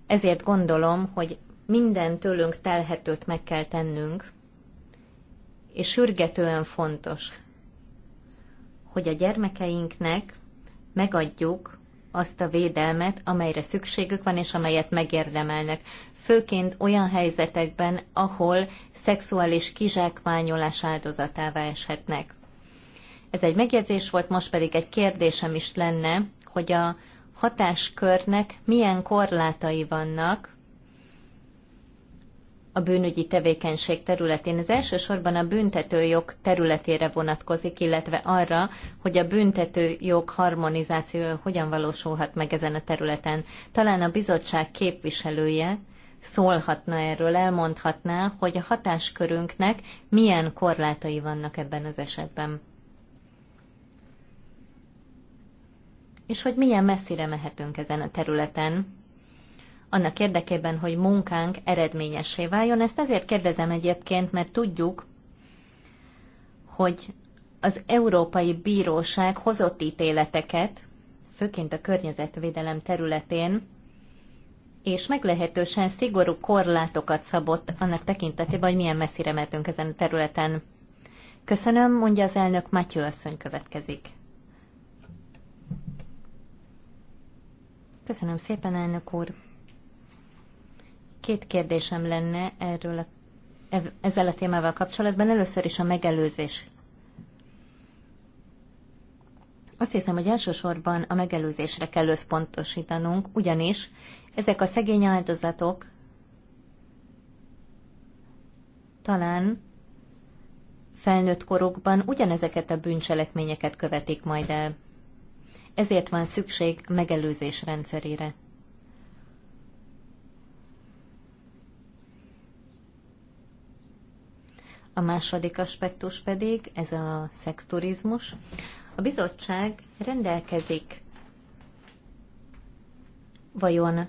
Ezért gondolom, hogy minden tőlünk telhetőt meg kell tennünk, és sürgetően fontos, hogy a gyermekeinknek megadjuk azt a védelmet, amelyre szükségük van, és amelyet megérdemelnek főként olyan helyzetekben, ahol szexuális kizsákmányolás áldozatává eshetnek. Ez egy megjegyzés volt, most pedig egy kérdésem is lenne, hogy a hatáskörnek milyen korlátai vannak a bűnügyi tevékenység területén. Ez elsősorban a büntetőjog területére vonatkozik, illetve arra, hogy a büntetőjog harmonizációja hogyan valósulhat meg ezen a területen. Talán a bizottság képviselője szólhatna erről, elmondhatná, hogy a hatáskörünknek milyen korlátai vannak ebben az esetben. És hogy milyen messzire mehetünk ezen a területen, annak érdekében, hogy munkánk eredményessé váljon. Ezt azért kérdezem egyébként, mert tudjuk, hogy az Európai Bíróság hozott ítéleteket, főként a környezetvédelem területén, és meglehetősen szigorú korlátokat szabott annak tekintetében, hogy milyen messzire mehetünk ezen a területen. Köszönöm, mondja az elnök, Matyő asszony következik. Köszönöm szépen, elnök úr. Két kérdésem lenne erről a, ezzel a témával kapcsolatban. Először is a megelőzés. Azt hiszem, hogy elsősorban a megelőzésre kell összpontosítanunk, ugyanis ezek a szegény áldozatok talán felnőtt korokban ugyanezeket a bűncselekményeket követik majd el. Ezért van szükség megelőzés rendszerére. A második aspektus pedig ez a szexturizmus. A bizottság rendelkezik vajon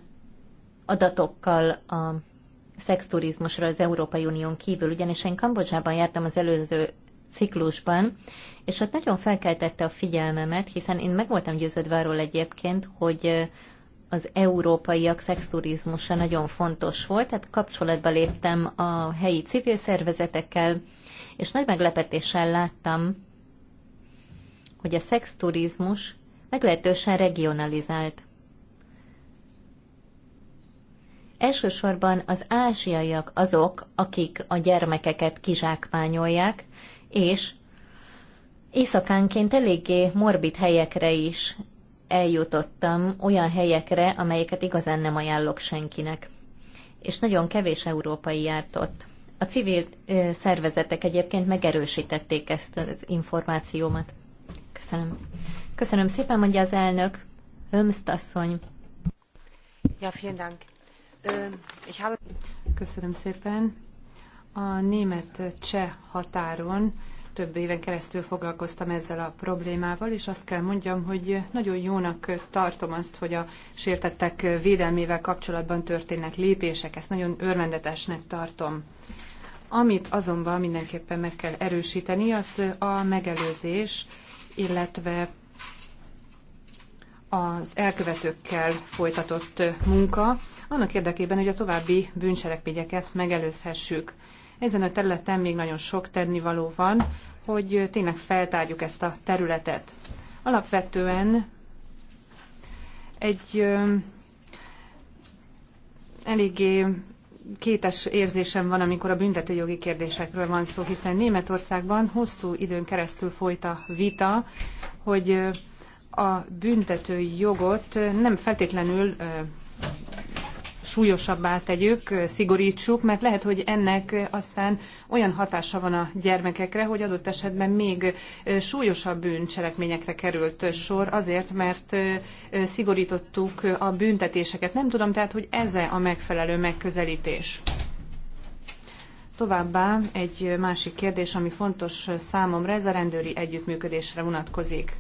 adatokkal a szexturizmusra az Európai Unión kívül, ugyanis én Kambodzsában jártam az előző ciklusban, és ott nagyon felkeltette a figyelmemet, hiszen én meg voltam győződve arról egyébként, hogy az európaiak szexturizmusa nagyon fontos volt, tehát kapcsolatba léptem a helyi civil szervezetekkel, és nagy meglepetéssel láttam, hogy a szexturizmus meglehetősen regionalizált. Elsősorban az ázsiaiak azok, akik a gyermekeket kizsákmányolják, és éjszakánként eléggé morbid helyekre is eljutottam, olyan helyekre, amelyeket igazán nem ajánlok senkinek. És nagyon kevés európai járt ott. A civil szervezetek egyébként megerősítették ezt az információmat. Köszönöm. Köszönöm szépen, mondja az elnök. Hömszt asszony. Ja, vielen Dank. Köszönöm szépen. A német-cseh határon több éven keresztül foglalkoztam ezzel a problémával, és azt kell mondjam, hogy nagyon jónak tartom azt, hogy a sértettek védelmével kapcsolatban történnek lépések, ezt nagyon örvendetesnek tartom. Amit azonban mindenképpen meg kell erősíteni, az a megelőzés, illetve az elkövetőkkel folytatott munka, annak érdekében, hogy a további bűncselekményeket megelőzhessük. Ezen a területen még nagyon sok tennivaló van, hogy tényleg feltárjuk ezt a területet. Alapvetően egy eléggé kétes érzésem van, amikor a büntetőjogi kérdésekről van szó, hiszen Németországban hosszú időn keresztül folyt a vita, hogy a büntető jogot nem feltétlenül súlyosabbá tegyük, szigorítsuk, mert lehet, hogy ennek aztán olyan hatása van a gyermekekre, hogy adott esetben még súlyosabb bűncselekményekre került sor azért, mert szigorítottuk a büntetéseket. Nem tudom tehát, hogy ez -e a megfelelő megközelítés. Továbbá egy másik kérdés, ami fontos számomra, ez a rendőri együttműködésre vonatkozik.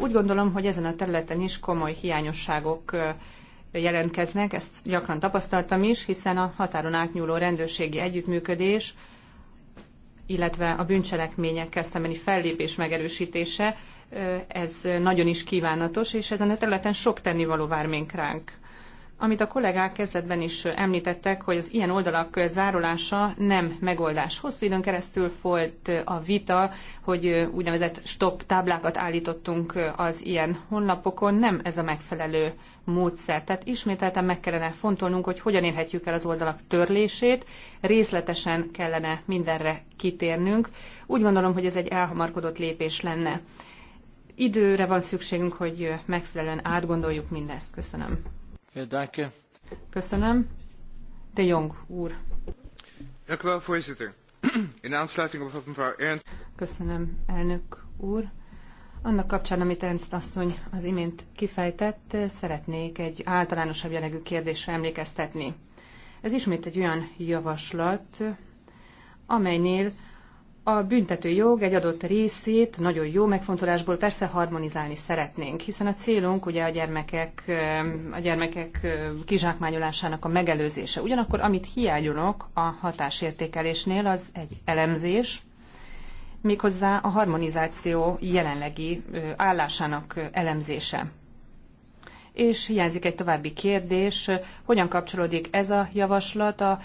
Úgy gondolom, hogy ezen a területen is komoly hiányosságok jelentkeznek, ezt gyakran tapasztaltam is, hiszen a határon átnyúló rendőrségi együttműködés, illetve a bűncselekményekkel szembeni fellépés megerősítése, ez nagyon is kívánatos, és ezen a területen sok tennivaló vár még ránk. Amit a kollégák kezdetben is említettek, hogy az ilyen oldalak zárulása nem megoldás. Hosszú időn keresztül folyt a vita, hogy úgynevezett stop táblákat állítottunk az ilyen honlapokon. Nem ez a megfelelő módszer. Tehát ismételten meg kellene fontolnunk, hogy hogyan érhetjük el az oldalak törlését, részletesen kellene mindenre kitérnünk. Úgy gondolom, hogy ez egy elhamarkodott lépés lenne. Időre van szükségünk, hogy megfelelően átgondoljuk mindezt. Köszönöm. Köszönöm. De Jong úr. Köszönöm, elnök úr. Annak kapcsán, amit Ernst asszony az imént kifejtett, szeretnék egy általánosabb jellegű kérdésre emlékeztetni. Ez ismét egy olyan javaslat, amelynél a büntető jog egy adott részét nagyon jó megfontolásból persze harmonizálni szeretnénk, hiszen a célunk ugye a gyermekek, a gyermekek kizsákmányolásának a megelőzése. Ugyanakkor amit hiányolok a hatásértékelésnél, az egy elemzés, méghozzá a harmonizáció jelenlegi állásának elemzése. És hiányzik egy további kérdés, hogyan kapcsolódik ez a javaslat a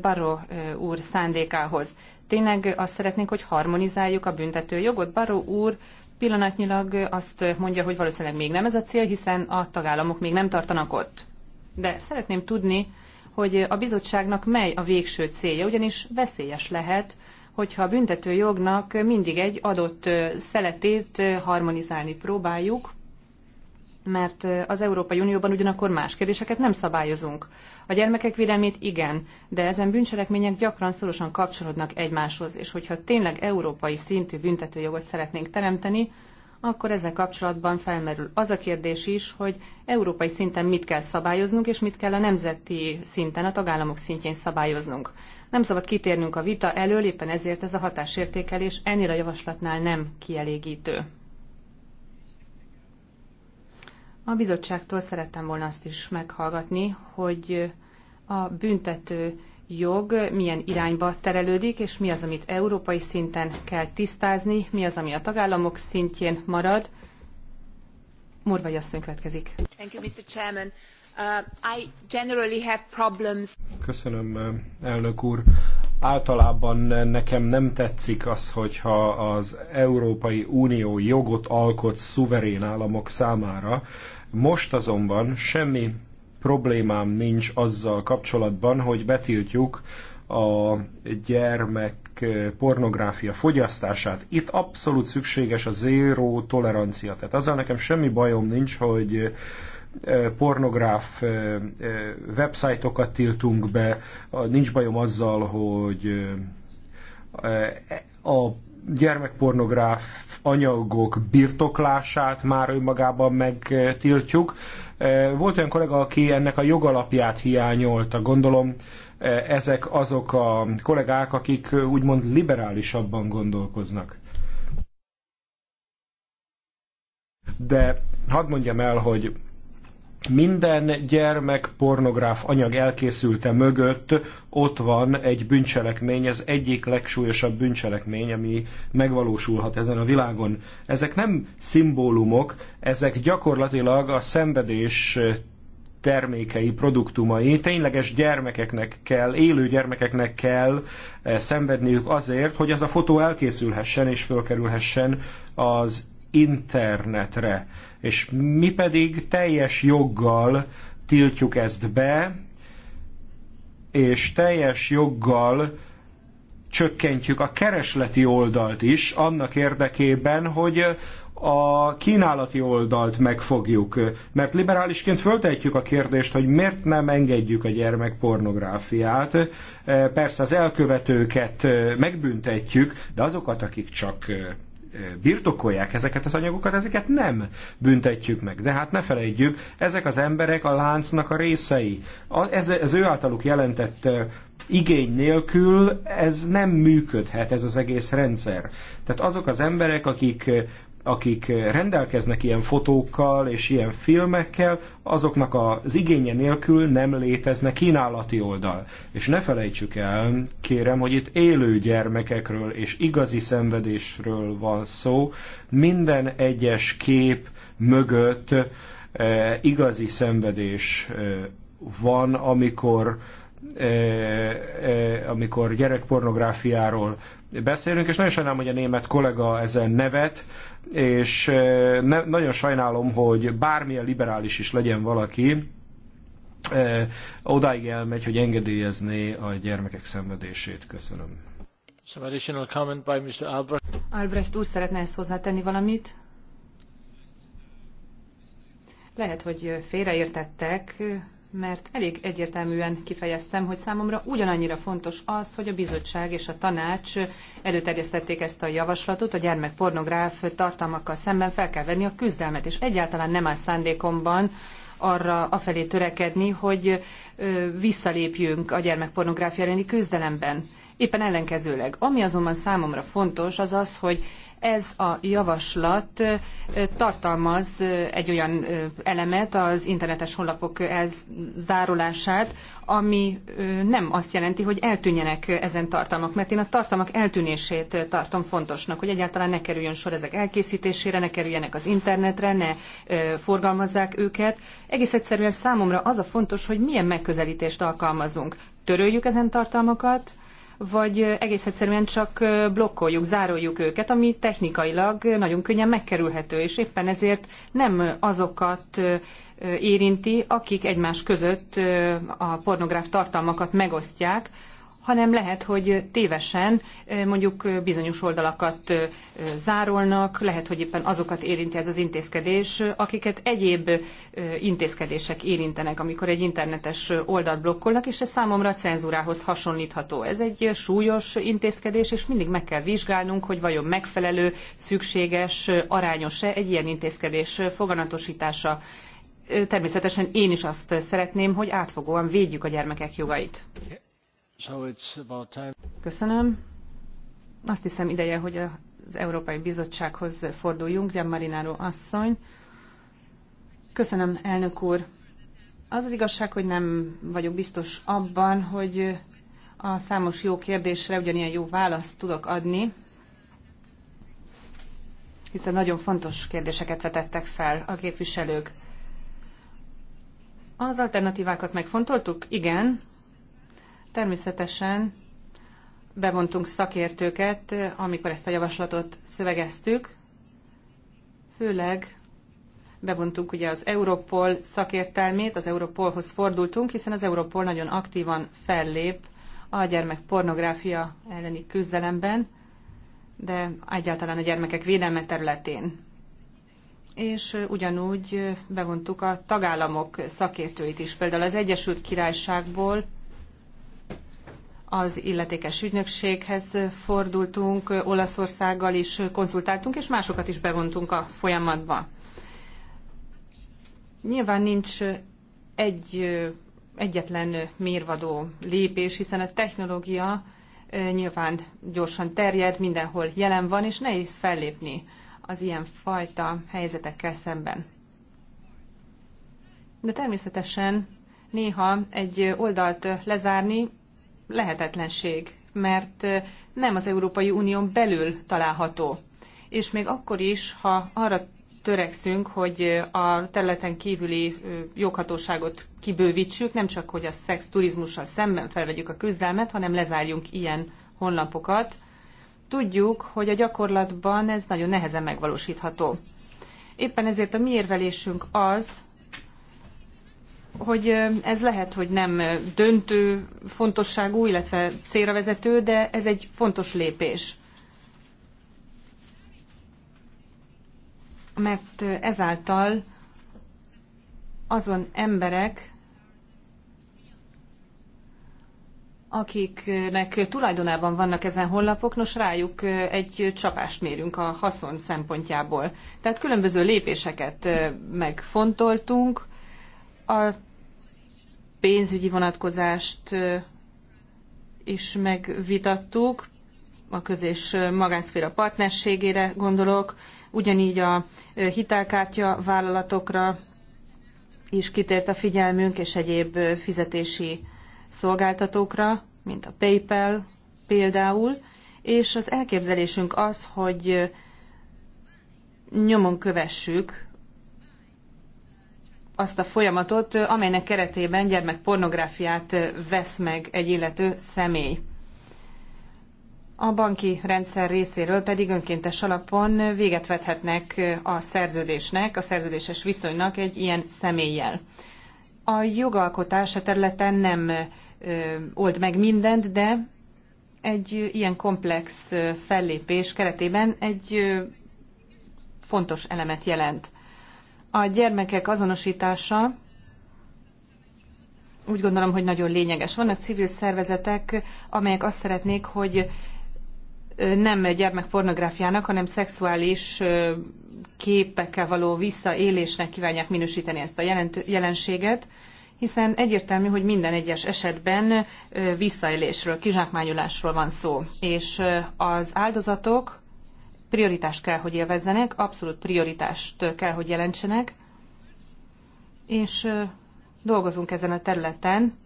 Baró úr szándékához tényleg azt szeretnénk, hogy harmonizáljuk a büntető jogot. Baró úr pillanatnyilag azt mondja, hogy valószínűleg még nem ez a cél, hiszen a tagállamok még nem tartanak ott. De szeretném tudni, hogy a bizottságnak mely a végső célja, ugyanis veszélyes lehet, hogyha a büntető jognak mindig egy adott szeletét harmonizálni próbáljuk, mert az Európai Unióban ugyanakkor más kérdéseket nem szabályozunk. A gyermekek védelmét igen, de ezen bűncselekmények gyakran szorosan kapcsolódnak egymáshoz, és hogyha tényleg európai szintű büntetőjogot szeretnénk teremteni, akkor ezzel kapcsolatban felmerül az a kérdés is, hogy európai szinten mit kell szabályoznunk, és mit kell a nemzeti szinten, a tagállamok szintjén szabályoznunk. Nem szabad kitérnünk a vita elől, éppen ezért ez a hatásértékelés ennél a javaslatnál nem kielégítő. A bizottságtól szerettem volna azt is meghallgatni, hogy a büntető jog milyen irányba terelődik, és mi az, amit európai szinten kell tisztázni, mi az, ami a tagállamok szintjén marad. Morvai asszony következik. Thank you, Mr. Chairman. Uh, I generally have problems. Köszönöm, elnök úr. Általában nekem nem tetszik az, hogyha az Európai Unió jogot alkot szuverén államok számára, most azonban semmi problémám nincs azzal kapcsolatban, hogy betiltjuk a gyermek pornográfia fogyasztását. Itt abszolút szükséges a zéró tolerancia. Tehát azzal nekem semmi bajom nincs, hogy pornográf websájtokat tiltunk be, nincs bajom azzal, hogy a gyermekpornográf anyagok birtoklását már önmagában megtiltjuk. E, volt olyan kollega, aki ennek a jogalapját hiányolta. Gondolom e, ezek azok a kollégák, akik úgymond liberálisabban gondolkoznak. De hadd mondjam el, hogy minden gyermek pornográf anyag elkészülte mögött ott van egy bűncselekmény, ez egyik legsúlyosabb bűncselekmény, ami megvalósulhat ezen a világon. Ezek nem szimbólumok, ezek gyakorlatilag a szenvedés termékei, produktumai, tényleges gyermekeknek kell, élő gyermekeknek kell eh, szenvedniük azért, hogy ez a fotó elkészülhessen és fölkerülhessen az internetre és mi pedig teljes joggal tiltjuk ezt be, és teljes joggal csökkentjük a keresleti oldalt is, annak érdekében, hogy a kínálati oldalt megfogjuk. Mert liberálisként föltehetjük a kérdést, hogy miért nem engedjük a pornográfiát. Persze az elkövetőket megbüntetjük, de azokat, akik csak birtokolják ezeket az anyagokat, ezeket nem büntetjük meg. De hát ne felejtjük, ezek az emberek a láncnak a részei. Ez az ő általuk jelentett igény nélkül ez nem működhet, ez az egész rendszer. Tehát azok az emberek, akik akik rendelkeznek ilyen fotókkal és ilyen filmekkel, azoknak az igénye nélkül nem létezne kínálati oldal. És ne felejtsük el, kérem, hogy itt élő gyermekekről és igazi szenvedésről van szó. Minden egyes kép mögött e, igazi szenvedés e, van, amikor eh, amikor gyerekpornográfiáról beszélünk, és nagyon sajnálom, hogy a német kollega ezen nevet, és e, ne, nagyon sajnálom, hogy bármilyen liberális is legyen valaki, e, odáig elmegy, hogy engedélyezné a gyermekek szenvedését. Köszönöm. Some additional comment by Mr. Albrecht. Albrecht úr szeretne ezt hozzátenni valamit? Lehet, hogy félreértettek, mert elég egyértelműen kifejeztem, hogy számomra ugyanannyira fontos az, hogy a bizottság és a tanács előterjesztették ezt a javaslatot, a gyermekpornográf tartalmakkal szemben fel kell venni a küzdelmet, és egyáltalán nem áll szándékomban arra afelé törekedni, hogy visszalépjünk a gyermekpornográfia elleni küzdelemben. Éppen ellenkezőleg. Ami azonban számomra fontos, az az, hogy ez a javaslat tartalmaz egy olyan elemet, az internetes honlapok elzárulását, ami nem azt jelenti, hogy eltűnjenek ezen tartalmak, mert én a tartalmak eltűnését tartom fontosnak, hogy egyáltalán ne kerüljön sor ezek elkészítésére, ne kerüljenek az internetre, ne forgalmazzák őket. Egész egyszerűen számomra az a fontos, hogy milyen megközelítést alkalmazunk. Töröljük ezen tartalmakat, vagy egész egyszerűen csak blokkoljuk, zároljuk őket, ami technikailag nagyon könnyen megkerülhető, és éppen ezért nem azokat érinti, akik egymás között a pornográf tartalmakat megosztják, hanem lehet, hogy tévesen mondjuk bizonyos oldalakat zárolnak, lehet, hogy éppen azokat érinti ez az intézkedés, akiket egyéb intézkedések érintenek, amikor egy internetes oldalt blokkolnak, és ez számomra a cenzúrához hasonlítható. Ez egy súlyos intézkedés, és mindig meg kell vizsgálnunk, hogy vajon megfelelő, szükséges, arányos-e egy ilyen intézkedés foganatosítása természetesen én is azt szeretném, hogy átfogóan védjük a gyermekek jogait. Köszönöm. Azt hiszem ideje, hogy az Európai Bizottsághoz forduljunk, Gian Marinaro asszony. Köszönöm, elnök úr. Az az igazság, hogy nem vagyok biztos abban, hogy a számos jó kérdésre ugyanilyen jó választ tudok adni, hiszen nagyon fontos kérdéseket vetettek fel a képviselők. Az alternatívákat megfontoltuk? Igen, Természetesen bevontunk szakértőket, amikor ezt a javaslatot szövegeztük, főleg bevontunk ugye az Europol szakértelmét, az Europolhoz fordultunk, hiszen az Europol nagyon aktívan fellép a gyermek pornográfia elleni küzdelemben, de egyáltalán a gyermekek védelme területén. És ugyanúgy bevontuk a tagállamok szakértőit is, például az Egyesült Királyságból az illetékes ügynökséghez fordultunk, Olaszországgal is konzultáltunk, és másokat is bevontunk a folyamatba. Nyilván nincs egy egyetlen mérvadó lépés, hiszen a technológia nyilván gyorsan terjed, mindenhol jelen van, és nehéz fellépni az ilyen fajta helyzetekkel szemben. De természetesen néha egy oldalt lezárni lehetetlenség, mert nem az Európai Unión belül található. És még akkor is, ha arra törekszünk, hogy a területen kívüli joghatóságot kibővítsük, nem csak, hogy a szex turizmussal szemben felvegyük a küzdelmet, hanem lezárjunk ilyen honlapokat. Tudjuk, hogy a gyakorlatban ez nagyon nehezen megvalósítható. Éppen ezért a mi érvelésünk az, hogy ez lehet, hogy nem döntő fontosságú, illetve célra vezető, de ez egy fontos lépés. Mert ezáltal azon emberek, akiknek tulajdonában vannak ezen honlapok, nos rájuk egy csapást mérünk a haszon szempontjából. Tehát különböző lépéseket megfontoltunk, a pénzügyi vonatkozást is megvitattuk, a köz- és magánszféra partnerségére gondolok, ugyanígy a hitelkártya vállalatokra is kitért a figyelmünk, és egyéb fizetési szolgáltatókra, mint a PayPal például, és az elképzelésünk az, hogy nyomon kövessük azt a folyamatot, amelynek keretében gyermekpornográfiát vesz meg egy illető személy. A banki rendszer részéről pedig önkéntes alapon véget vethetnek a szerződésnek, a szerződéses viszonynak egy ilyen személlyel. A jogalkotás a területen nem old meg mindent, de egy ilyen komplex fellépés keretében egy fontos elemet jelent. A gyermekek azonosítása úgy gondolom, hogy nagyon lényeges. Vannak civil szervezetek, amelyek azt szeretnék, hogy nem gyermekpornográfiának, hanem szexuális képekkel való visszaélésnek kívánják minősíteni ezt a jelenséget, hiszen egyértelmű, hogy minden egyes esetben visszaélésről, kizsákmányolásról van szó, és az áldozatok prioritást kell, hogy élvezzenek, abszolút prioritást kell, hogy jelentsenek, és dolgozunk ezen a területen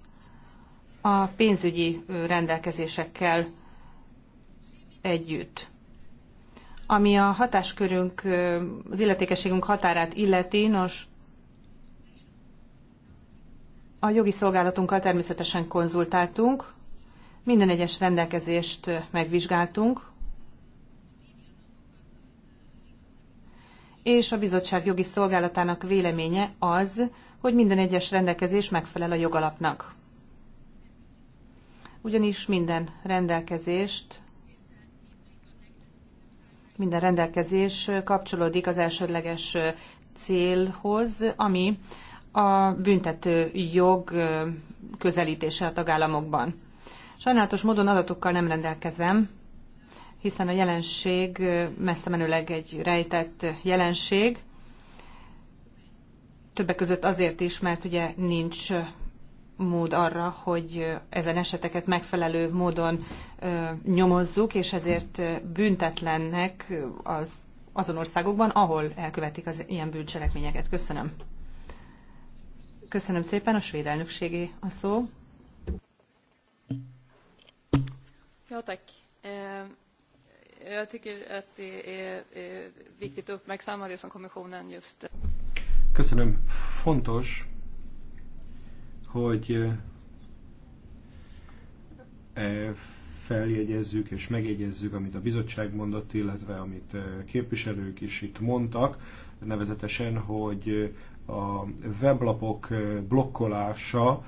a pénzügyi rendelkezésekkel együtt. Ami a hatáskörünk, az illetékességünk határát illeti, nos, a jogi szolgálatunkkal természetesen konzultáltunk, minden egyes rendelkezést megvizsgáltunk, és a bizottság jogi szolgálatának véleménye az, hogy minden egyes rendelkezés megfelel a jogalapnak. Ugyanis minden rendelkezést minden rendelkezés kapcsolódik az elsődleges célhoz, ami a büntető jog közelítése a tagállamokban. Sajnálatos módon adatokkal nem rendelkezem, hiszen a jelenség messze menőleg egy rejtett jelenség. Többek között azért is, mert ugye nincs mód arra, hogy ezen eseteket megfelelő módon nyomozzuk, és ezért büntetlennek az azon országokban, ahol elkövetik az ilyen bűncselekményeket. Köszönöm. Köszönöm szépen, a svéd elnökségé a szó. Jó, tak. Jag tycker att det är eh, viktigt att uppmärksamma det som kommissionen just... Eh, Köszönöm. Fontos, hogy eh, e, feljegyezzük és megjegyezzük, amit a bizottság mondott, illetve amit képviselők is itt mondtak, nevezetesen, hogy a weblapok blokkolása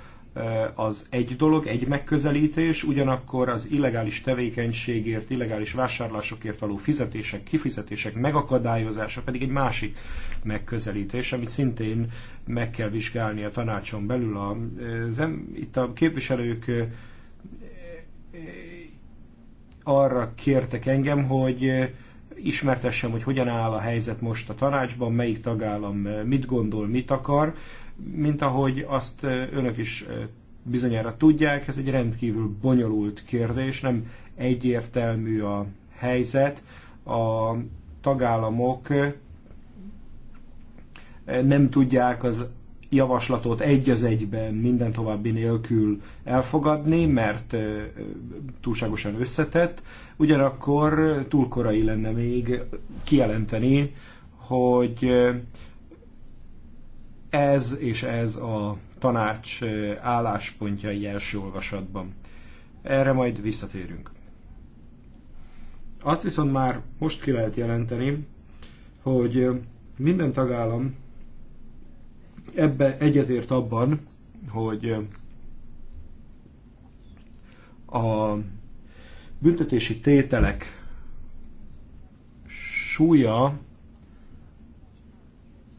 az egy dolog, egy megközelítés, ugyanakkor az illegális tevékenységért, illegális vásárlásokért való fizetések, kifizetések megakadályozása pedig egy másik megközelítés, amit szintén meg kell vizsgálni a tanácson belül. A, itt a képviselők arra kértek engem, hogy ismertessem, hogy hogyan áll a helyzet most a tanácsban, melyik tagállam mit gondol, mit akar. Mint ahogy azt önök is bizonyára tudják, ez egy rendkívül bonyolult kérdés, nem egyértelmű a helyzet. A tagállamok nem tudják az javaslatot egy az egyben minden további nélkül elfogadni, mert túlságosan összetett, ugyanakkor túl korai lenne még kijelenteni, hogy ez és ez a tanács egy első olvasatban. Erre majd visszatérünk. Azt viszont már most ki lehet jelenteni, hogy minden tagállam ebbe egyetért abban, hogy a büntetési tételek súlya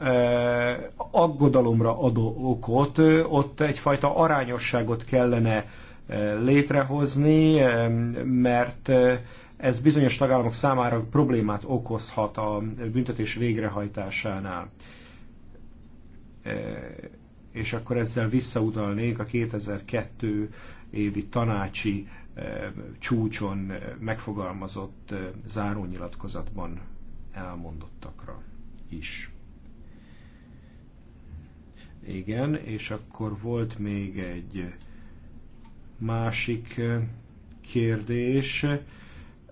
Eh, aggodalomra adó okot, ott egyfajta arányosságot kellene eh, létrehozni, eh, mert ez bizonyos tagállamok számára problémát okozhat a büntetés végrehajtásánál. És akkor ezzel visszautalnék a 2002 évi tanácsi csúcson megfogalmazott zárónyilatkozatban elmondottakra is. Igen, és akkor volt még egy másik eh, kérdés,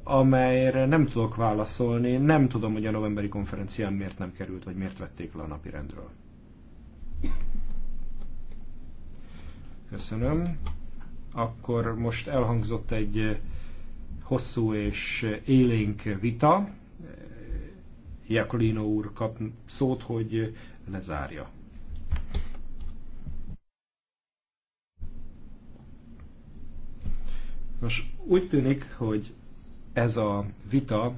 amelyre nem tudok válaszolni. Nem tudom, hogy a novemberi konferencián miért nem került, vagy miért vették le a rendről. Köszönöm. Akkor most elhangzott egy eh, hosszú és élénk vita. Jakolino eh, úr kap szót, hogy lezárja. Nos, úgy tűnik, hogy ez a vita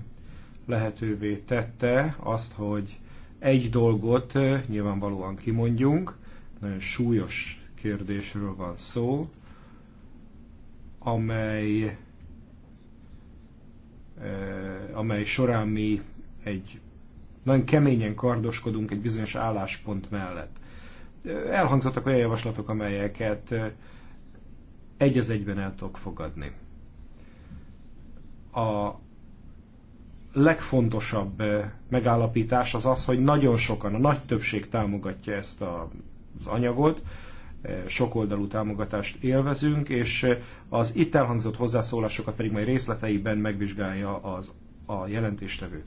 lehetővé tette azt, hogy egy dolgot nyilvánvalóan kimondjunk, nagyon súlyos kérdésről van szó, amely, amely során mi egy nagyon keményen kardoskodunk egy bizonyos álláspont mellett. Elhangzottak olyan javaslatok, amelyeket egy az egyben el tudok fogadni. A legfontosabb eh, megállapítás az az, hogy nagyon sokan, a nagy többség támogatja ezt a, az anyagot, eh, sokoldalú támogatást élvezünk, és eh, az itt elhangzott hozzászólásokat pedig majd részleteiben megvizsgálja az, a jelentéstevő.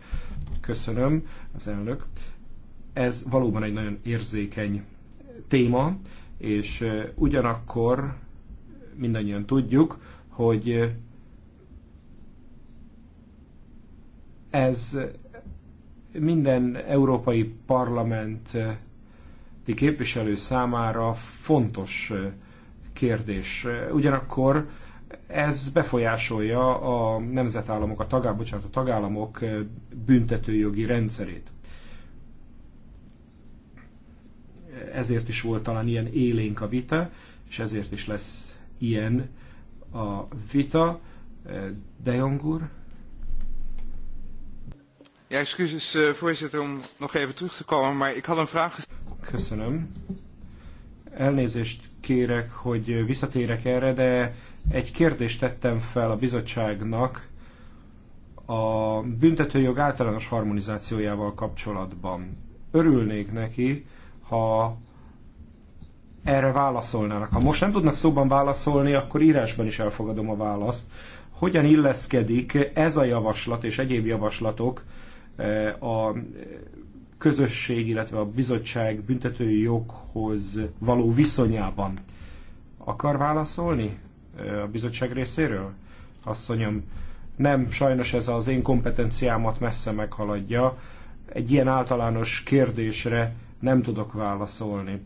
Köszönöm, az elnök. Ez valóban egy nagyon érzékeny téma, és ugyanakkor mindannyian tudjuk, hogy ez minden európai parlamenti képviselő számára fontos kérdés. Ugyanakkor ez befolyásolja a nemzetállamok, a tagállamok, bocsánat, a tagállamok büntetőjogi rendszerét. Ezért is volt talán ilyen élénk a vita, és ezért is lesz ilyen a vita. Eh, de Jong úr. Ja, excuses eh, voorzitter om nog even terug te komen, maar ik had een vraag Köszönöm. Elnézést kérek, hogy visszatérek erre, de egy kérdést tettem fel a bizottságnak a büntetőjog általános harmonizációjával kapcsolatban. Örülnék neki, ha erre válaszolnának. Ha most nem tudnak szóban válaszolni, akkor írásban is elfogadom a választ. Hogyan illeszkedik ez a javaslat és egyéb javaslatok e, a közösség, illetve a bizottság büntetői joghoz való viszonyában? Akar válaszolni e, a bizottság részéről? Asszonyom, nem, sajnos ez az én kompetenciámat messze meghaladja. Egy ilyen általános kérdésre nem tudok válaszolni.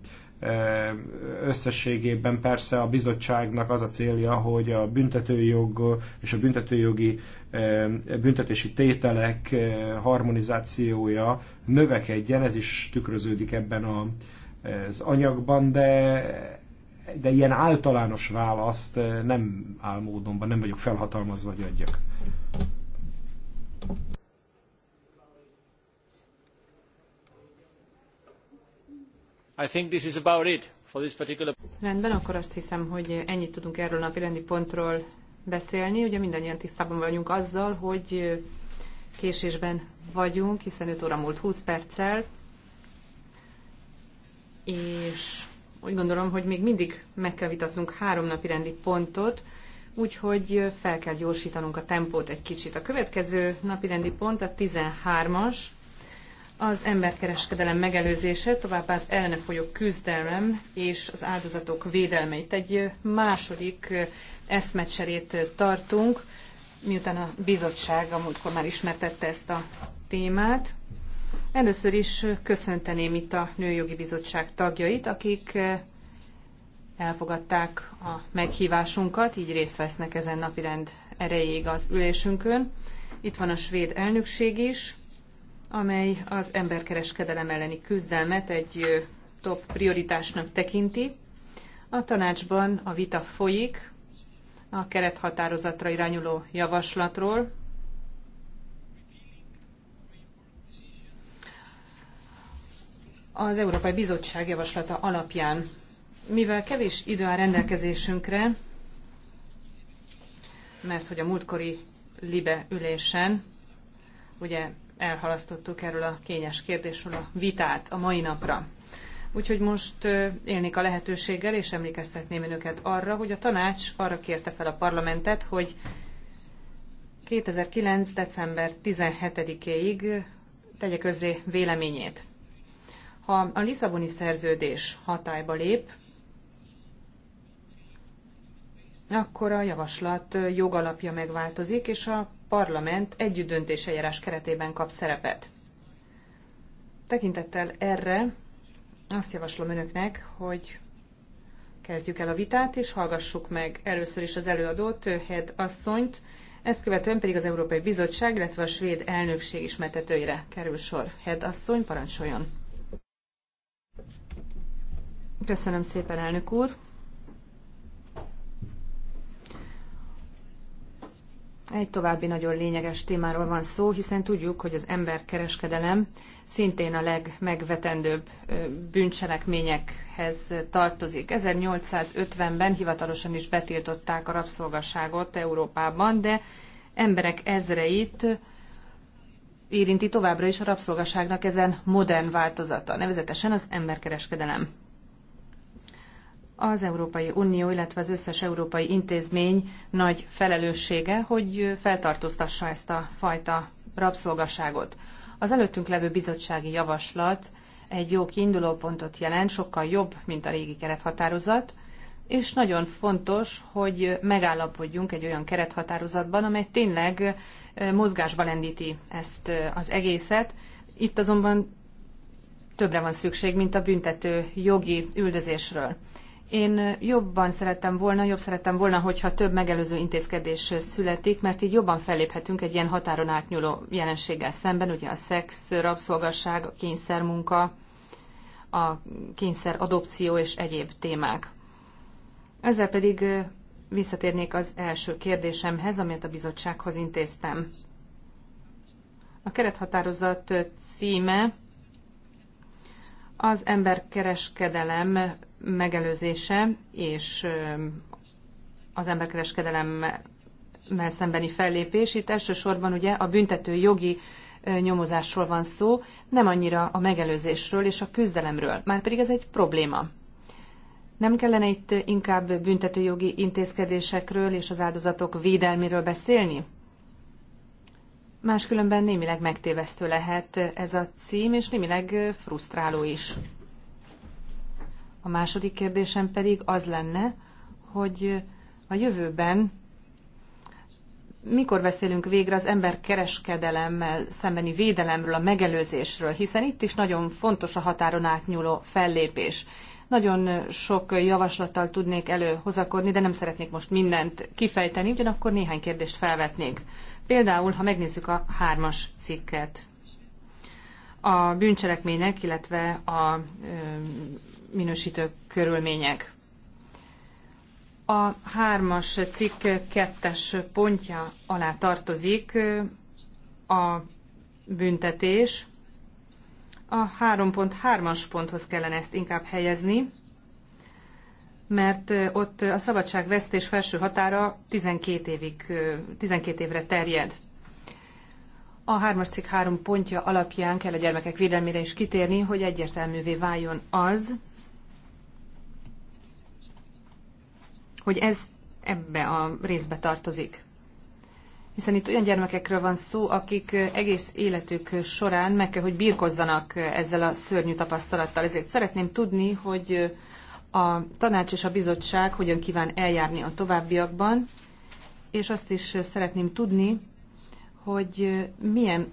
Összességében persze a bizottságnak az a célja, hogy a büntetőjog és a büntetőjogi e, büntetési tételek e, harmonizációja növekedjen, ez is tükröződik ebben az anyagban, de de ilyen általános választ e, nem áll módonban, nem vagyok felhatalmazva, hogy adjak. I think this is about it for this particular... Rendben, akkor azt hiszem, hogy ennyit tudunk erről a napirendi pontról beszélni. Ugye mindannyian tisztában vagyunk azzal, hogy késésben vagyunk, hiszen 5 óra múlt 20 perccel, és úgy gondolom, hogy még mindig meg kell vitatnunk három napi rendi pontot, úgyhogy fel kell gyorsítanunk a tempót egy kicsit. A következő napi rendi pont a 13-as, az emberkereskedelem megelőzése, továbbá az ellene folyó küzdelem és az áldozatok védelme. Itt egy második eszmecserét tartunk, miután a bizottság a múltkor már ismertette ezt a témát. Először is köszönteném itt a Nőjogi Bizottság tagjait, akik elfogadták a meghívásunkat, így részt vesznek ezen napirend erejéig az ülésünkön. Itt van a svéd elnökség is, amely az emberkereskedelem elleni küzdelmet egy top prioritásnak tekinti. A tanácsban a vita folyik a kerethatározatra irányuló javaslatról, az Európai Bizottság javaslata alapján. Mivel kevés idő áll rendelkezésünkre, mert hogy a múltkori libe ülésen ugye elhalasztottuk erről a kényes kérdésről a vitát a mai napra. Úgyhogy most élnék a lehetőséggel, és emlékeztetném önöket arra, hogy a tanács arra kérte fel a parlamentet, hogy 2009. december 17-éig tegye közzé véleményét. Ha a Lisszaboni szerződés hatályba lép, akkor a javaslat jogalapja megváltozik, és a parlament együttdöntéseljárás keretében kap szerepet. Tekintettel erre azt javaslom önöknek, hogy kezdjük el a vitát, és hallgassuk meg először is az előadót, Hed asszonyt, ezt követően pedig az Európai Bizottság, illetve a svéd elnökség ismertetőire kerül sor. Hed asszony, parancsoljon! Köszönöm szépen, elnök úr! Egy további nagyon lényeges témáról van szó, hiszen tudjuk, hogy az emberkereskedelem szintén a legmegvetendőbb bűncselekményekhez tartozik. 1850-ben hivatalosan is betiltották a rabszolgasságot Európában, de emberek ezreit érinti továbbra is a rabszolgaságnak ezen modern változata, nevezetesen az emberkereskedelem az Európai Unió, illetve az összes európai intézmény nagy felelőssége, hogy feltartóztassa ezt a fajta rabszolgaságot. Az előttünk levő bizottsági javaslat egy jó kiindulópontot jelent, sokkal jobb, mint a régi kerethatározat, és nagyon fontos, hogy megállapodjunk egy olyan kerethatározatban, amely tényleg mozgásba lendíti ezt az egészet. Itt azonban többre van szükség, mint a büntető jogi üldözésről. Én jobban szerettem volna, jobb szerettem volna, hogyha több megelőző intézkedés születik, mert így jobban felléphetünk egy ilyen határon átnyúló jelenséggel szemben, ugye a szex, rabszolgasság, a kényszermunka, a kényszer adopció és egyéb témák. Ezzel pedig visszatérnék az első kérdésemhez, amit a bizottsághoz intéztem. A kerethatározat címe az emberkereskedelem megelőzése és az emberkereskedelemmel szembeni fellépés. Itt elsősorban ugye a büntető jogi nyomozásról van szó, nem annyira a megelőzésről és a küzdelemről, már pedig ez egy probléma. Nem kellene itt inkább büntetőjogi intézkedésekről és az áldozatok védelméről beszélni? Máskülönben némileg megtévesztő lehet ez a cím, és némileg frusztráló is. A második kérdésem pedig az lenne, hogy a jövőben mikor beszélünk végre az kereskedelemmel szembeni védelemről, a megelőzésről, hiszen itt is nagyon fontos a határon átnyúló fellépés. Nagyon sok javaslattal tudnék előhozakodni, de nem szeretnék most mindent kifejteni, ugyanakkor néhány kérdést felvetnék. Például, ha megnézzük a hármas cikket, a bűncselekmények, illetve a minősítő körülmények. A hármas cikk kettes pontja alá tartozik a büntetés. A 3.3-as ponthoz kellene ezt inkább helyezni, mert ott a szabadságvesztés felső határa 12, évig, 12 évre terjed. A hármas cikk három pontja alapján kell a gyermekek védelmére is kitérni, hogy egyértelművé váljon az, hogy ez ebbe a részbe tartozik. Hiszen itt olyan gyermekekről van szó, akik egész életük során meg kell, hogy birkozzanak ezzel a szörnyű tapasztalattal. Ezért szeretném tudni, hogy a tanács és a bizottság hogyan kíván eljárni a továbbiakban, és azt is szeretném tudni, hogy milyen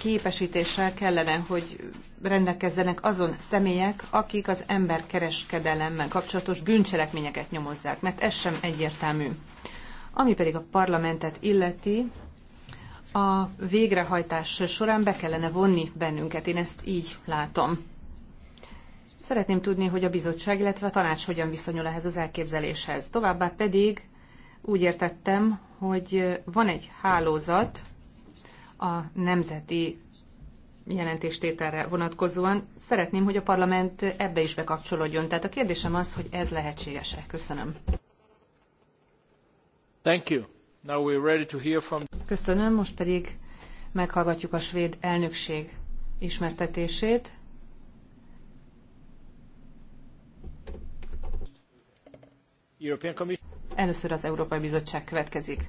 képesítéssel kellene, hogy rendelkezzenek azon személyek, akik az emberkereskedelemmel kapcsolatos bűncselekményeket nyomozzák, mert ez sem egyértelmű. Ami pedig a parlamentet illeti, a végrehajtás során be kellene vonni bennünket. Én ezt így látom. Szeretném tudni, hogy a bizottság, illetve a tanács hogyan viszonyul ehhez az elképzeléshez. Továbbá pedig úgy értettem, hogy van egy hálózat, a nemzeti jelentéstételre vonatkozóan. Szeretném, hogy a parlament ebbe is bekapcsolódjon. Tehát a kérdésem az, hogy ez lehetséges-e. Köszönöm. Thank you. Now we're ready to hear from... Köszönöm, most pedig meghallgatjuk a svéd elnökség ismertetését. Először az Európai Bizottság következik.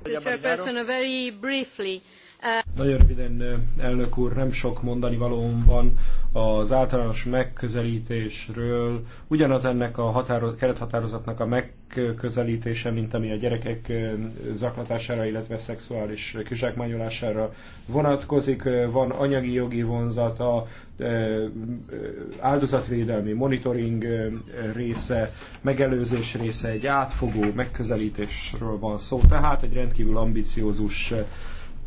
Nagyon röviden, elnök úr, nem sok mondani valóban van az általános megközelítésről. Ugyanaz ennek a határo- kerethatározatnak a megközelítése, mint ami a gyerekek zaklatására, illetve szexuális kizsákmányolására vonatkozik. Van anyagi jogi vonzata, áldozatvédelmi monitoring része, megelőzés része, egy átfogó megközelítésről van szó. Tehát egy rendkívül ambiciózus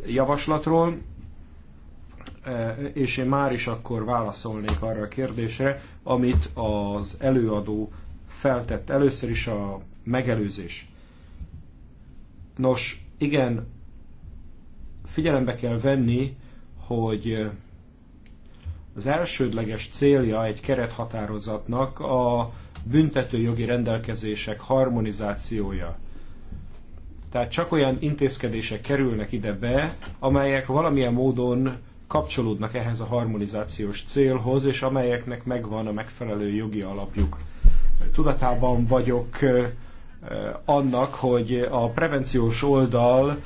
javaslatról, e, és én már is akkor válaszolnék arra a kérdésre, amit az előadó feltett. Először is a megelőzés. Nos, igen, figyelembe kell venni, hogy az elsődleges célja egy kerethatározatnak a büntetőjogi rendelkezések harmonizációja. Tehát csak olyan intézkedések kerülnek ide be, amelyek valamilyen módon kapcsolódnak ehhez a harmonizációs célhoz, és amelyeknek megvan a megfelelő jogi alapjuk. Tudatában vagyok annak, hogy a prevenciós oldal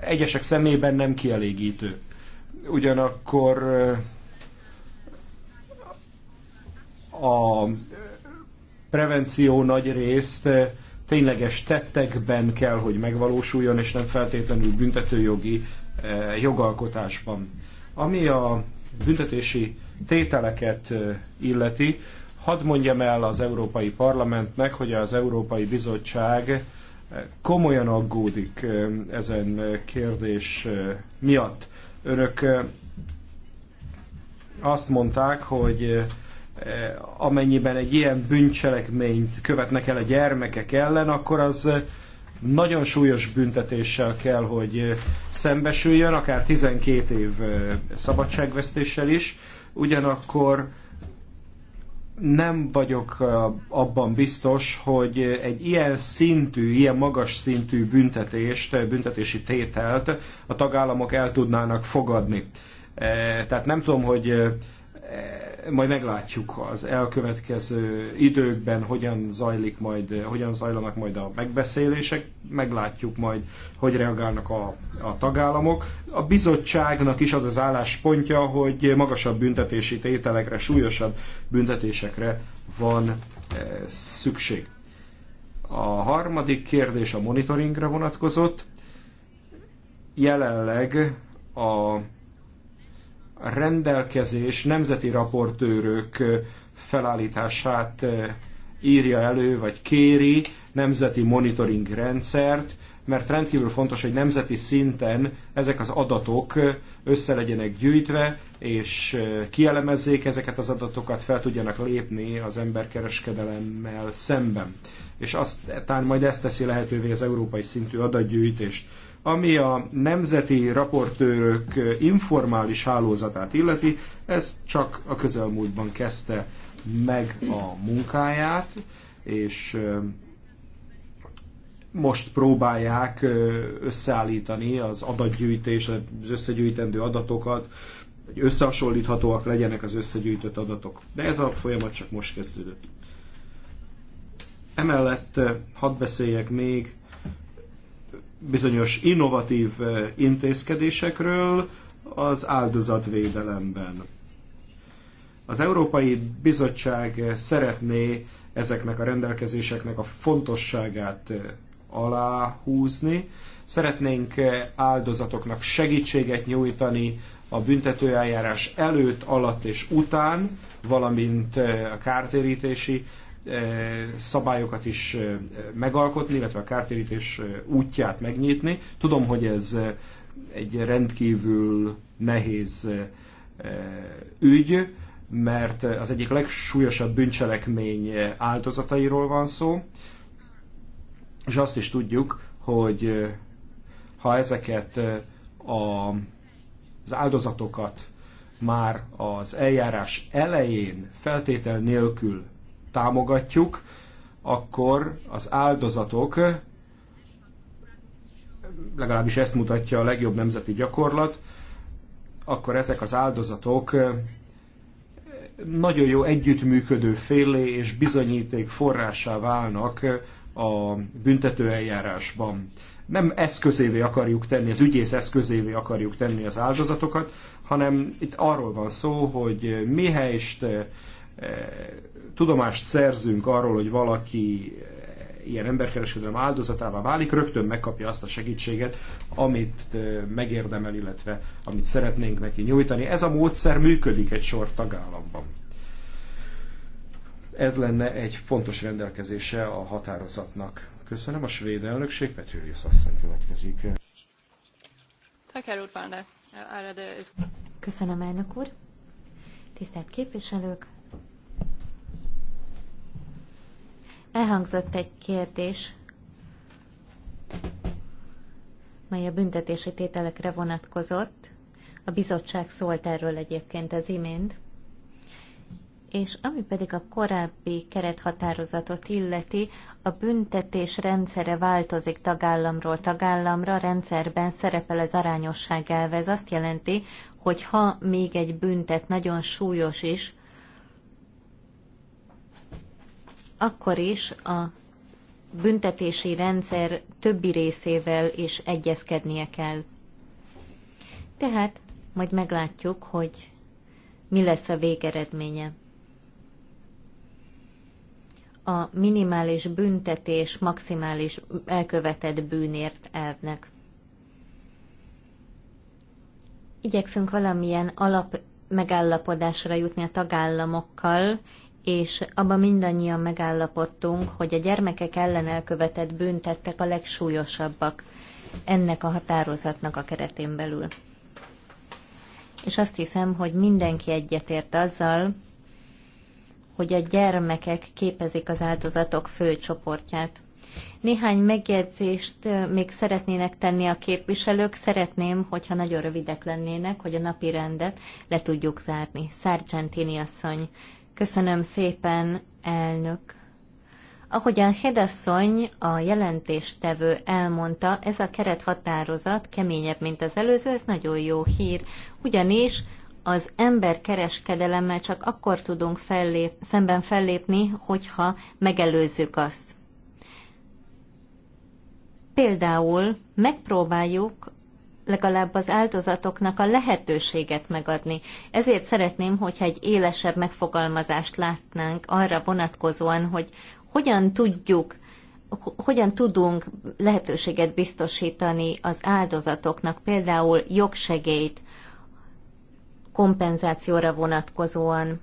egyesek szemében nem kielégítő. Ugyanakkor a prevenció nagy részt tényleges tettekben kell, hogy megvalósuljon, és nem feltétlenül büntetőjogi eh, jogalkotásban. Ami a büntetési tételeket eh, illeti, hadd mondjam el az Európai Parlamentnek, hogy az Európai Bizottság eh, komolyan aggódik ezen kérdés miatt. Önök azt mondták, hogy Eh, amennyiben egy ilyen bűncselekményt követnek el a gyermekek ellen, akkor az eh, nagyon súlyos büntetéssel kell, hogy eh, szembesüljön, akár 12 év szabadságvesztéssel is. Ugyanakkor nem vagyok abban biztos, hogy egy ilyen szintű, ilyen magas szintű büntetést, büntetési tételt a tagállamok el tudnának fogadni. Tehát nem tudom, hogy majd meglátjuk az elkövetkező időkben, hogyan, zajlik majd, hogyan zajlanak majd a megbeszélések, meglátjuk majd, hogy reagálnak a, a tagállamok. A bizottságnak is az az álláspontja, hogy magasabb büntetési tételekre, súlyosabb büntetésekre van eh, szükség. A harmadik kérdés a monitoringra vonatkozott. Jelenleg a rendelkezés nemzeti raportőrök felállítását írja elő, vagy kéri nemzeti monitoring rendszert, mert rendkívül fontos, hogy nemzeti szinten ezek az adatok össze legyenek gyűjtve, és kielemezzék ezeket az adatokat, fel tudjanak lépni az emberkereskedelemmel szemben. És aztán majd ezt teszi lehetővé az európai szintű adatgyűjtést. Ami a nemzeti raportőrök informális hálózatát illeti, ez csak a közelmúltban kezdte meg a munkáját, és most próbálják összeállítani az adatgyűjtés, az összegyűjtendő adatokat, hogy összehasonlíthatóak legyenek az összegyűjtött adatok. De ez a folyamat csak most kezdődött. Emellett hadd beszéljek még bizonyos innovatív eh, intézkedésekről az áldozatvédelemben. Az Európai Bizottság eh, szeretné ezeknek a rendelkezéseknek a fontosságát eh, aláhúzni. Szeretnénk áldozatoknak segítséget nyújtani a büntetőeljárás előtt, alatt és után, valamint a kártérítési E, szabályokat is e, megalkotni, illetve a kártérítés e, útját megnyitni. Tudom, hogy ez egy rendkívül nehéz ügy, mert az egyik legsúlyosabb bűncselekmény áldozatairól van szó, és azt is tudjuk, hogy ha ezeket a, az áldozatokat már az eljárás elején feltétel nélkül támogatjuk, akkor az áldozatok, legalábbis ezt mutatja a legjobb nemzeti gyakorlat, akkor ezek az áldozatok nagyon jó együttműködő félé és bizonyíték forrásá válnak a büntetőeljárásban. Nem eszközévé akarjuk tenni, az ügyész eszközévé akarjuk tenni az áldozatokat, hanem itt arról van szó, hogy mihelyst Eh, tudomást szerzünk arról, hogy valaki eh, ilyen emberkereskedelem áldozatává válik, rögtön megkapja azt a segítséget, amit eh, megérdemel, illetve amit szeretnénk neki nyújtani. Ez a módszer működik egy sor tagállamban. Ez lenne egy fontos rendelkezése a határozatnak. Köszönöm a svéd elnökség, Petrius asszony következik. Köszönöm, elnök úr. Tisztelt képviselők, Elhangzott egy kérdés, mely a büntetési tételekre vonatkozott. A bizottság szólt erről egyébként az imént. És ami pedig a korábbi kerethatározatot illeti, a büntetés rendszere változik tagállamról tagállamra, rendszerben szerepel az arányosság elve. Ez azt jelenti, hogy ha még egy büntet nagyon súlyos is, akkor is a büntetési rendszer többi részével is egyezkednie kell. Tehát majd meglátjuk, hogy mi lesz a végeredménye. A minimális büntetés maximális elkövetett bűnért elvnek. Igyekszünk valamilyen alap megállapodásra jutni a tagállamokkal, és abban mindannyian megállapodtunk, hogy a gyermekek ellen elkövetett büntettek a legsúlyosabbak ennek a határozatnak a keretén belül. És azt hiszem, hogy mindenki egyetért azzal, hogy a gyermekek képezik az áldozatok fő csoportját. Néhány megjegyzést még szeretnének tenni a képviselők. Szeretném, hogyha nagyon rövidek lennének, hogy a napi rendet le tudjuk zárni. Sargentini asszony Köszönöm szépen, elnök. Ahogyan Hedasszony, a jelentéstevő elmondta, ez a kerethatározat keményebb, mint az előző, ez nagyon jó hír, ugyanis az ember kereskedelemmel csak akkor tudunk fellép, szemben fellépni, hogyha megelőzzük azt. Például megpróbáljuk legalább az áldozatoknak a lehetőséget megadni. Ezért szeretném, hogyha egy élesebb megfogalmazást látnánk arra vonatkozóan, hogy hogyan tudjuk hogyan tudunk lehetőséget biztosítani az áldozatoknak, például jogsegélyt, kompenzációra vonatkozóan.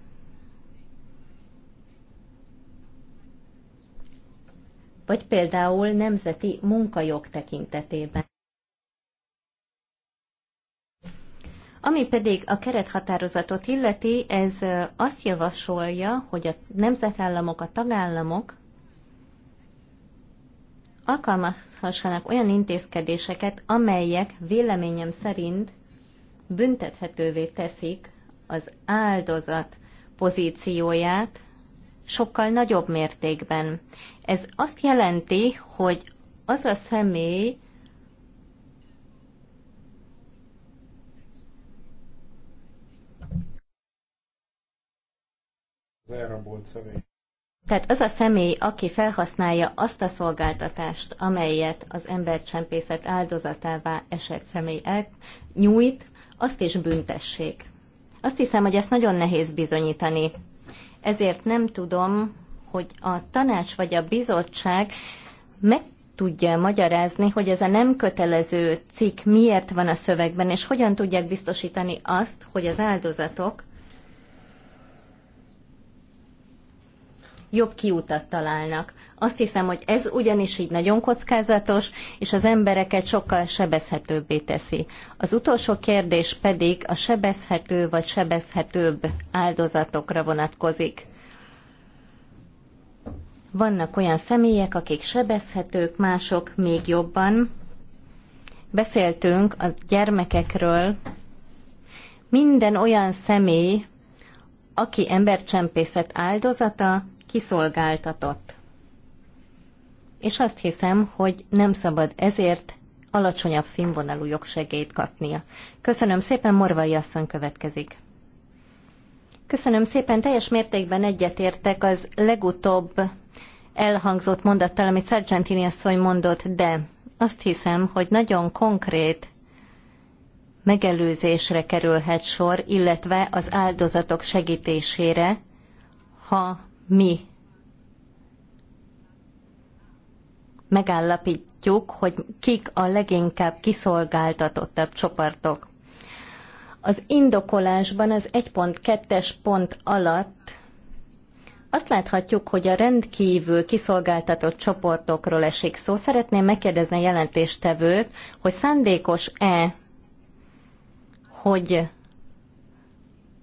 Vagy például nemzeti munkajog tekintetében. Ami pedig a kerethatározatot illeti, ez azt javasolja, hogy a nemzetállamok, a tagállamok alkalmazhassanak olyan intézkedéseket, amelyek véleményem szerint büntethetővé teszik az áldozat pozícióját sokkal nagyobb mértékben. Ez azt jelenti, hogy az a személy, az elrabolt személy. Tehát az a személy, aki felhasználja azt a szolgáltatást, amelyet az embercsempészet áldozatává esett személy nyújt, azt is büntessék. Azt hiszem, hogy ezt nagyon nehéz bizonyítani. Ezért nem tudom, hogy a tanács vagy a bizottság meg tudja magyarázni, hogy ez a nem kötelező cikk miért van a szövegben, és hogyan tudják biztosítani azt, hogy az áldozatok jobb kiutat találnak. Azt hiszem, hogy ez ugyanis így nagyon kockázatos, és az embereket sokkal sebezhetőbbé teszi. Az utolsó kérdés pedig a sebezhető vagy sebezhetőbb áldozatokra vonatkozik. Vannak olyan személyek, akik sebezhetők, mások még jobban. Beszéltünk a gyermekekről. Minden olyan személy, aki embercsempészet áldozata, kiszolgáltatott. És azt hiszem, hogy nem szabad ezért alacsonyabb színvonalú jogsegélyt kapnia. Köszönöm szépen, Morvai asszony következik. Köszönöm szépen, teljes mértékben egyetértek az legutóbb elhangzott mondattal, amit Sargentini asszony mondott, de azt hiszem, hogy nagyon konkrét megelőzésre kerülhet sor, illetve az áldozatok segítésére, ha mi megállapítjuk, hogy kik a leginkább kiszolgáltatottabb csoportok. Az indokolásban az 1.2-es pont alatt azt láthatjuk, hogy a rendkívül kiszolgáltatott csoportokról esik szó. Szeretném megkérdezni a jelentéstevőt, hogy szándékos-e, hogy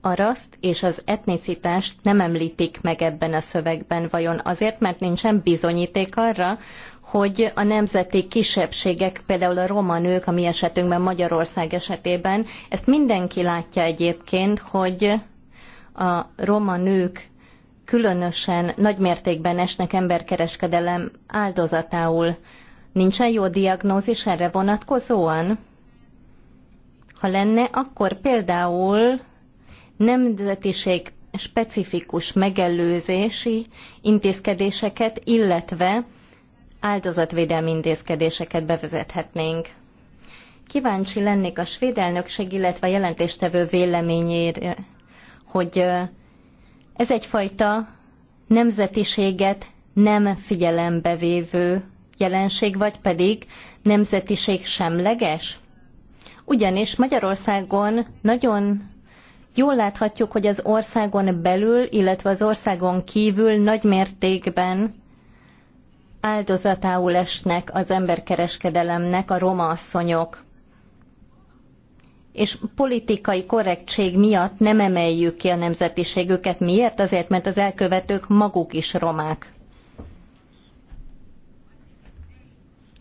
a raszt és az etnicitást nem említik meg ebben a szövegben, vajon azért, mert nincsen bizonyíték arra, hogy a nemzeti kisebbségek, például a roma nők, a mi esetünkben Magyarország esetében, ezt mindenki látja egyébként, hogy a roma nők különösen nagymértékben esnek emberkereskedelem áldozatául. Nincsen jó diagnózis erre vonatkozóan? Ha lenne, akkor például nemzetiség specifikus megelőzési intézkedéseket, illetve áldozatvédelmi intézkedéseket bevezethetnénk. Kíváncsi lennék a svéd elnökség, illetve a jelentéstevő véleményére, hogy ez egyfajta nemzetiséget nem figyelembe vévő jelenség, vagy pedig nemzetiség semleges? Ugyanis Magyarországon nagyon Jól láthatjuk, hogy az országon belül, illetve az országon kívül nagy mértékben áldozatául esnek az emberkereskedelemnek a roma asszonyok. És politikai korrektség miatt nem emeljük ki a nemzetiségüket. Miért? Azért, mert az elkövetők maguk is romák.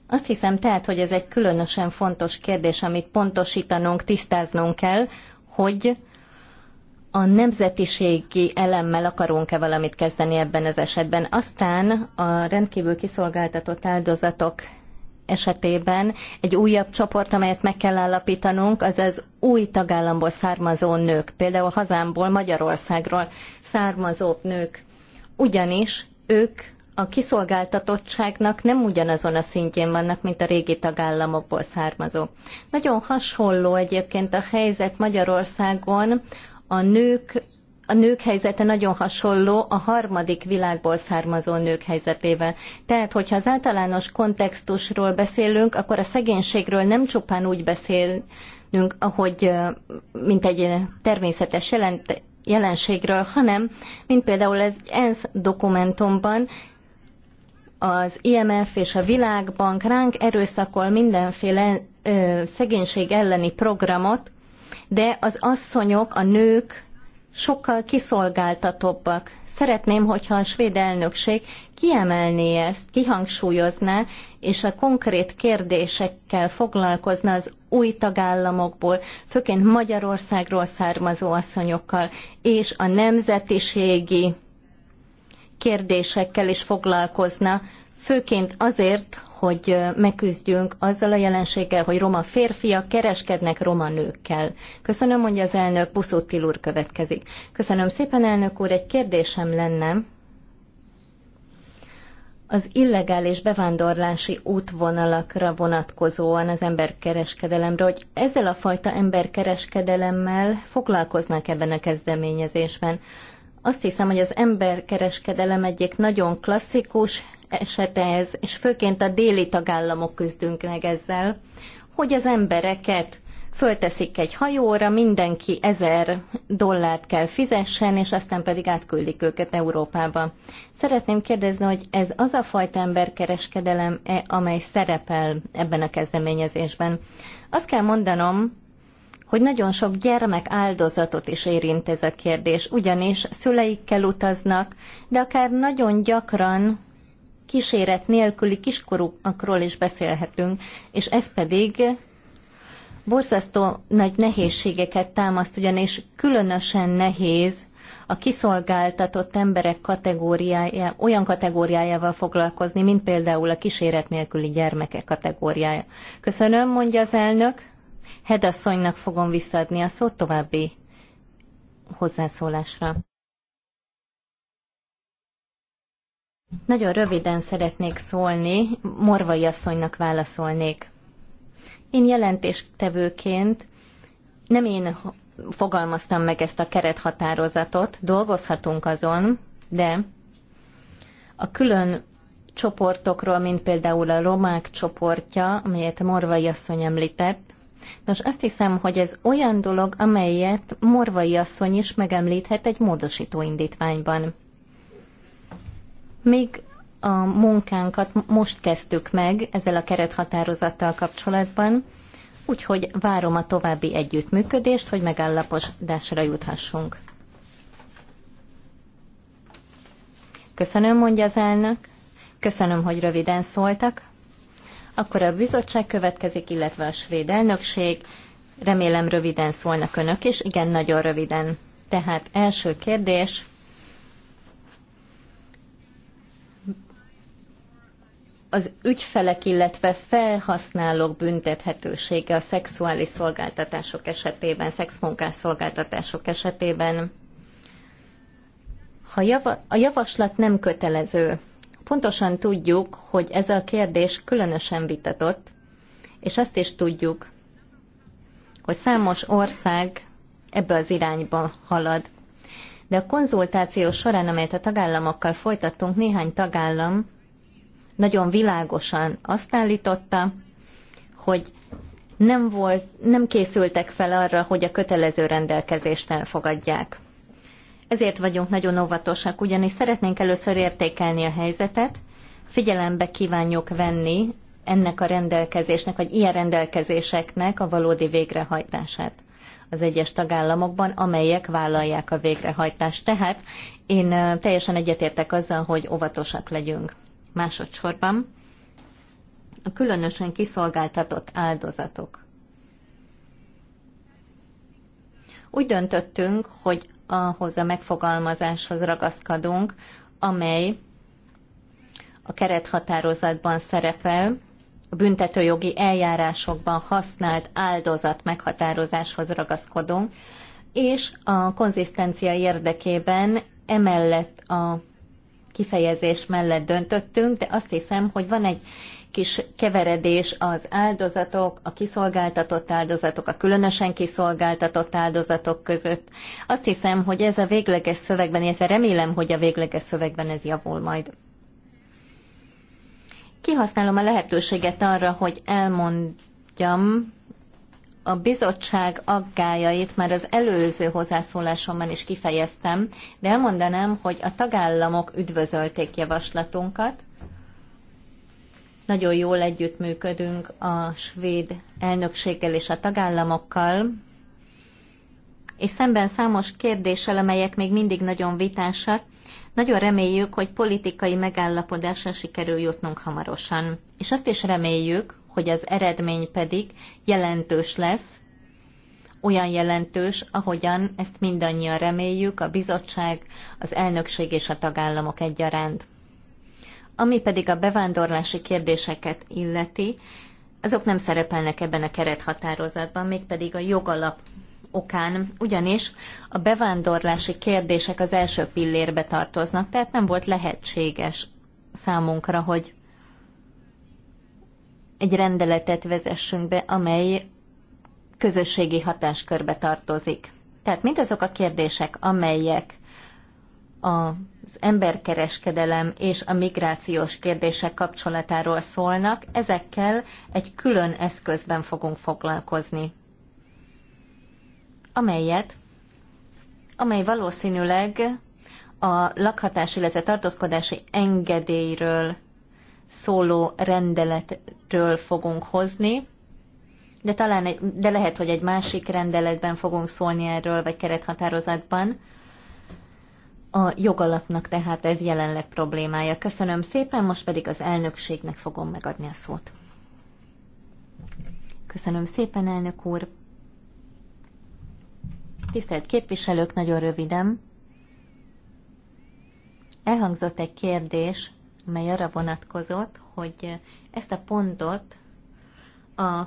Azt hiszem tehát, hogy ez egy különösen fontos kérdés, amit pontosítanunk, tisztáznunk kell, hogy a nemzetiségi elemmel akarunk-e valamit kezdeni ebben az esetben. Aztán a rendkívül kiszolgáltatott áldozatok esetében egy újabb csoport, amelyet meg kell állapítanunk, az az új tagállamból származó nők, például hazámból, Magyarországról származó nők. Ugyanis ők a kiszolgáltatottságnak nem ugyanazon a szintjén vannak, mint a régi tagállamokból származó. Nagyon hasonló egyébként a helyzet Magyarországon a nők a nők helyzete nagyon hasonló a harmadik világból származó nők helyzetével. Tehát, hogyha az általános kontextusról beszélünk, akkor a szegénységről nem csupán úgy beszélünk, ahogy, mint egy természetes jelent, jelenségről, hanem, mint például ez ENSZ dokumentumban, az IMF és a Világbank ránk erőszakol mindenféle ö, szegénység elleni programot, de az asszonyok, a nők sokkal kiszolgáltatobbak. Szeretném, hogyha a svéd elnökség kiemelné ezt, kihangsúlyozná, és a konkrét kérdésekkel foglalkozna az új tagállamokból, főként Magyarországról származó asszonyokkal, és a nemzetiségi kérdésekkel is foglalkozna, főként azért, hogy megküzdjünk azzal a jelenséggel, hogy roma férfiak kereskednek roma nőkkel. Köszönöm, hogy az elnök, Buszóttil következik. Köszönöm szépen, elnök úr, egy kérdésem lenne. Az illegális bevándorlási útvonalakra vonatkozóan az emberkereskedelemre, hogy ezzel a fajta emberkereskedelemmel foglalkoznak ebben a kezdeményezésben. Azt hiszem, hogy az emberkereskedelem egyik nagyon klasszikus esete ez, és főként a déli tagállamok küzdünk meg ezzel, hogy az embereket fölteszik egy hajóra, mindenki ezer dollárt kell fizessen, és aztán pedig átküldik őket Európába. Szeretném kérdezni, hogy ez az a fajta emberkereskedelem, -e, amely szerepel ebben a kezdeményezésben. Azt kell mondanom, hogy nagyon sok gyermek áldozatot is érint ez a kérdés, ugyanis szüleikkel utaznak, de akár nagyon gyakran kíséret nélküli kiskorúakról is beszélhetünk, és ez pedig borzasztó nagy nehézségeket támaszt, ugyanis különösen nehéz a kiszolgáltatott emberek kategóriája, olyan kategóriájával foglalkozni, mint például a kíséret nélküli gyermekek kategóriája. Köszönöm, mondja az elnök. Hedasszonynak fogom visszaadni a szót további hozzászólásra. Nagyon röviden szeretnék szólni, Morvai asszonynak válaszolnék. Én jelentéstevőként nem én fogalmaztam meg ezt a kerethatározatot, dolgozhatunk azon, de a külön csoportokról, mint például a romák csoportja, amelyet Morvai asszony említett, Nos, azt hiszem, hogy ez olyan dolog, amelyet Morvai asszony is megemlíthet egy módosító indítványban. Még a munkánkat most kezdtük meg ezzel a kerethatározattal kapcsolatban, úgyhogy várom a további együttműködést, hogy megállapodásra juthassunk. Köszönöm, mondja az elnök. Köszönöm, hogy röviden szóltak. Akkor a bizottság következik, illetve a svéd elnökség. Remélem röviden szólnak önök is. Igen, nagyon röviden. Tehát első kérdés. Az ügyfelek, illetve felhasználók büntethetősége a szexuális szolgáltatások esetében, szexmunkás szolgáltatások esetében. Ha java, a javaslat nem kötelező, Pontosan tudjuk, hogy ez a kérdés különösen vitatott, és azt is tudjuk, hogy számos ország ebbe az irányba halad. De a konzultáció során, amelyet a tagállamokkal folytattunk, néhány tagállam nagyon világosan azt állította, hogy nem, volt, nem készültek fel arra, hogy a kötelező rendelkezést elfogadják. Ezért vagyunk nagyon óvatosak, ugyanis szeretnénk először értékelni a helyzetet, figyelembe kívánjuk venni ennek a rendelkezésnek, vagy ilyen rendelkezéseknek a valódi végrehajtását az egyes tagállamokban, amelyek vállalják a végrehajtást. Tehát én teljesen egyetértek azzal, hogy óvatosak legyünk. Másodszorban a különösen kiszolgáltatott áldozatok. Úgy döntöttünk, hogy ahhoz a megfogalmazáshoz ragaszkodunk, amely a kerethatározatban szerepel, a büntetőjogi eljárásokban használt áldozat meghatározáshoz ragaszkodunk, és a konzisztencia érdekében emellett a kifejezés mellett döntöttünk, de azt hiszem, hogy van egy kis keveredés az áldozatok, a kiszolgáltatott áldozatok, a különösen kiszolgáltatott áldozatok között. Azt hiszem, hogy ez a végleges szövegben, illetve remélem, hogy a végleges szövegben ez javul majd. Kihasználom a lehetőséget arra, hogy elmondjam a bizottság aggájait már az előző hozzászólásomban is kifejeztem, de elmondanám, hogy a tagállamok üdvözölték javaslatunkat, nagyon jól együttműködünk a svéd elnökséggel és a tagállamokkal, és szemben számos kérdéssel, amelyek még mindig nagyon vitásak, nagyon reméljük, hogy politikai megállapodásra sikerül jutnunk hamarosan. És azt is reméljük, hogy az eredmény pedig jelentős lesz, olyan jelentős, ahogyan ezt mindannyian reméljük, a bizottság, az elnökség és a tagállamok egyaránt. Ami pedig a bevándorlási kérdéseket illeti, azok nem szerepelnek ebben a kerethatározatban, mégpedig a jogalap okán, ugyanis a bevándorlási kérdések az első pillérbe tartoznak, tehát nem volt lehetséges számunkra, hogy egy rendeletet vezessünk be, amely közösségi hatáskörbe tartozik. Tehát mindazok a kérdések, amelyek a az emberkereskedelem és a migrációs kérdések kapcsolatáról szólnak, ezekkel egy külön eszközben fogunk foglalkozni, amelyet, amely valószínűleg a lakhatás, illetve tartózkodási engedélyről szóló rendeletről fogunk hozni, de talán egy, de lehet, hogy egy másik rendeletben fogunk szólni erről, vagy kerethatározatban. A jogalapnak tehát ez jelenleg problémája. Köszönöm szépen, most pedig az elnökségnek fogom megadni a szót. Köszönöm szépen, elnök úr. Tisztelt képviselők, nagyon röviden. Elhangzott egy kérdés, mely arra vonatkozott, hogy ezt a pontot a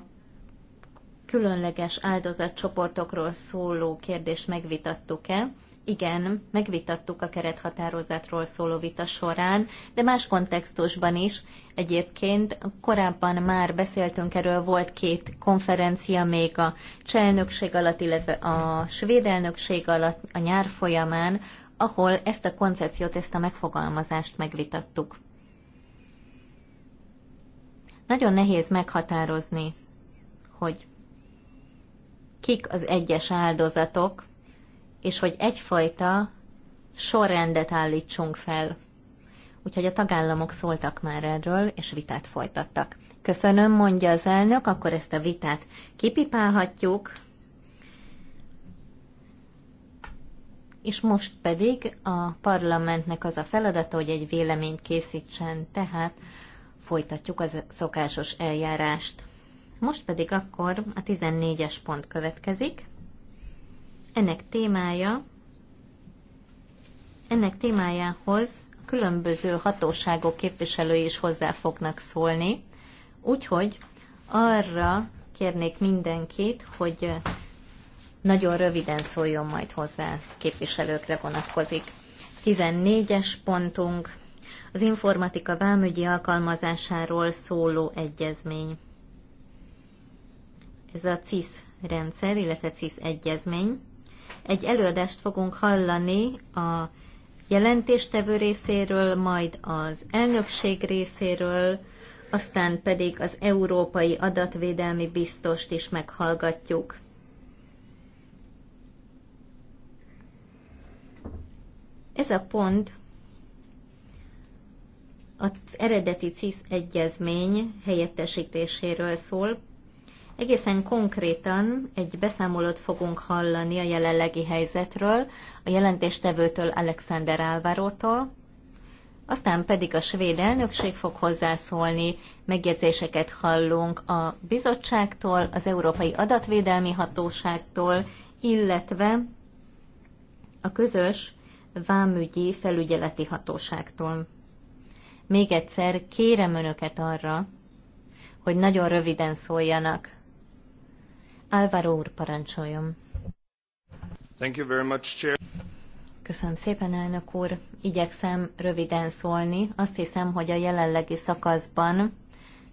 különleges áldozatcsoportokról szóló kérdést megvitattuk-e, igen, megvitattuk a kerethatározatról szóló vita során, de más kontextusban is. Egyébként korábban már beszéltünk erről, volt két konferencia még a cselnökség alatt, illetve a svéd elnökség alatt a nyár folyamán, ahol ezt a koncepciót, ezt a megfogalmazást megvitattuk. Nagyon nehéz meghatározni, hogy kik az egyes áldozatok, és hogy egyfajta sorrendet állítsunk fel. Úgyhogy a tagállamok szóltak már erről, és vitát folytattak. Köszönöm, mondja az elnök, akkor ezt a vitát kipipálhatjuk. És most pedig a parlamentnek az a feladata, hogy egy véleményt készítsen, tehát folytatjuk az szokásos eljárást. Most pedig akkor a 14-es pont következik. Ennek témája ennek témájához a különböző hatóságok képviselői is hozzá fognak szólni, úgyhogy arra kérnék mindenkit, hogy nagyon röviden szóljon majd hozzá, képviselőkre vonatkozik. 14-es pontunk az informatika vámügyi alkalmazásáról szóló egyezmény. Ez a CISZ rendszer, illetve CISZ egyezmény. Egy előadást fogunk hallani a jelentéstevő részéről, majd az elnökség részéről, aztán pedig az Európai Adatvédelmi Biztost is meghallgatjuk. Ez a pont az eredeti CISZ egyezmény helyettesítéséről szól, Egészen konkrétan egy beszámolót fogunk hallani a jelenlegi helyzetről, a jelentéstevőtől Alexander Álvarótól, aztán pedig a svéd elnökség fog hozzászólni, megjegyzéseket hallunk a bizottságtól, az Európai Adatvédelmi Hatóságtól, illetve a közös vámügyi felügyeleti hatóságtól. Még egyszer kérem önöket arra, hogy nagyon röviden szóljanak. Álvaro úr parancsoljon. Thank you very much, Chair. Köszönöm szépen, elnök úr. Igyekszem röviden szólni. Azt hiszem, hogy a jelenlegi szakaszban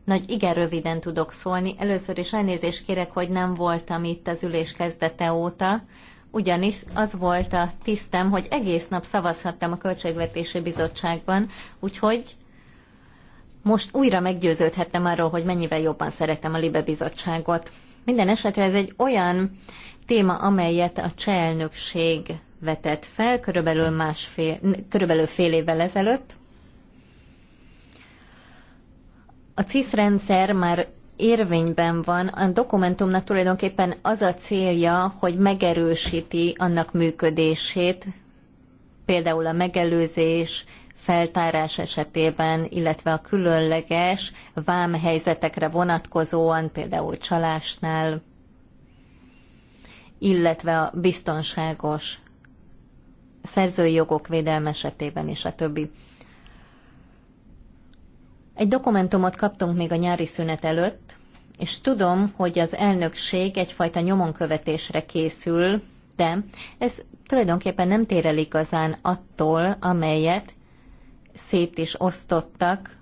nagy, igen röviden tudok szólni. Először is elnézést kérek, hogy nem voltam itt az ülés kezdete óta, ugyanis az volt a tisztem, hogy egész nap szavazhattam a Költségvetési Bizottságban, úgyhogy most újra meggyőződhettem arról, hogy mennyivel jobban szeretem a Libe Bizottságot. Minden esetre ez egy olyan téma, amelyet a cselnökség vetett fel körülbelül, másfél, körülbelül fél évvel ezelőtt. A CISZ rendszer már érvényben van, a dokumentumnak tulajdonképpen az a célja, hogy megerősíti annak működését, például a megelőzés, feltárás esetében, illetve a különleges vámhelyzetekre vonatkozóan, például csalásnál, illetve a biztonságos szerzői jogok védelme esetében és a többi. Egy dokumentumot kaptunk még a nyári szünet előtt, és tudom, hogy az elnökség egyfajta nyomonkövetésre készül, de ez tulajdonképpen nem tér el igazán attól, amelyet szét is osztottak.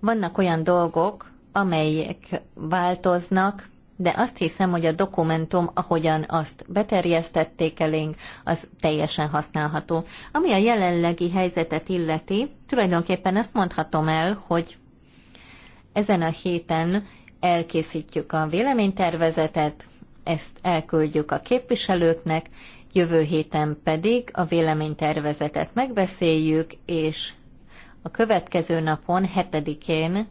Vannak olyan dolgok, amelyek változnak, de azt hiszem, hogy a dokumentum, ahogyan azt beterjesztették elénk, az teljesen használható. Ami a jelenlegi helyzetet illeti, tulajdonképpen azt mondhatom el, hogy ezen a héten elkészítjük a véleménytervezetet, ezt elküldjük a képviselőknek, Jövő héten pedig a véleménytervezetet megbeszéljük, és a következő napon, hetedikén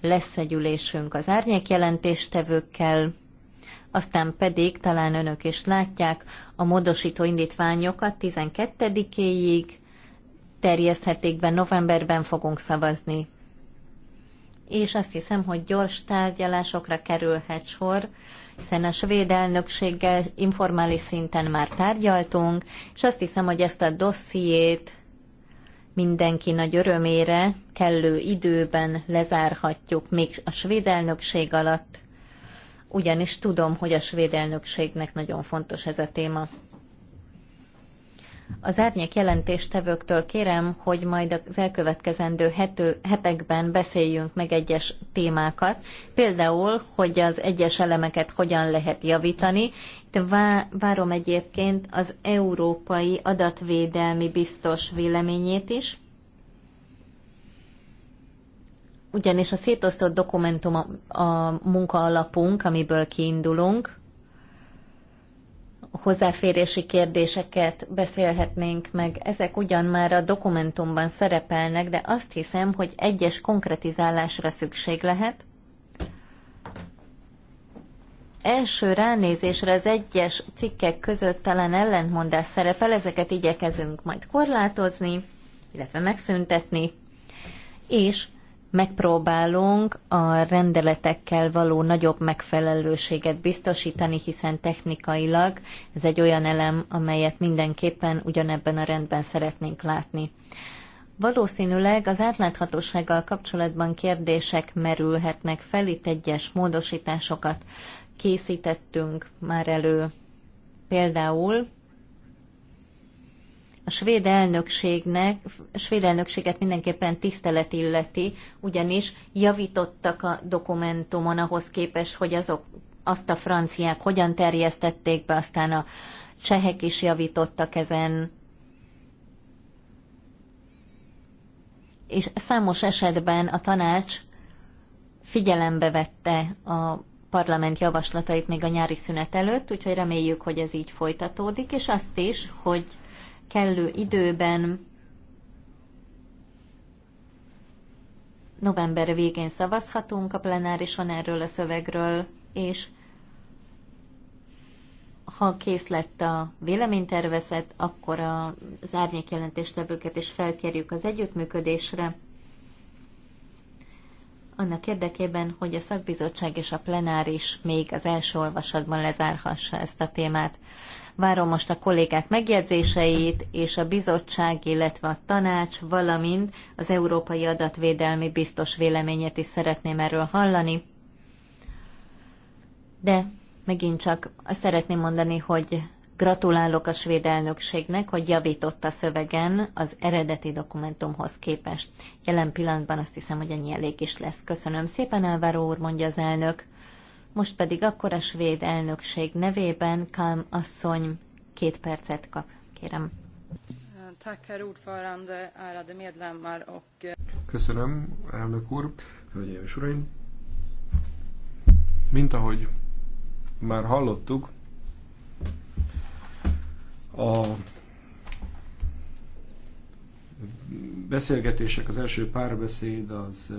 lesz egy ülésünk az árnyék jelentéstevőkkel, aztán pedig talán önök is látják a módosító indítványokat 12-éig terjeszthetik be, novemberben fogunk szavazni. És azt hiszem, hogy gyors tárgyalásokra kerülhet sor hiszen a svéd elnökséggel informális szinten már tárgyaltunk, és azt hiszem, hogy ezt a dossziét mindenki nagy örömére kellő időben lezárhatjuk, még a svéd elnökség alatt, ugyanis tudom, hogy a svéd elnökségnek nagyon fontos ez a téma. Az árnyék jelentéstevőktől kérem, hogy majd az elkövetkezendő hető, hetekben beszéljünk meg egyes témákat, például, hogy az egyes elemeket hogyan lehet javítani. Itt vá, várom egyébként az Európai Adatvédelmi Biztos véleményét is, ugyanis a szétosztott dokumentum a, a munkaalapunk, amiből kiindulunk, hozzáférési kérdéseket beszélhetnénk meg. Ezek ugyan már a dokumentumban szerepelnek, de azt hiszem, hogy egyes konkretizálásra szükség lehet. Első ránézésre az egyes cikkek között talán ellentmondás szerepel, ezeket igyekezünk majd korlátozni, illetve megszüntetni, és megpróbálunk a rendeletekkel való nagyobb megfelelőséget biztosítani, hiszen technikailag ez egy olyan elem, amelyet mindenképpen ugyanebben a rendben szeretnénk látni. Valószínűleg az átláthatósággal kapcsolatban kérdések merülhetnek fel, itt egyes módosításokat készítettünk már elő. Például a svéd elnökségnek, a svéd elnökséget mindenképpen tisztelet illeti, ugyanis javítottak a dokumentumon ahhoz képest, hogy azok azt a franciák hogyan terjesztették be, aztán a csehek is javítottak ezen. És számos esetben a tanács figyelembe vette a parlament javaslatait még a nyári szünet előtt, úgyhogy reméljük, hogy ez így folytatódik, és azt is, hogy kellő időben november végén szavazhatunk a plenárison erről a szövegről, és ha kész lett a véleménytervezet, akkor az jelentéstevőket is felkérjük az együttműködésre, annak érdekében, hogy a szakbizottság és a plenáris még az első olvasatban lezárhassa ezt a témát. Várom most a kollégák megjegyzéseit, és a bizottság, illetve a tanács, valamint az Európai Adatvédelmi Biztos véleményét is szeretném erről hallani. De megint csak azt szeretném mondani, hogy gratulálok a svéd elnökségnek, hogy javított a szövegen az eredeti dokumentumhoz képest. Jelen pillanatban azt hiszem, hogy ennyi elég is lesz. Köszönöm szépen, Álvaro úr, mondja az elnök. Most pedig akkor a svéd elnökség nevében Kalm asszony két percet kap. Kérem. Eh, Köszönöm, elnök úr, hölgyeim és uraim. Mint ahogy már hallottuk, a beszélgetések, az első párbeszéd az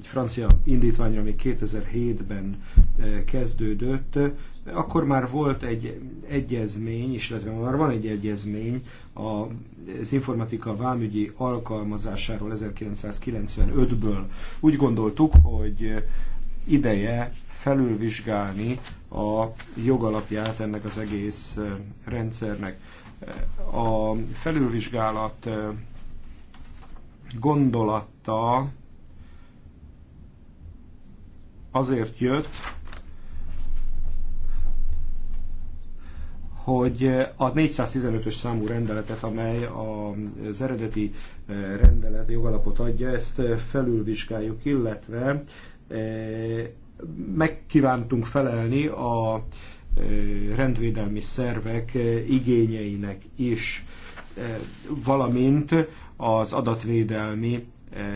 egy francia indítványra még 2007-ben kezdődött. Akkor már volt egy egyezmény, és illetve már van egy egyezmény az informatika vámügyi alkalmazásáról 1995-ből. Úgy gondoltuk, hogy ideje felülvizsgálni a jogalapját ennek az egész rendszernek. A felülvizsgálat gondolata azért jött, hogy a 415-ös számú rendeletet, amely az eredeti eh, rendelet jogalapot adja, ezt eh, felülvizsgáljuk, illetve eh, megkívántunk felelni a rendvédelmi szervek igényeinek is, valamint az adatvédelmi eh,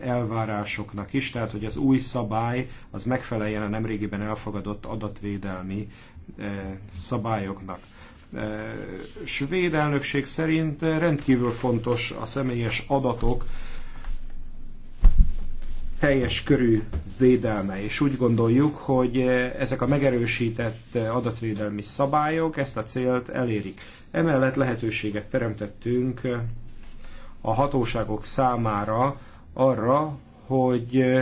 elvárásoknak is, tehát hogy az új szabály az megfeleljen a nemrégiben elfogadott adatvédelmi eh, szabályoknak. Eh, svéd elnökség szerint rendkívül fontos a személyes adatok teljes körű védelme, és úgy gondoljuk, hogy ezek a megerősített adatvédelmi szabályok ezt a célt elérik. Emellett lehetőséget teremtettünk a hatóságok számára arra, hogy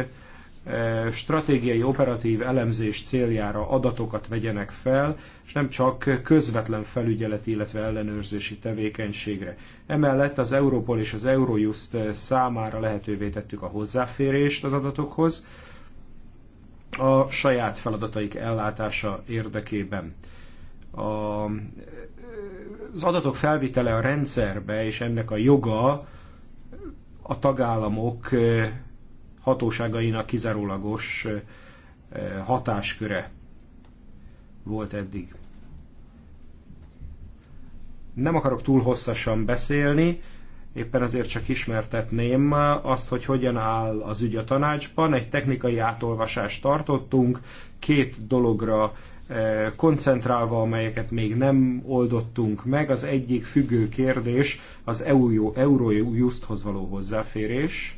stratégiai operatív elemzés céljára adatokat vegyenek fel, és nem csak közvetlen felügyeleti, illetve ellenőrzési tevékenységre. Emellett az Europol és az Eurojust számára lehetővé tettük a hozzáférést az adatokhoz a saját feladataik ellátása érdekében. A az adatok felvitele a rendszerbe és ennek a joga a tagállamok hatóságainak kizárólagos hatásköre volt eddig. Nem akarok túl hosszasan beszélni, éppen azért csak ismertetném azt, hogy hogyan áll az ügy a tanácsban. Egy technikai átolvasást tartottunk, két dologra koncentrálva, amelyeket még nem oldottunk meg. Az egyik függő kérdés az Eurojusthoz való hozzáférés,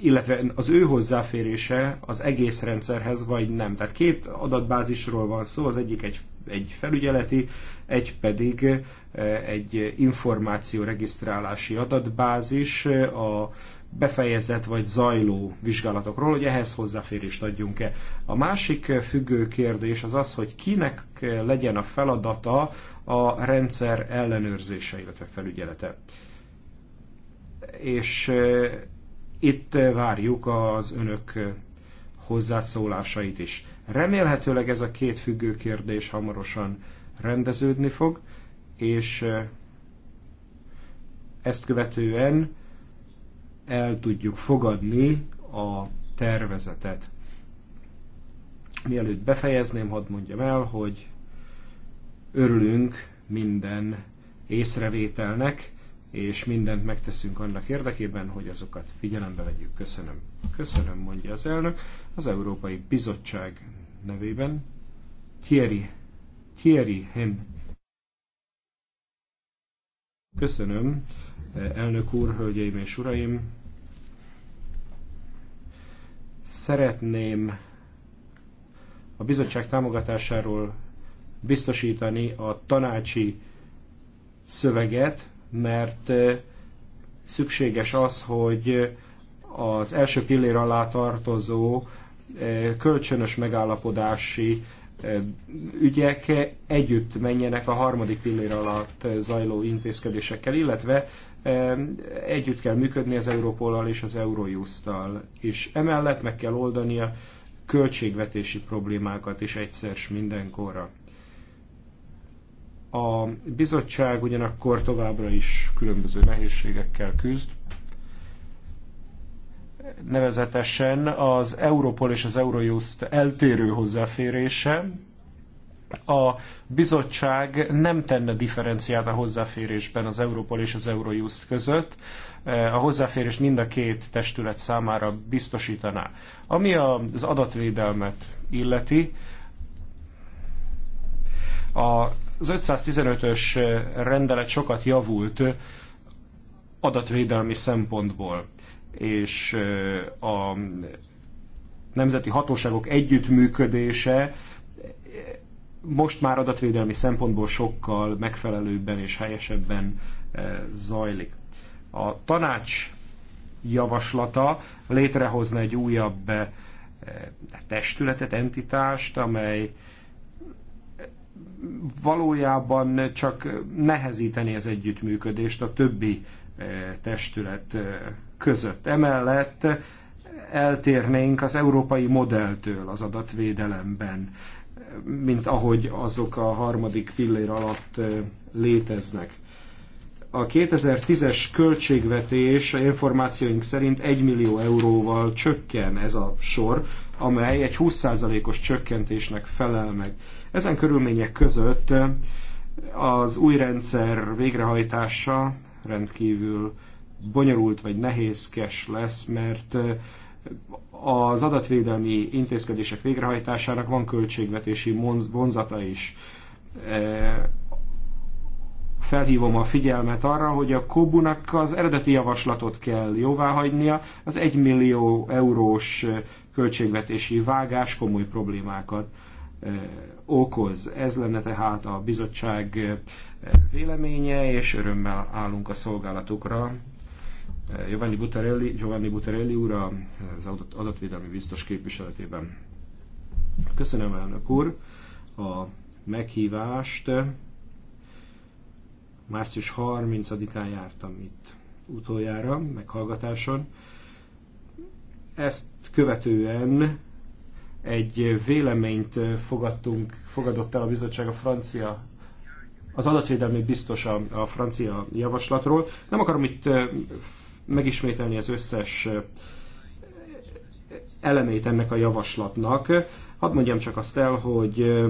illetve az ő hozzáférése az egész rendszerhez, vagy nem. Tehát két adatbázisról van szó, az egyik egy, egy felügyeleti, egy pedig eh, egy információ regisztrálási adatbázis, a befejezett vagy zajló vizsgálatokról, hogy ehhez hozzáférést adjunk-e. A másik függő kérdés az az, hogy kinek legyen a feladata a rendszer ellenőrzése, illetve felügyelete. És eh, itt várjuk az önök hozzászólásait is. Remélhetőleg ez a két függő kérdés hamarosan rendeződni fog, és eh, ezt követően el tudjuk fogadni a tervezetet. Mielőtt befejezném, hadd mondjam el, hogy örülünk minden észrevételnek, és mindent megteszünk annak érdekében, hogy azokat figyelembe vegyük. Köszönöm. Köszönöm, mondja az elnök. Az Európai Bizottság nevében Thierry, Thierry Hem. Köszönöm, elnök úr, hölgyeim és uraim. Szeretném a bizottság támogatásáról biztosítani a tanácsi szöveget, mert szükséges az, hogy az első pillér alá tartozó kölcsönös megállapodási ügyek együtt menjenek a harmadik pillér alatt zajló intézkedésekkel, illetve Együtt kell működni az Európollal és az Eurojust-tal, és emellett meg kell oldani a költségvetési problémákat is egyszer s mindenkorra. A bizottság ugyanakkor továbbra is különböző nehézségekkel küzd, nevezetesen az Europol és az Eurojust eltérő hozzáférése a bizottság nem tenne differenciát a hozzáférésben az Európol és az Eurojust között, e, a hozzáférés mind a két testület számára biztosítaná. Ami az adatvédelmet illeti, az 515-ös rendelet sokat javult adatvédelmi szempontból, és e, a nemzeti hatóságok együttműködése most már adatvédelmi szempontból sokkal megfelelőbben és helyesebben eh, zajlik. A tanács javaslata létrehozna egy újabb eh, testületet, entitást, amely eh, valójában csak nehezíteni az együttműködést a többi testület között. Emellett eltérnénk az európai modelltől az adatvédelemben mint ahogy azok a harmadik pillér alatt léteznek. A 2010-es költségvetés a információink szerint 1 millió euróval csökken ez a sor, amely egy 20%-os csökkentésnek felel meg. Ezen körülmények között az új rendszer végrehajtása rendkívül bonyolult vagy nehézkes lesz, mert az adatvédelmi intézkedések végrehajtásának van költségvetési vonzata is. E, felhívom a figyelmet arra, hogy a Kobunak az eredeti javaslatot kell jóváhagynia, az 1 millió eurós költségvetési vágás komoly problémákat e, okoz. Ez lenne tehát a bizottság e, véleménye, és örömmel állunk a szolgálatukra Giovanni Butarelli, Giovanni Butarelli úr az adatvédelmi biztos képviseletében. Köszönöm, elnök úr, a meghívást. Március 30-án jártam itt utoljára, meghallgatáson. Ezt követően egy véleményt fogadtunk, fogadott el a bizottság a francia az adatvédelmi biztos a, a francia javaslatról. Nem akarom itt megismételni az összes elemét ennek a javaslatnak. Hadd mondjam csak azt el, hogy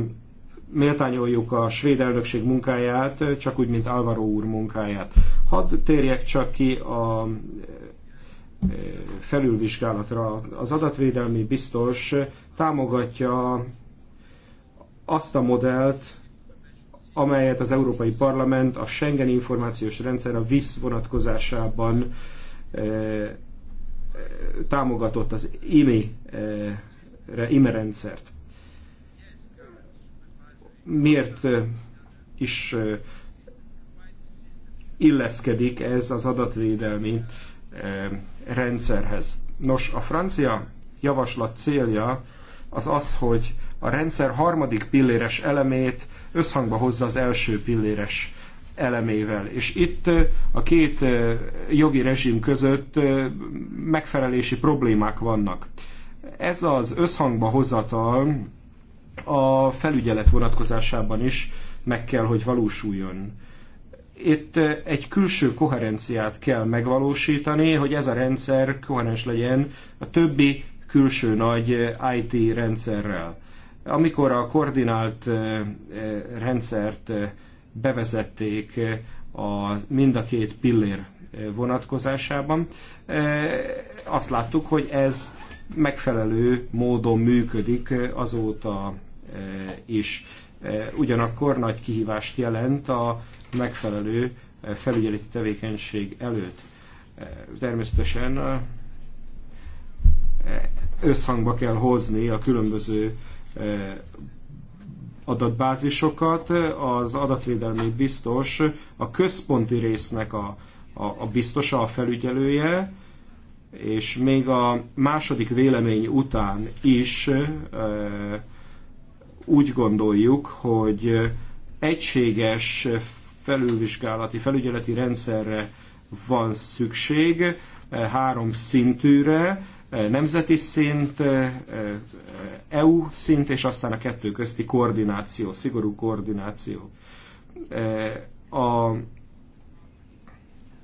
méltányoljuk a svéd elnökség munkáját, csak úgy, mint Álvaro úr munkáját. Hadd térjek csak ki a felülvizsgálatra. Az adatvédelmi biztos támogatja azt a modellt, amelyet az Európai Parlament a Schengen információs rendszer a VISZ vonatkozásában támogatott az IMI-re, IME rendszert. Miért is illeszkedik ez az adatvédelmi rendszerhez? Nos, a francia javaslat célja az az, hogy a rendszer harmadik pilléres elemét összhangba hozza az első pilléres elemével. És itt a két jogi rezsim között megfelelési problémák vannak. Ez az összhangba hozatal a felügyelet vonatkozásában is meg kell, hogy valósuljon. Itt egy külső koherenciát kell megvalósítani, hogy ez a rendszer koherens legyen a többi külső nagy IT rendszerrel. Amikor a koordinált rendszert bevezették eh, a, mind a két pillér eh, vonatkozásában. Eh, azt láttuk, hogy ez megfelelő módon működik azóta is. Ugyanakkor nagy kihívást jelent a megfelelő felügyeleti tevékenység előtt. Természetesen összhangba kell hozni a különböző adatbázisokat, az adatvédelmi biztos a központi résznek a, a, a biztosa, a felügyelője, és még a második vélemény után is e, úgy gondoljuk, hogy egységes felülvizsgálati, felügyeleti rendszerre van szükség, három szintűre, nemzeti szint, EU szint, és aztán a kettő közti koordináció, szigorú koordináció. A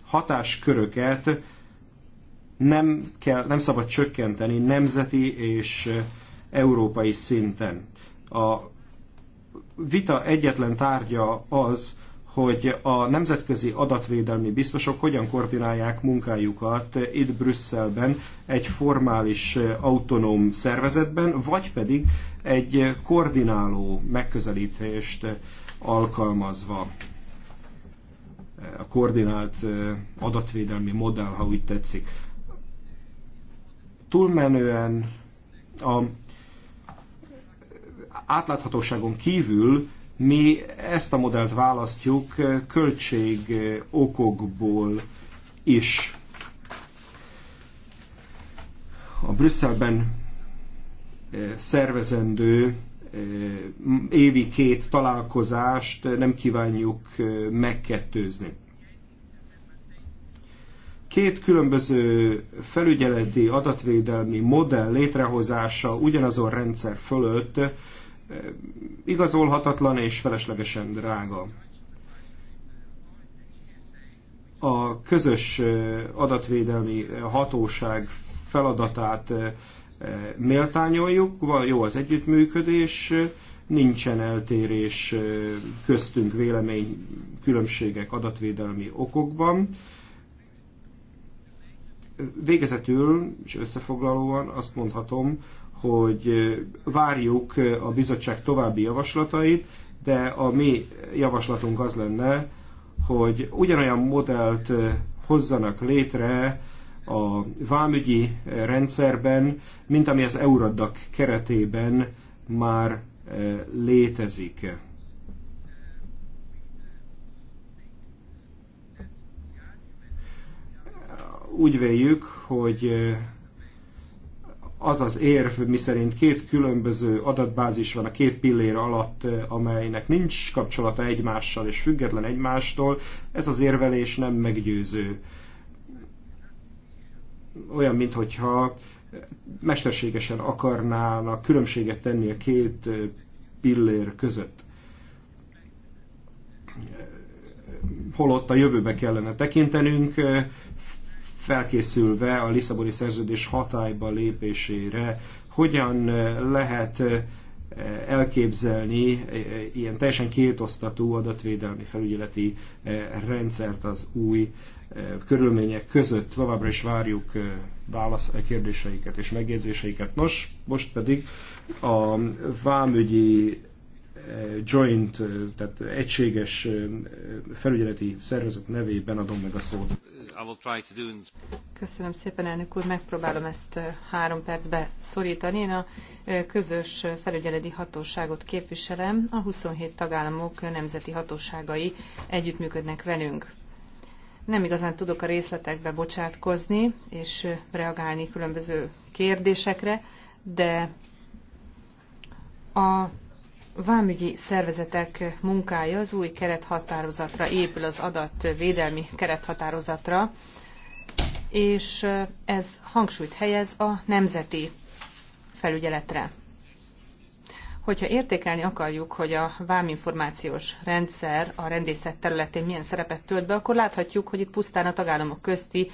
hatásköröket nem, kell, nem szabad csökkenteni nemzeti és európai szinten. A vita egyetlen tárgya az, hogy a nemzetközi adatvédelmi biztosok hogyan koordinálják munkájukat itt Brüsszelben egy formális autonóm szervezetben, vagy pedig egy koordináló megközelítést alkalmazva a koordinált adatvédelmi modell, ha úgy tetszik. Túlmenően a átláthatóságon kívül mi ezt a modellt választjuk eh, költség eh, okokból is. A Brüsszelben eh, szervezendő évi két találkozást nem kívánjuk megkettőzni. Két különböző felügyeleti adatvédelmi modell létrehozása ugyanazon rendszer fölött Eh, igazolhatatlan és feleslegesen drága. A közös eh, adatvédelmi eh, hatóság feladatát méltányoljuk, jó az együttműködés, nincsen eltérés köztünk vélemény különbségek adatvédelmi okokban. Végezetül és összefoglalóan azt mondhatom, hogy várjuk a bizottság további javaslatait, de a mi javaslatunk az lenne, hogy ugyanolyan modellt hozzanak létre a vámügyi rendszerben, mint ami az Euradak keretében már létezik. Úgy véljük, hogy az az érv, miszerint két különböző adatbázis van a két pillér alatt, eh, amelynek nincs kapcsolata egymással és független egymástól, ez az érvelés nem meggyőző. Olyan, mintha eh, mesterségesen akarnának különbséget tenni a két eh, pillér között. Holott a jövőbe kellene tekintenünk, felkészülve a Lisszaboni szerződés hatályba lépésére, hogyan eh, lehet eh, elképzelni eh, ilyen teljesen kétosztatú adatvédelmi felügyeleti rendszert az új körülmények között. Továbbra is várjuk válasz kérdéseiket és megjegyzéseiket. Nos, most pedig a vámügyi joint, tehát egységes felügyeleti szervezet nevében adom meg a szót. Köszönöm szépen, elnök úr. Megpróbálom ezt három percbe szorítani. Én a közös felügyeleti hatóságot képviselem. A 27 tagállamok nemzeti hatóságai együttműködnek velünk. Nem igazán tudok a részletekbe bocsátkozni és reagálni különböző kérdésekre, de a vámügyi szervezetek munkája az új kerethatározatra épül az adatvédelmi kerethatározatra, és ez hangsúlyt helyez a nemzeti felügyeletre. Hogyha értékelni akarjuk, hogy a váminformációs rendszer a rendészet területén milyen szerepet tölt be, akkor láthatjuk, hogy itt pusztán a tagállamok közti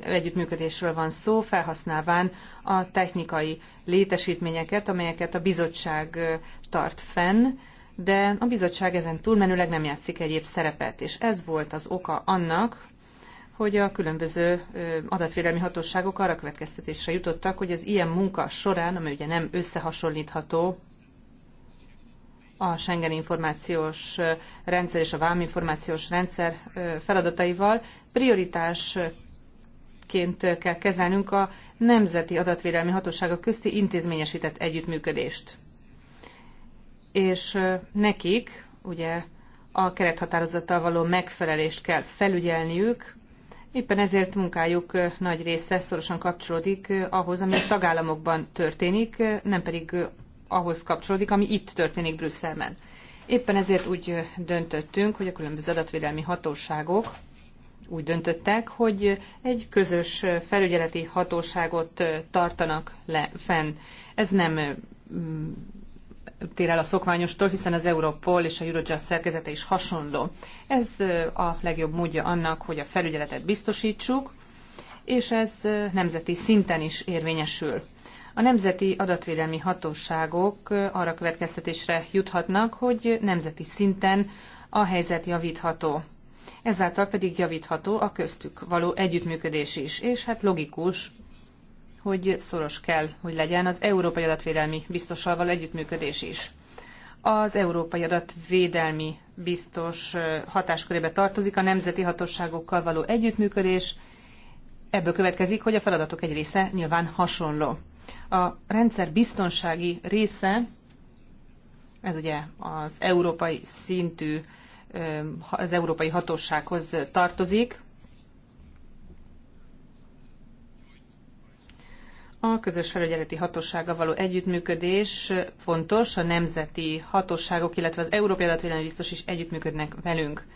együttműködésről van szó, felhasználván a technikai létesítményeket, amelyeket a bizottság tart fenn, de a bizottság ezen túlmenőleg nem játszik egyéb szerepet, és ez volt az oka annak, hogy a különböző adatvédelmi hatóságok arra következtetésre jutottak, hogy az ilyen munka során, ami ugye nem összehasonlítható a Schengen információs rendszer és a vám információs rendszer feladataival prioritásként kell kezelnünk a Nemzeti Adatvédelmi Hatóságok közti intézményesített együttműködést. És nekik, ugye a kerethatározattal való megfelelést kell felügyelniük, Éppen ezért munkájuk nagy része szorosan kapcsolódik ahhoz, ami a tagállamokban történik, nem pedig ahhoz kapcsolódik, ami itt történik Brüsszelben. Éppen ezért úgy döntöttünk, hogy a különböző adatvédelmi hatóságok úgy döntöttek, hogy egy közös felügyeleti hatóságot tartanak le, fenn. Ez nem mm, tér el a szokványostól, hiszen az Europol és a Eurojust szerkezete is hasonló. Ez a legjobb módja annak, hogy a felügyeletet biztosítsuk, és ez nemzeti szinten is érvényesül. A nemzeti adatvédelmi hatóságok arra következtetésre juthatnak, hogy nemzeti szinten a helyzet javítható. Ezáltal pedig javítható a köztük való együttműködés is, és hát logikus, hogy szoros kell, hogy legyen az Európai Adatvédelmi Biztossal való együttműködés is. Az Európai Adatvédelmi Biztos hatáskörébe tartozik a nemzeti hatóságokkal való együttműködés, ebből következik, hogy a feladatok egy része nyilván hasonló. A rendszer biztonsági része, ez ugye az európai szintű, az európai hatósághoz tartozik, A közös felügyeleti hatósága való együttműködés fontos, a nemzeti hatóságok, illetve az Európai Adatvédelmi Biztos is együttműködnek velünk.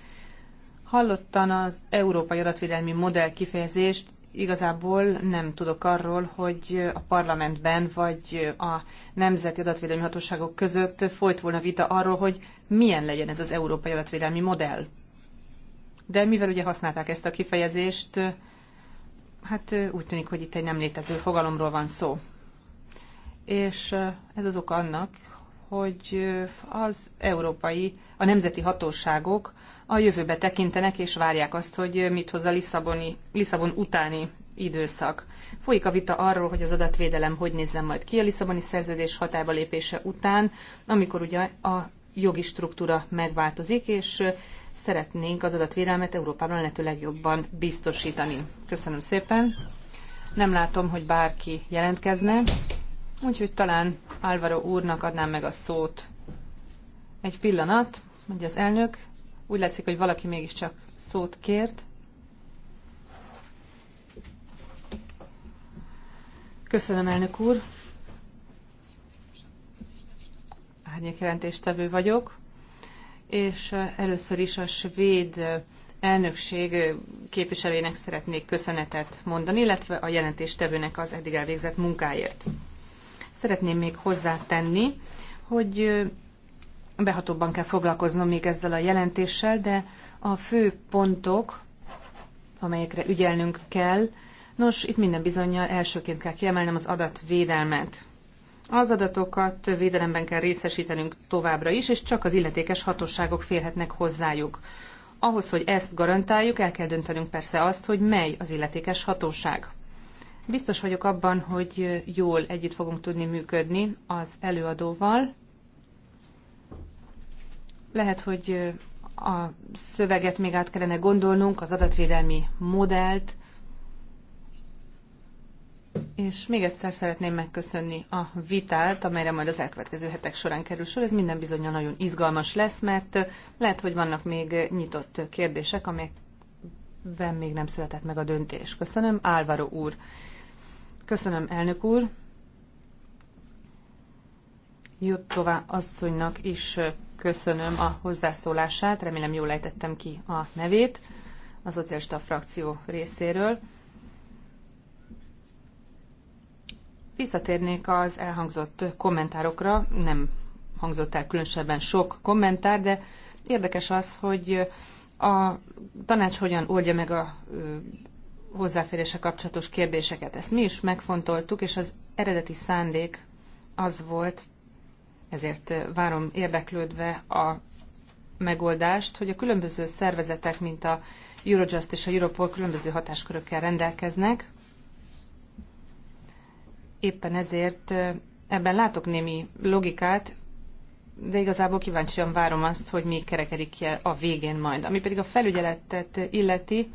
Hallottan az Európai Adatvédelmi Modell kifejezést, igazából nem tudok arról, hogy a parlamentben vagy a Nemzeti Adatvédelmi Hatóságok között folyt volna vita arról, hogy milyen legyen ez az európai adatvédelmi modell. De mivel ugye használták ezt a kifejezést, hát úgy tűnik, hogy itt egy nem létező fogalomról van szó. És ez az oka annak, hogy az európai, a nemzeti hatóságok a jövőbe tekintenek és várják azt, hogy mit hoz a Lisszaboni, Lisszabon utáni időszak. Folyik a vita arról, hogy az adatvédelem hogy nézzen majd ki a Lisszaboni szerződés hatályba lépése után, amikor ugye a jogi struktúra megváltozik, és szeretnénk az adatvédelmet Európában lehetőleg jobban biztosítani. Köszönöm szépen. Nem látom, hogy bárki jelentkezne, úgyhogy talán Álvaro úrnak adnám meg a szót. Egy pillanat, mondja az elnök, úgy látszik, hogy valaki mégiscsak szót kért. Köszönöm, elnök úr. jelentéstevő vagyok, és először is a svéd elnökség képviselőjének szeretnék köszönetet mondani, illetve a jelentéstevőnek az eddig elvégzett munkáért. Szeretném még hozzátenni, hogy behatóbban kell foglalkoznom még ezzel a jelentéssel, de a fő pontok, amelyekre ügyelnünk kell, nos, itt minden bizonyal elsőként kell kiemelnem az adatvédelmet. Az adatokat védelemben kell részesítenünk továbbra is, és csak az illetékes hatóságok férhetnek hozzájuk. Ahhoz, hogy ezt garantáljuk, el kell döntenünk persze azt, hogy mely az illetékes hatóság. Biztos vagyok abban, hogy jól együtt fogunk tudni működni az előadóval, lehet, hogy a szöveget még át kellene gondolnunk, az adatvédelmi modellt, és még egyszer szeretném megköszönni a vitát, amelyre majd az elkövetkező hetek során kerül sor. Ez minden bizonyal nagyon izgalmas lesz, mert lehet, hogy vannak még nyitott kérdések, amelyekben még nem született meg a döntés. Köszönöm, Álvaro úr. Köszönöm, elnök úr. tovább asszonynak is köszönöm a hozzászólását, remélem jól ejtettem ki a nevét a szocialista frakció részéről. Visszatérnék az elhangzott kommentárokra, nem hangzott el különösebben sok kommentár, de érdekes az, hogy a tanács hogyan oldja meg a hozzáférése kapcsolatos kérdéseket. Ezt mi is megfontoltuk, és az eredeti szándék az volt ezért várom érdeklődve a megoldást, hogy a különböző szervezetek, mint a Eurojust és a Europol különböző hatáskörökkel rendelkeznek. Éppen ezért ebben látok némi logikát, de igazából kíváncsian várom azt, hogy mi kerekedik ki a végén majd. Ami pedig a felügyeletet illeti,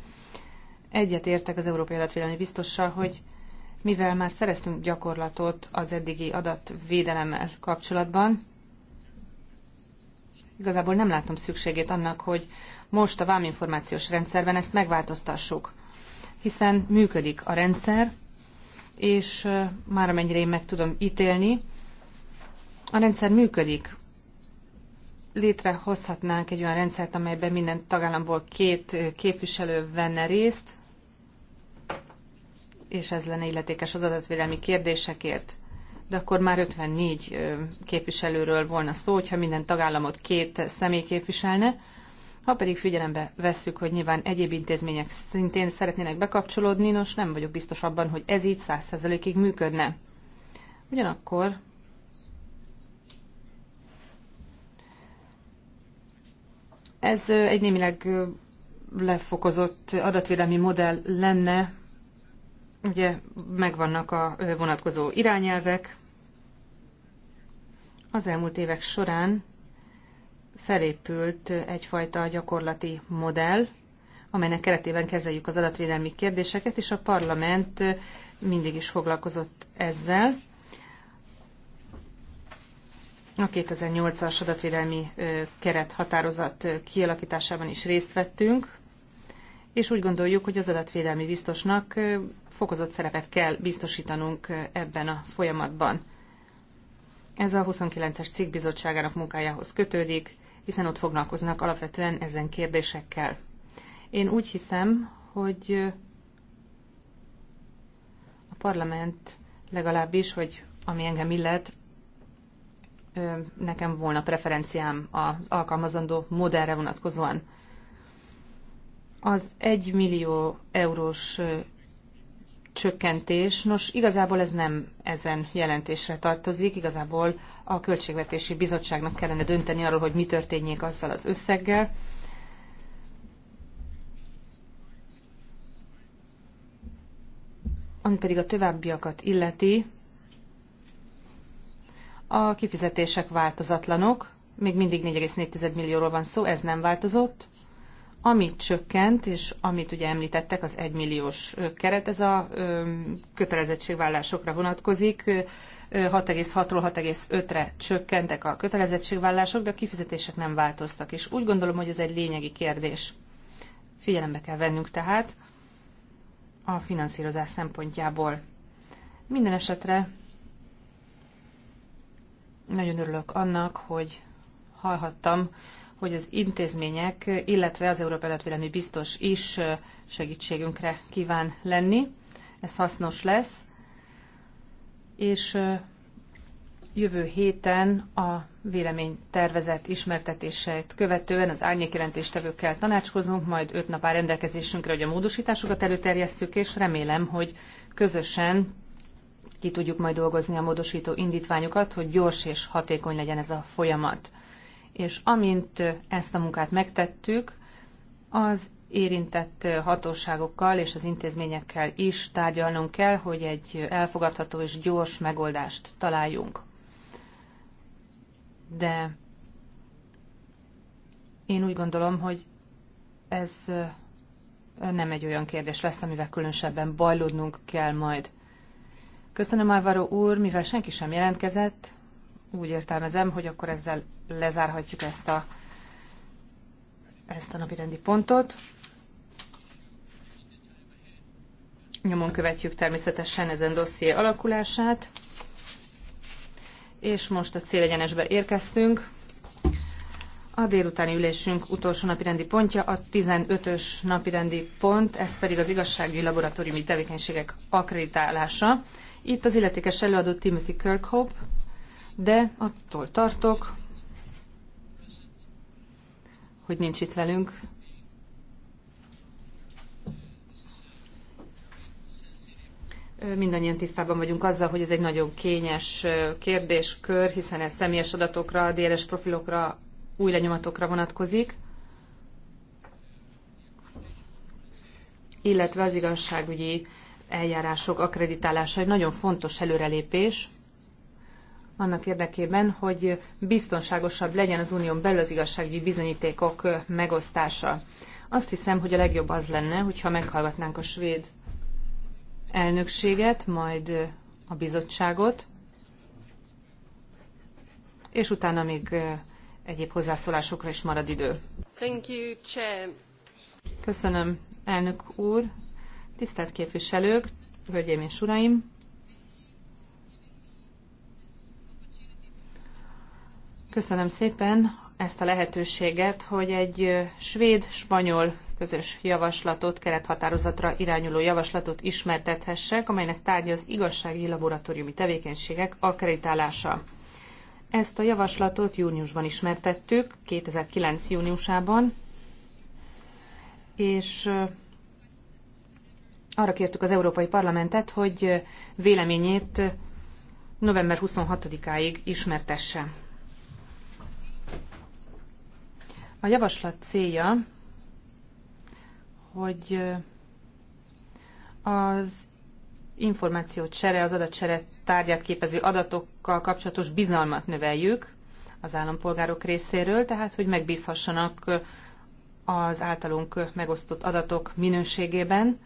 egyet értek az Európai Adatvédelmi Biztossal, hogy mivel már szereztünk gyakorlatot az eddigi adatvédelemmel kapcsolatban, igazából nem látom szükségét annak, hogy most a váminformációs rendszerben ezt megváltoztassuk, hiszen működik a rendszer, és már amennyire én meg tudom ítélni, a rendszer működik. Létrehozhatnánk egy olyan rendszert, amelyben minden tagállamból két képviselő venne részt, és ez lenne illetékes az adatvédelmi kérdésekért. De akkor már 54 képviselőről volna szó, hogyha minden tagállamot két személy képviselne. Ha pedig figyelembe vesszük, hogy nyilván egyéb intézmények szintén szeretnének bekapcsolódni, nos nem vagyok biztos abban, hogy ez így 100%-ig működne. Ugyanakkor ez egy némileg lefokozott adatvédelmi modell lenne, Ugye megvannak a vonatkozó irányelvek. Az elmúlt évek során felépült egyfajta gyakorlati modell, amelynek keretében kezeljük az adatvédelmi kérdéseket, és a parlament mindig is foglalkozott ezzel. A 2008-as adatvédelmi keret határozat kialakításában is részt vettünk, és úgy gondoljuk, hogy az adatvédelmi biztosnak fokozott szerepet kell biztosítanunk ebben a folyamatban. Ez a 29-es cikk bizottságának munkájához kötődik, hiszen ott foglalkoznak alapvetően ezen kérdésekkel. Én úgy hiszem, hogy a parlament legalábbis, hogy ami engem illet, nekem volna preferenciám az alkalmazandó modellre vonatkozóan. Az 1 millió eurós csökkentés. Nos, igazából ez nem ezen jelentésre tartozik, igazából a Költségvetési Bizottságnak kellene dönteni arról, hogy mi történjék azzal az összeggel. Ami pedig a továbbiakat illeti, a kifizetések változatlanok, még mindig 4,4 millióról van szó, ez nem változott. Amit csökkent, és amit ugye említettek, az egymilliós keret, ez a kötelezettségvállásokra vonatkozik. 6,6-ról 6,5-re csökkentek a kötelezettségvállások, de a kifizetések nem változtak, és úgy gondolom, hogy ez egy lényegi kérdés. Figyelembe kell vennünk tehát a finanszírozás szempontjából. Minden esetre nagyon örülök annak, hogy hallhattam hogy az intézmények, illetve az Európai Életvédelmi Biztos is segítségünkre kíván lenni. Ez hasznos lesz. És jövő héten a vélemény tervezett ismertetéseit követően az árnyékjelentéstevőkkel tanácskozunk, majd öt nap áll rendelkezésünkre, hogy a módosításokat előterjesszük, és remélem, hogy közösen ki tudjuk majd dolgozni a módosító indítványokat, hogy gyors és hatékony legyen ez a folyamat és amint ezt a munkát megtettük, az érintett hatóságokkal és az intézményekkel is tárgyalnunk kell, hogy egy elfogadható és gyors megoldást találjunk. De én úgy gondolom, hogy ez nem egy olyan kérdés lesz, amivel különösebben bajlódnunk kell majd. Köszönöm, Álvaro úr, mivel senki sem jelentkezett, úgy értelmezem, hogy akkor ezzel lezárhatjuk ezt a, ezt a napi rendi pontot. Nyomon követjük természetesen ezen dosszié alakulását. És most a célegyenesbe érkeztünk. A délutáni ülésünk utolsó napirendi pontja a 15-ös napirendi pont, ez pedig az igazságügyi laboratóriumi tevékenységek akkreditálása. Itt az illetékes előadó Timothy Kirkhope, de attól tartok, hogy nincs itt velünk. Mindannyian tisztában vagyunk azzal, hogy ez egy nagyon kényes kérdéskör, hiszen ez személyes adatokra, DLS profilokra, új lenyomatokra vonatkozik. illetve az igazságügyi eljárások akreditálása egy nagyon fontos előrelépés, annak érdekében, hogy biztonságosabb legyen az unión belül az igazságügyi bizonyítékok megosztása. Azt hiszem, hogy a legjobb az lenne, hogyha meghallgatnánk a svéd elnökséget, majd a bizottságot, és utána még egyéb hozzászólásokra is marad idő. Thank you, Chair. Köszönöm, elnök úr, tisztelt képviselők, hölgyeim és uraim! Köszönöm szépen ezt a lehetőséget, hogy egy svéd-spanyol közös javaslatot, kerethatározatra irányuló javaslatot ismertethessek, amelynek tárgya az igazságügyi laboratóriumi tevékenységek akkreditálása. Ezt a javaslatot júniusban ismertettük, 2009. júniusában, és arra kértük az Európai Parlamentet, hogy véleményét november 26-áig ismertesse. A javaslat célja, hogy az információt információcsere, az adatcsere tárgyát képező adatokkal kapcsolatos bizalmat növeljük az állampolgárok részéről, tehát hogy megbízhassanak az általunk megosztott adatok minőségében.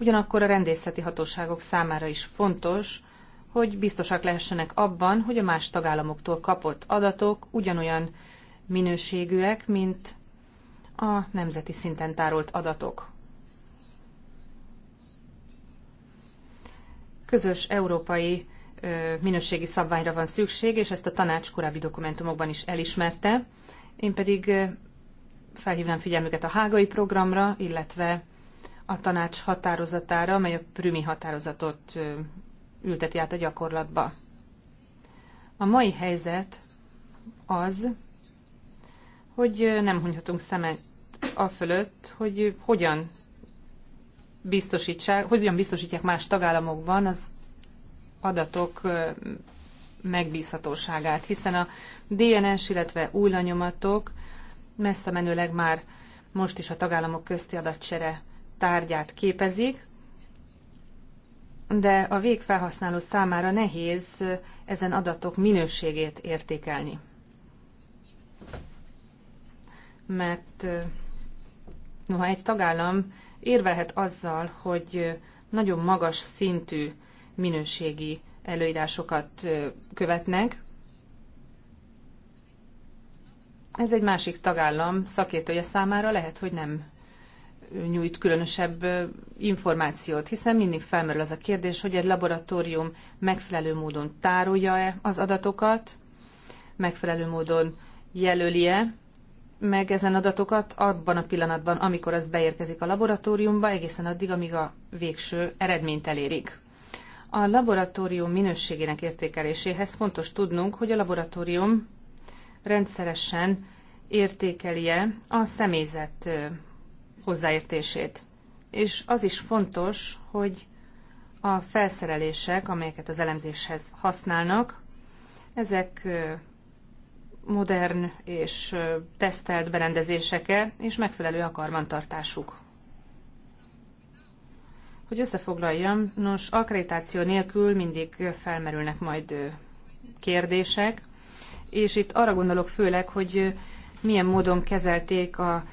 Ugyanakkor a rendészeti hatóságok számára is fontos, hogy biztosak lehessenek abban, hogy a más tagállamoktól kapott adatok ugyanolyan minőségűek, mint a nemzeti szinten tárolt adatok. Közös európai minőségi szabványra van szükség, és ezt a tanács korábbi dokumentumokban is elismerte. Én pedig felhívnám figyelmüket a hágai programra, illetve a tanács határozatára, amely a prümi határozatot ülteti át a gyakorlatba. A mai helyzet az, hogy nem hunyhatunk szemet a fölött, hogy hogyan biztosítsák, hogyan biztosítják más tagállamokban az adatok megbízhatóságát, hiszen a DNS, illetve új lenyomatok messze menőleg már most is a tagállamok közti adatcsere tárgyát képezik, de a végfelhasználó számára nehéz ezen adatok minőségét értékelni mert noha egy tagállam érvelhet azzal, hogy nagyon magas szintű minőségi előírásokat követnek, ez egy másik tagállam szakértője számára lehet, hogy nem nyújt különösebb információt, hiszen mindig felmerül az a kérdés, hogy egy laboratórium megfelelő módon tárolja-e az adatokat, megfelelő módon jelöli-e meg ezen adatokat abban a pillanatban, amikor ez beérkezik a laboratóriumba, egészen addig, amíg a végső eredményt elérik. A laboratórium minőségének értékeléséhez fontos tudnunk, hogy a laboratórium rendszeresen értékelje a személyzet hozzáértését. És az is fontos, hogy a felszerelések, amelyeket az elemzéshez használnak, ezek modern és tesztelt berendezéseke és megfelelő a karbantartásuk. Hogy összefoglaljam, nos, akkreditáció nélkül mindig felmerülnek majd kérdések, és itt arra gondolok főleg, hogy milyen módon kezelték a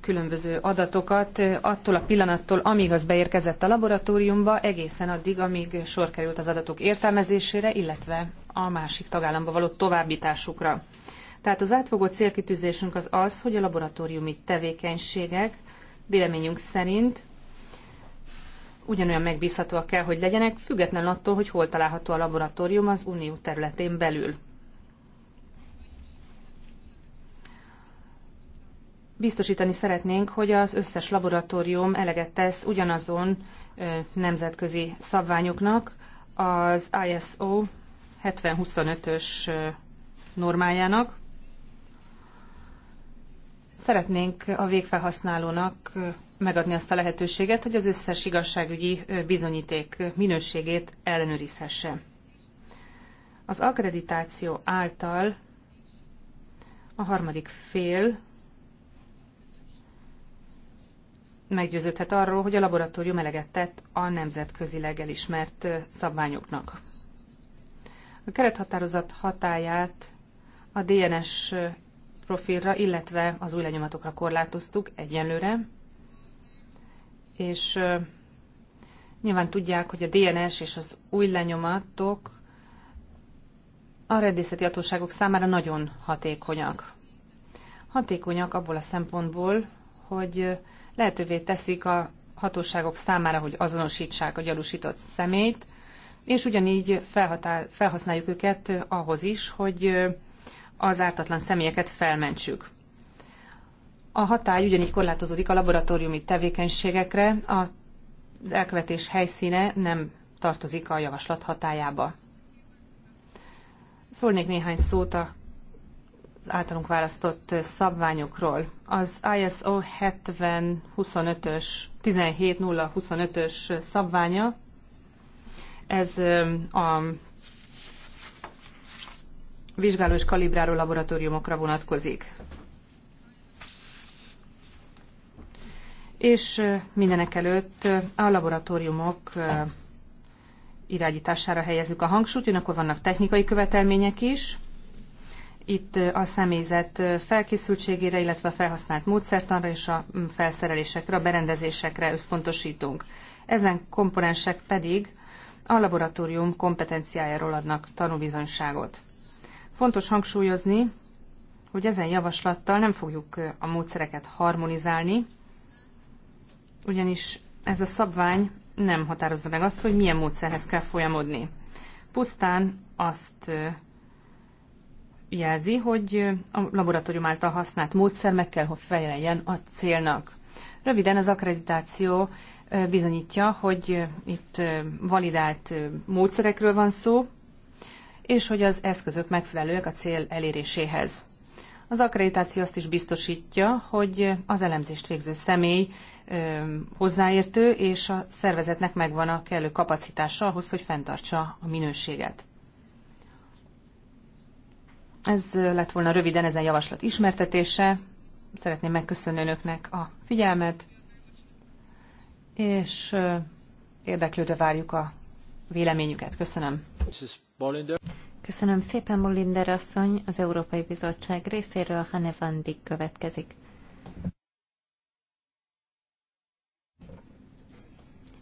különböző adatokat attól a pillanattól, amíg az beérkezett a laboratóriumba, egészen addig, amíg sor került az adatok értelmezésére, illetve a másik tagállamba való továbbításukra. Tehát az átfogó célkitűzésünk az az, hogy a laboratóriumi tevékenységek véleményünk szerint ugyanolyan megbízhatóak kell, hogy legyenek, független attól, hogy hol található a laboratórium az unió területén belül. biztosítani szeretnénk, hogy az összes laboratórium eleget tesz ugyanazon nemzetközi szabványoknak, az ISO 7025-ös normájának. Szeretnénk a végfelhasználónak megadni azt a lehetőséget, hogy az összes igazságügyi bizonyíték minőségét ellenőrizhesse. Az akkreditáció által a harmadik fél meggyőződhet arról, hogy a laboratórium eleget tett a nemzetközileg elismert szabványoknak. A kerethatározat hatáját a DNS profilra, illetve az új lenyomatokra korlátoztuk egyenlőre, és nyilván tudják, hogy a DNS és az új lenyomatok a rendészeti hatóságok számára nagyon hatékonyak. Hatékonyak abból a szempontból, hogy lehetővé teszik a hatóságok számára, hogy azonosítsák a gyanúsított szemét, és ugyanígy felhasználjuk őket ahhoz is, hogy az ártatlan személyeket felmentsük. A hatály ugyanígy korlátozódik a laboratóriumi tevékenységekre, az elkövetés helyszíne nem tartozik a javaslat hatájába. Szólnék néhány szót a az általunk választott szabványokról. Az ISO 7025-ös, 17025-ös szabványa, ez a vizsgáló és kalibráló laboratóriumokra vonatkozik. És mindenek előtt a laboratóriumok irányítására helyezzük a hangsúlyt, akkor vannak technikai követelmények is, itt a személyzet felkészültségére, illetve a felhasznált módszertanra és a felszerelésekre, a berendezésekre összpontosítunk. Ezen komponensek pedig a laboratórium kompetenciájáról adnak tanúbizonyságot. Fontos hangsúlyozni, hogy ezen javaslattal nem fogjuk a módszereket harmonizálni, ugyanis ez a szabvány nem határozza meg azt, hogy milyen módszerhez kell folyamodni. Pusztán azt jelzi, hogy a laboratórium által használt módszer meg kell, hogy feleljen a célnak. Röviden az akkreditáció bizonyítja, hogy itt validált módszerekről van szó, és hogy az eszközök megfelelőek a cél eléréséhez. Az akkreditáció azt is biztosítja, hogy az elemzést végző személy hozzáértő, és a szervezetnek megvan a kellő kapacitása ahhoz, hogy fenntartsa a minőséget. Ez lett volna röviden ezen javaslat ismertetése. Szeretném megköszönni önöknek a figyelmet, és érdeklődve várjuk a véleményüket. Köszönöm. Köszönöm szépen, Molinder asszony. Az Európai Bizottság részéről Hanne van Dijk következik.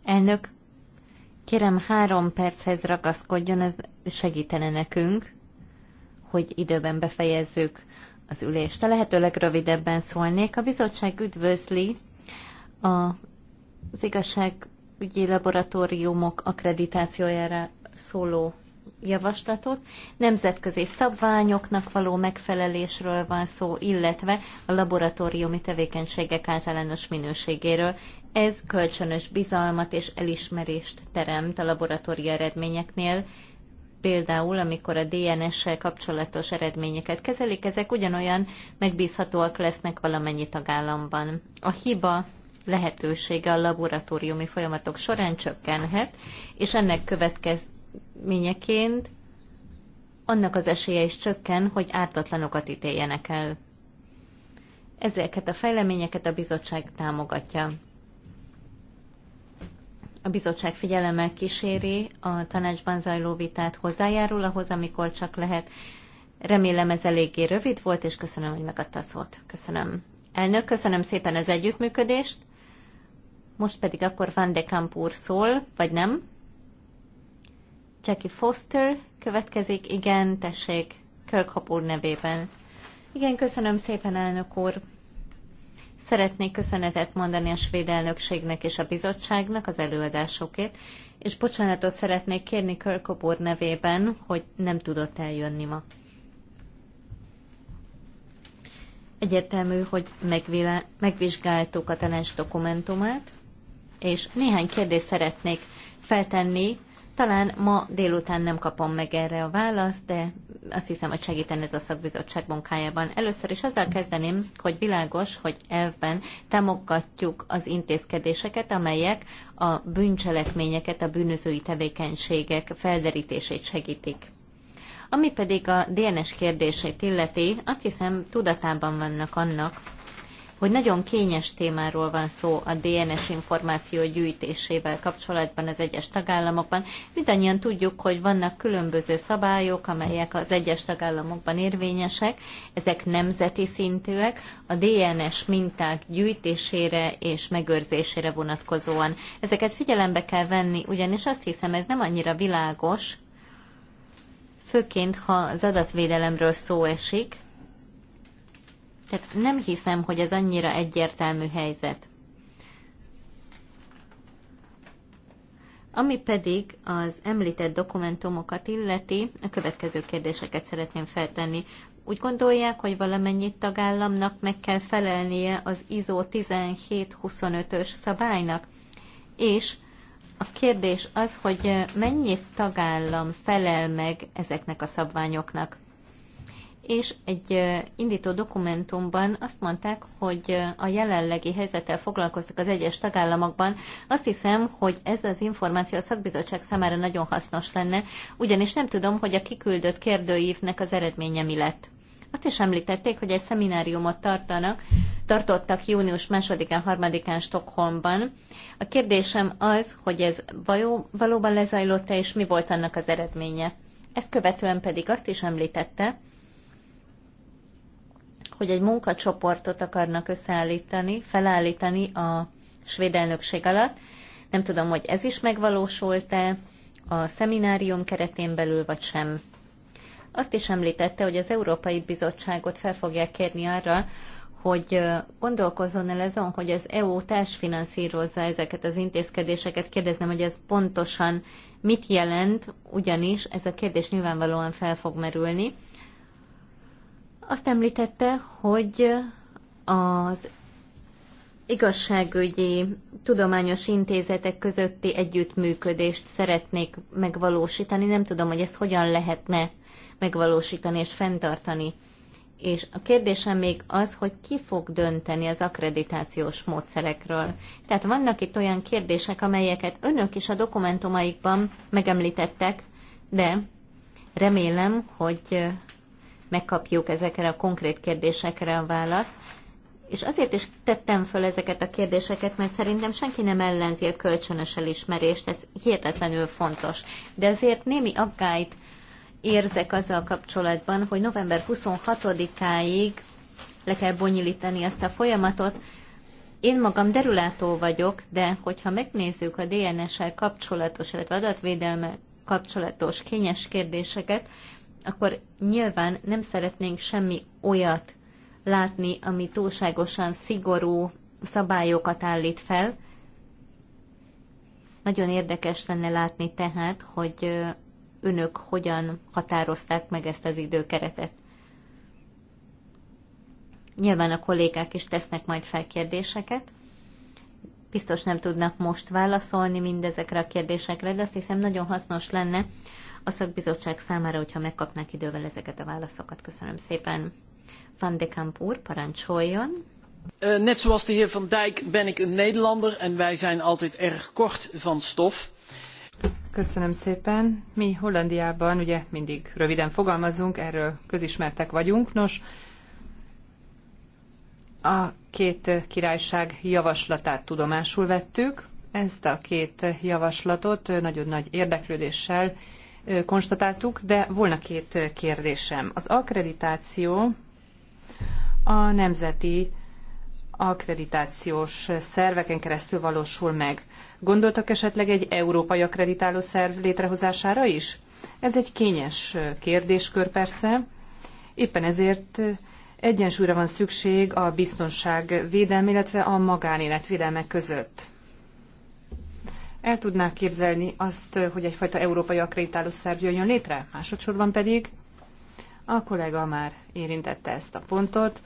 Elnök, kérem három perchez ragaszkodjon, ez segítene nekünk hogy időben befejezzük az ülést. A lehetőleg rövidebben szólnék. A bizottság üdvözli a, az igazságügyi laboratóriumok akkreditációjára szóló javaslatot. Nemzetközi szabványoknak való megfelelésről van szó, illetve a laboratóriumi tevékenységek általános minőségéről. Ez kölcsönös bizalmat és elismerést teremt a laboratóriumi eredményeknél, például amikor a DNS-sel kapcsolatos eredményeket kezelik, ezek ugyanolyan megbízhatóak lesznek valamennyi tagállamban. A hiba lehetősége a laboratóriumi folyamatok során csökkenhet, és ennek következményeként annak az esélye is csökken, hogy ártatlanokat ítéljenek el. Ezeket a fejleményeket a bizottság támogatja a bizottság figyelemmel kíséri a tanácsban zajló vitát, hozzájárul ahhoz, amikor csak lehet. Remélem ez eléggé rövid volt, és köszönöm, hogy megadta a szót. Köszönöm. Elnök, köszönöm szépen az együttműködést. Most pedig akkor Van de Kamp úr szól, vagy nem? Jackie Foster következik, igen, tessék, Kirkhope úr nevében. Igen, köszönöm szépen, elnök úr. Szeretnék köszönetet mondani a svéd elnökségnek és a bizottságnak az előadásokért, és bocsánatot szeretnék kérni Körkop úr nevében, hogy nem tudott eljönni ma. Egyértelmű, hogy megvile megvizsgáltuk a tanács dokumentumát, és néhány kérdést szeretnék feltenni talán ma délután nem kapom meg erre a választ, de azt hiszem, hogy segíten ez a szakbizottság munkájában. Először is azzal kezdeném, hogy világos, hogy elvben támogatjuk az intézkedéseket, amelyek a bűncselekményeket, a bűnözői tevékenységek felderítését segítik. Ami pedig a DNS kérdését illeti, azt hiszem tudatában vannak annak, hogy nagyon kényes témáról van szó a DNS információ gyűjtésével kapcsolatban az egyes tagállamokban. Mindannyian tudjuk, hogy vannak különböző szabályok, amelyek az egyes tagállamokban érvényesek, ezek nemzeti szintűek, a DNS minták gyűjtésére és megőrzésére vonatkozóan. Ezeket figyelembe kell venni, ugyanis azt hiszem, ez nem annyira világos, főként ha az adatvédelemről szó esik, tehát nem hiszem, hogy ez annyira egyértelmű helyzet. Ami pedig az említett dokumentumokat illeti, a következő kérdéseket szeretném feltenni. Úgy gondolják, hogy valamennyi tagállamnak meg kell felelnie az ISO 1725-ös szabálynak? És a kérdés az, hogy mennyi tagállam felel meg ezeknek a szabványoknak? és egy indító dokumentumban azt mondták, hogy a jelenlegi helyzettel foglalkoztak az egyes tagállamokban. Azt hiszem, hogy ez az információ a szakbizottság számára nagyon hasznos lenne, ugyanis nem tudom, hogy a kiküldött kérdőívnek az eredménye mi lett. Azt is említették, hogy egy szemináriumot tartanak, tartottak június 2-án, 3-án Stockholmban. A kérdésem az, hogy ez való, valóban lezajlott-e, és mi volt annak az eredménye. Ezt követően pedig azt is említette, hogy egy munkacsoportot akarnak összeállítani, felállítani a svéd elnökség alatt. Nem tudom, hogy ez is megvalósult-e a szeminárium keretén belül, vagy sem. Azt is említette, hogy az Európai Bizottságot fel fogják kérni arra, hogy gondolkozzon el azon, hogy az EU társfinanszírozza ezeket az intézkedéseket. Kérdezem, hogy ez pontosan mit jelent, ugyanis ez a kérdés nyilvánvalóan fel fog merülni. Azt említette, hogy az igazságügyi tudományos intézetek közötti együttműködést szeretnék megvalósítani. Nem tudom, hogy ezt hogyan lehetne megvalósítani és fenntartani. És a kérdésem még az, hogy ki fog dönteni az akkreditációs módszerekről. Tehát vannak itt olyan kérdések, amelyeket önök is a dokumentumaikban megemlítettek, de remélem, hogy megkapjuk ezekre a konkrét kérdésekre a választ. És azért is tettem föl ezeket a kérdéseket, mert szerintem senki nem ellenzi a kölcsönös elismerést, ez hihetetlenül fontos. De azért némi aggályt érzek azzal kapcsolatban, hogy november 26-áig le kell bonyolítani azt a folyamatot. Én magam derülátó vagyok, de hogyha megnézzük a DNS-el kapcsolatos, illetve adatvédelme kapcsolatos kényes kérdéseket, akkor nyilván nem szeretnénk semmi olyat látni, ami túlságosan szigorú szabályokat állít fel. Nagyon érdekes lenne látni tehát, hogy önök hogyan határozták meg ezt az időkeretet. Nyilván a kollégák is tesznek majd fel kérdéseket. Biztos nem tudnak most válaszolni mindezekre a kérdésekre, de azt hiszem nagyon hasznos lenne, a szakbizottság számára, hogyha megkapnák idővel ezeket a válaszokat. Köszönöm szépen. Van de Kamp úr, parancsoljon. Eh, net zoals de heer Van Dijk ben ik een Nederlander en wij zijn altijd erg kort van stof. Köszönöm szépen. Mi Hollandiában ugye mindig röviden fogalmazunk, erről közismertek vagyunk. Nos, a két királyság javaslatát tudomásul vettük. Ezt a két javaslatot nagyon nagy érdeklődéssel konstatáltuk, de volna két kérdésem. Az akkreditáció a nemzeti akkreditációs szerveken keresztül valósul meg. Gondoltak esetleg egy európai akkreditáló szerv létrehozására is? Ez egy kényes kérdéskör persze. Éppen ezért egyensúlyra van szükség a biztonság védelme, illetve a magánélet védelme között. El tudnák képzelni azt, hogy egyfajta európai akreditáló szerv jöjjön létre? Másodszorban pedig a kollega már érintette ezt a pontot.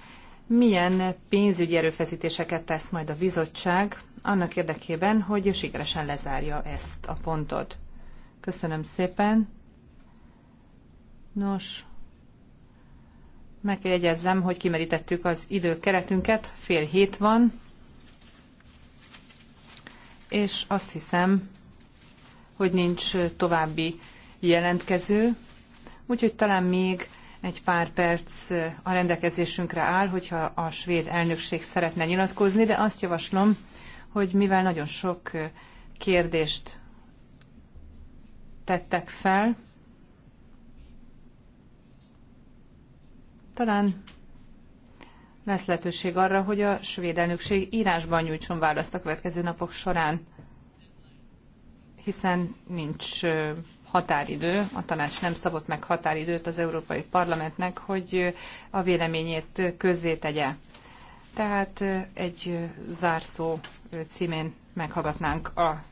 Milyen pénzügyi erőfeszítéseket tesz majd a bizottság annak érdekében, hogy sikeresen lezárja ezt a pontot? Köszönöm szépen. Nos, meg kell jegyezzem, hogy kimerítettük az időkeretünket, fél hét van, és azt hiszem, hogy nincs további jelentkező, úgyhogy talán még egy pár perc a rendelkezésünkre áll, hogyha a svéd elnökség szeretne nyilatkozni, de azt javaslom, hogy mivel nagyon sok kérdést tettek fel, talán lesz lehetőség arra, hogy a svéd elnökség írásban nyújtson választ a következő napok során, hiszen nincs határidő, a tanács nem szabott meg határidőt az Európai Parlamentnek, hogy a véleményét közzétegye. Tehát egy zárszó címén meghallgatnánk a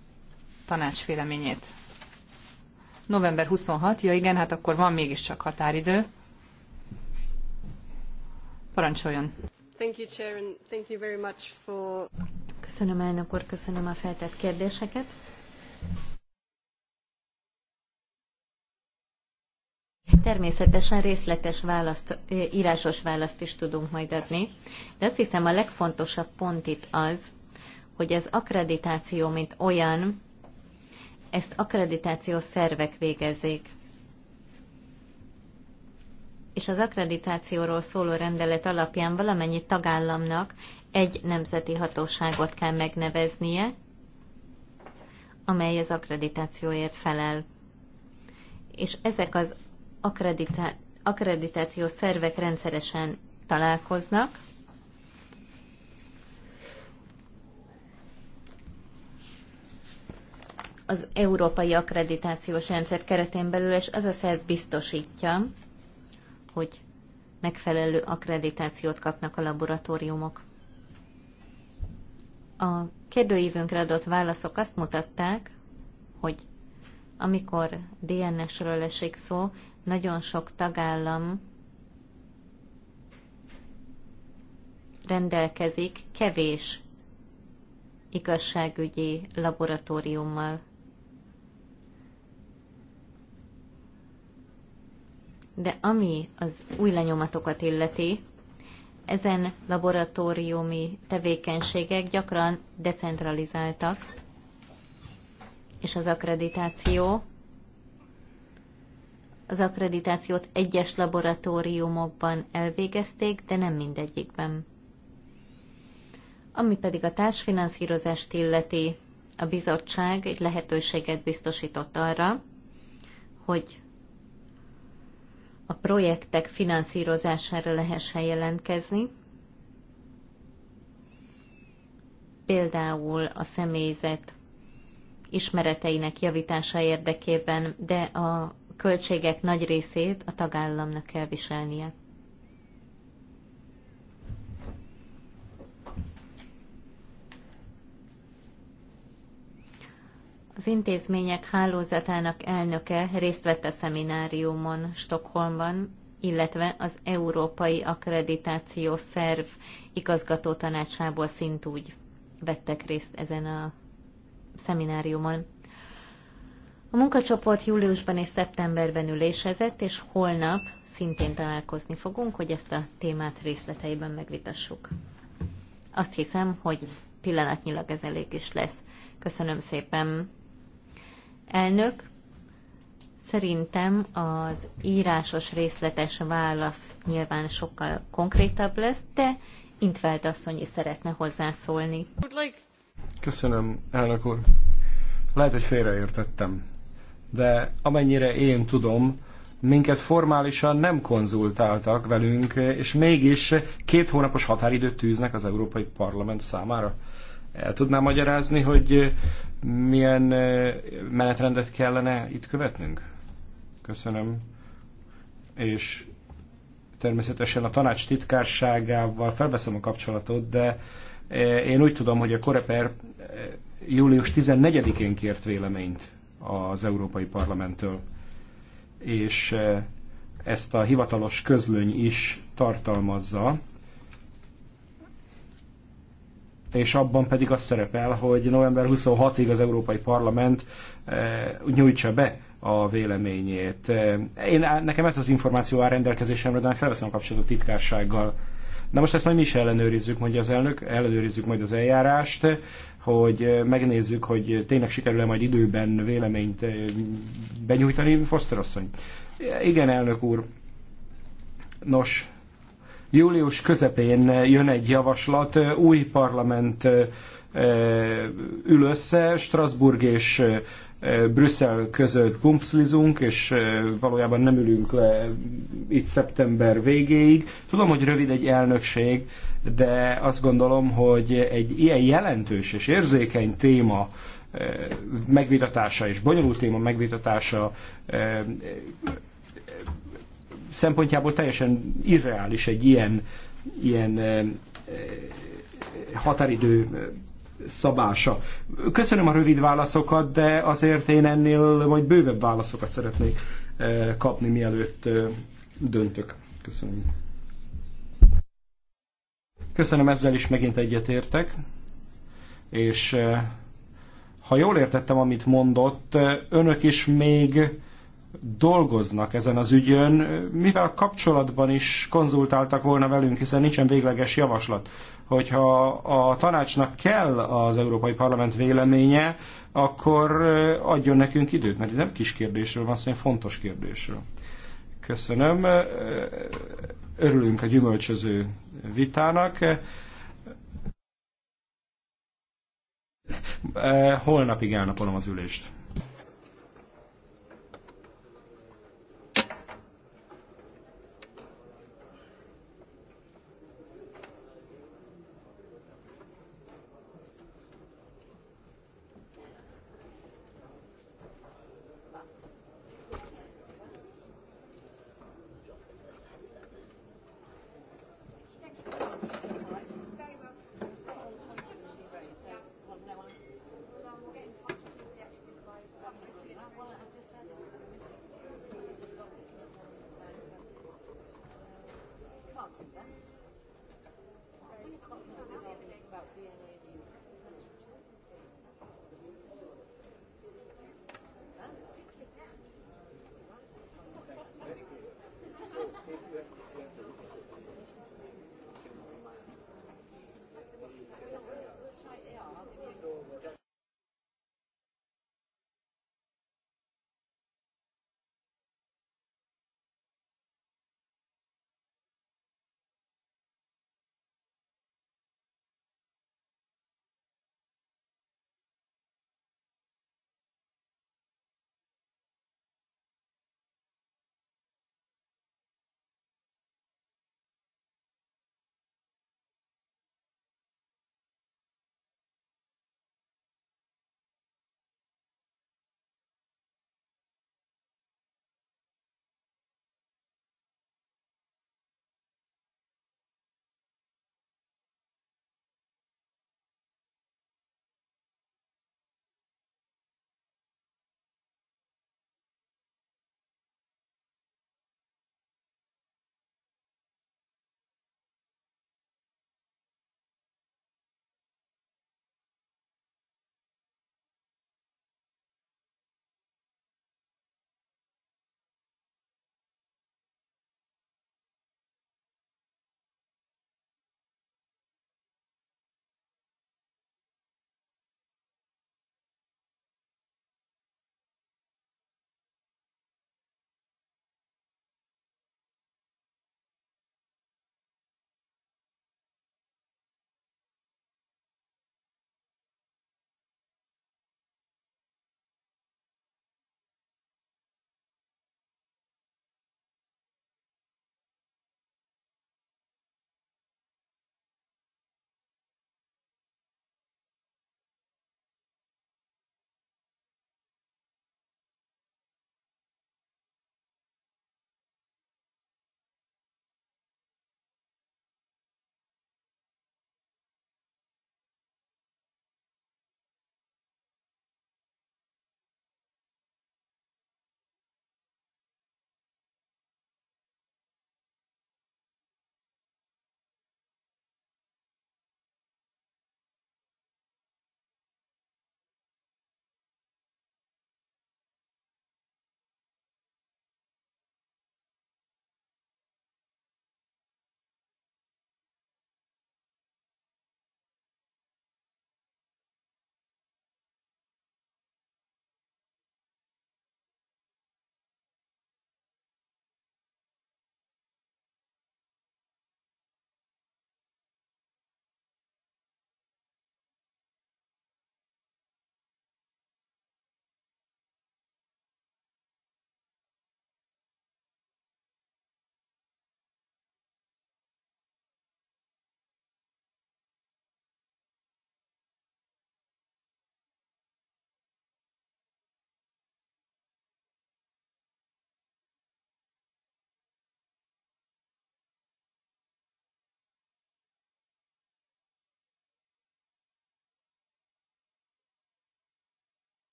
tanács véleményét. November 26, ja igen, hát akkor van mégiscsak határidő. Parancsoljon! Köszönöm, elnök úr, köszönöm a feltett kérdéseket. Természetesen részletes választ, írásos választ is tudunk majd adni, de azt hiszem a legfontosabb pont itt az, hogy az akkreditáció, mint olyan, ezt akkreditációs szervek végezzék és az akkreditációról szóló rendelet alapján valamennyi tagállamnak egy nemzeti hatóságot kell megneveznie, amely az akkreditációért felel. És ezek az akkreditá- akkreditáció szervek rendszeresen találkoznak, az európai akkreditációs rendszer keretén belül, és az a szerv biztosítja, hogy megfelelő akkreditációt kapnak a laboratóriumok. A kérdőívünkre adott válaszok azt mutatták, hogy amikor DNS-ről esik szó, nagyon sok tagállam rendelkezik kevés igazságügyi laboratóriummal. de ami az új lenyomatokat illeti, ezen laboratóriumi tevékenységek gyakran decentralizáltak, és az akkreditáció az akkreditációt egyes laboratóriumokban elvégezték, de nem mindegyikben. Ami pedig a társfinanszírozást illeti, a bizottság egy lehetőséget biztosított arra, hogy a projektek finanszírozására lehessen jelentkezni, például a személyzet ismereteinek javítása érdekében, de a költségek nagy részét a tagállamnak kell viselnie. Az intézmények hálózatának elnöke részt vett a szemináriumon Stockholmban, illetve az Európai Akkreditáció Szerv igazgató tanácsából szintúgy vettek részt ezen a szemináriumon. A munkacsoport júliusban és szeptemberben ülésezett, és holnap szintén találkozni fogunk, hogy ezt a témát részleteiben megvitassuk. Azt hiszem, hogy pillanatnyilag ez elég is lesz. Köszönöm szépen! Elnök, szerintem az írásos részletes válasz nyilván sokkal konkrétabb lesz, de Intveld asszony is szeretne hozzászólni. Köszönöm, elnök úr. Lehet, hogy félreértettem, de amennyire én tudom, minket formálisan nem konzultáltak velünk, és mégis két hónapos határidőt tűznek az Európai Parlament számára. El tudnám magyarázni, hogy milyen menetrendet kellene itt követnünk? Köszönöm. És természetesen a tanács titkárságával felveszem a kapcsolatot, de én úgy tudom, hogy a Koreper július 14-én kért véleményt az Európai Parlamenttől, és ezt a hivatalos közlöny is tartalmazza, és abban pedig az szerepel, hogy november 26-ig az Európai Parlament eh, nyújtsa be a véleményét. Eh, én, nekem ez az információ áll rendelkezésemre, de már felveszem a kapcsolatot titkársággal. Na most ezt majd mi is ellenőrizzük, mondja az elnök, ellenőrizzük majd az eljárást, hogy eh, megnézzük, hogy tényleg sikerül-e majd időben véleményt benyújtani, Foster asszony. Igen, elnök úr. Nos, Július közepén jön egy javaslat, új parlament ül össze, Strasbourg és Brüsszel között pumpszlizunk, és valójában nem ülünk le itt szeptember végéig. Tudom, hogy rövid egy elnökség, de azt gondolom, hogy egy ilyen jelentős és érzékeny téma megvitatása és bonyolult téma megvitatása szempontjából teljesen irreális egy ilyen, ilyen határidő szabása. Köszönöm a rövid válaszokat, de azért én ennél majd bővebb válaszokat szeretnék kapni, mielőtt döntök. Köszönöm. Köszönöm, ezzel is megint egyetértek. És ha jól értettem, amit mondott, önök is még dolgoznak ezen az ügyön, mivel kapcsolatban is konzultáltak volna velünk, hiszen nincsen végleges javaslat. Hogyha a tanácsnak kell az Európai Parlament véleménye, akkor adjon nekünk időt, mert itt nem kis kérdésről van, szerintem fontos kérdésről. Köszönöm. Örülünk a gyümölcsöző vitának. Holnapig elnapolom az ülést.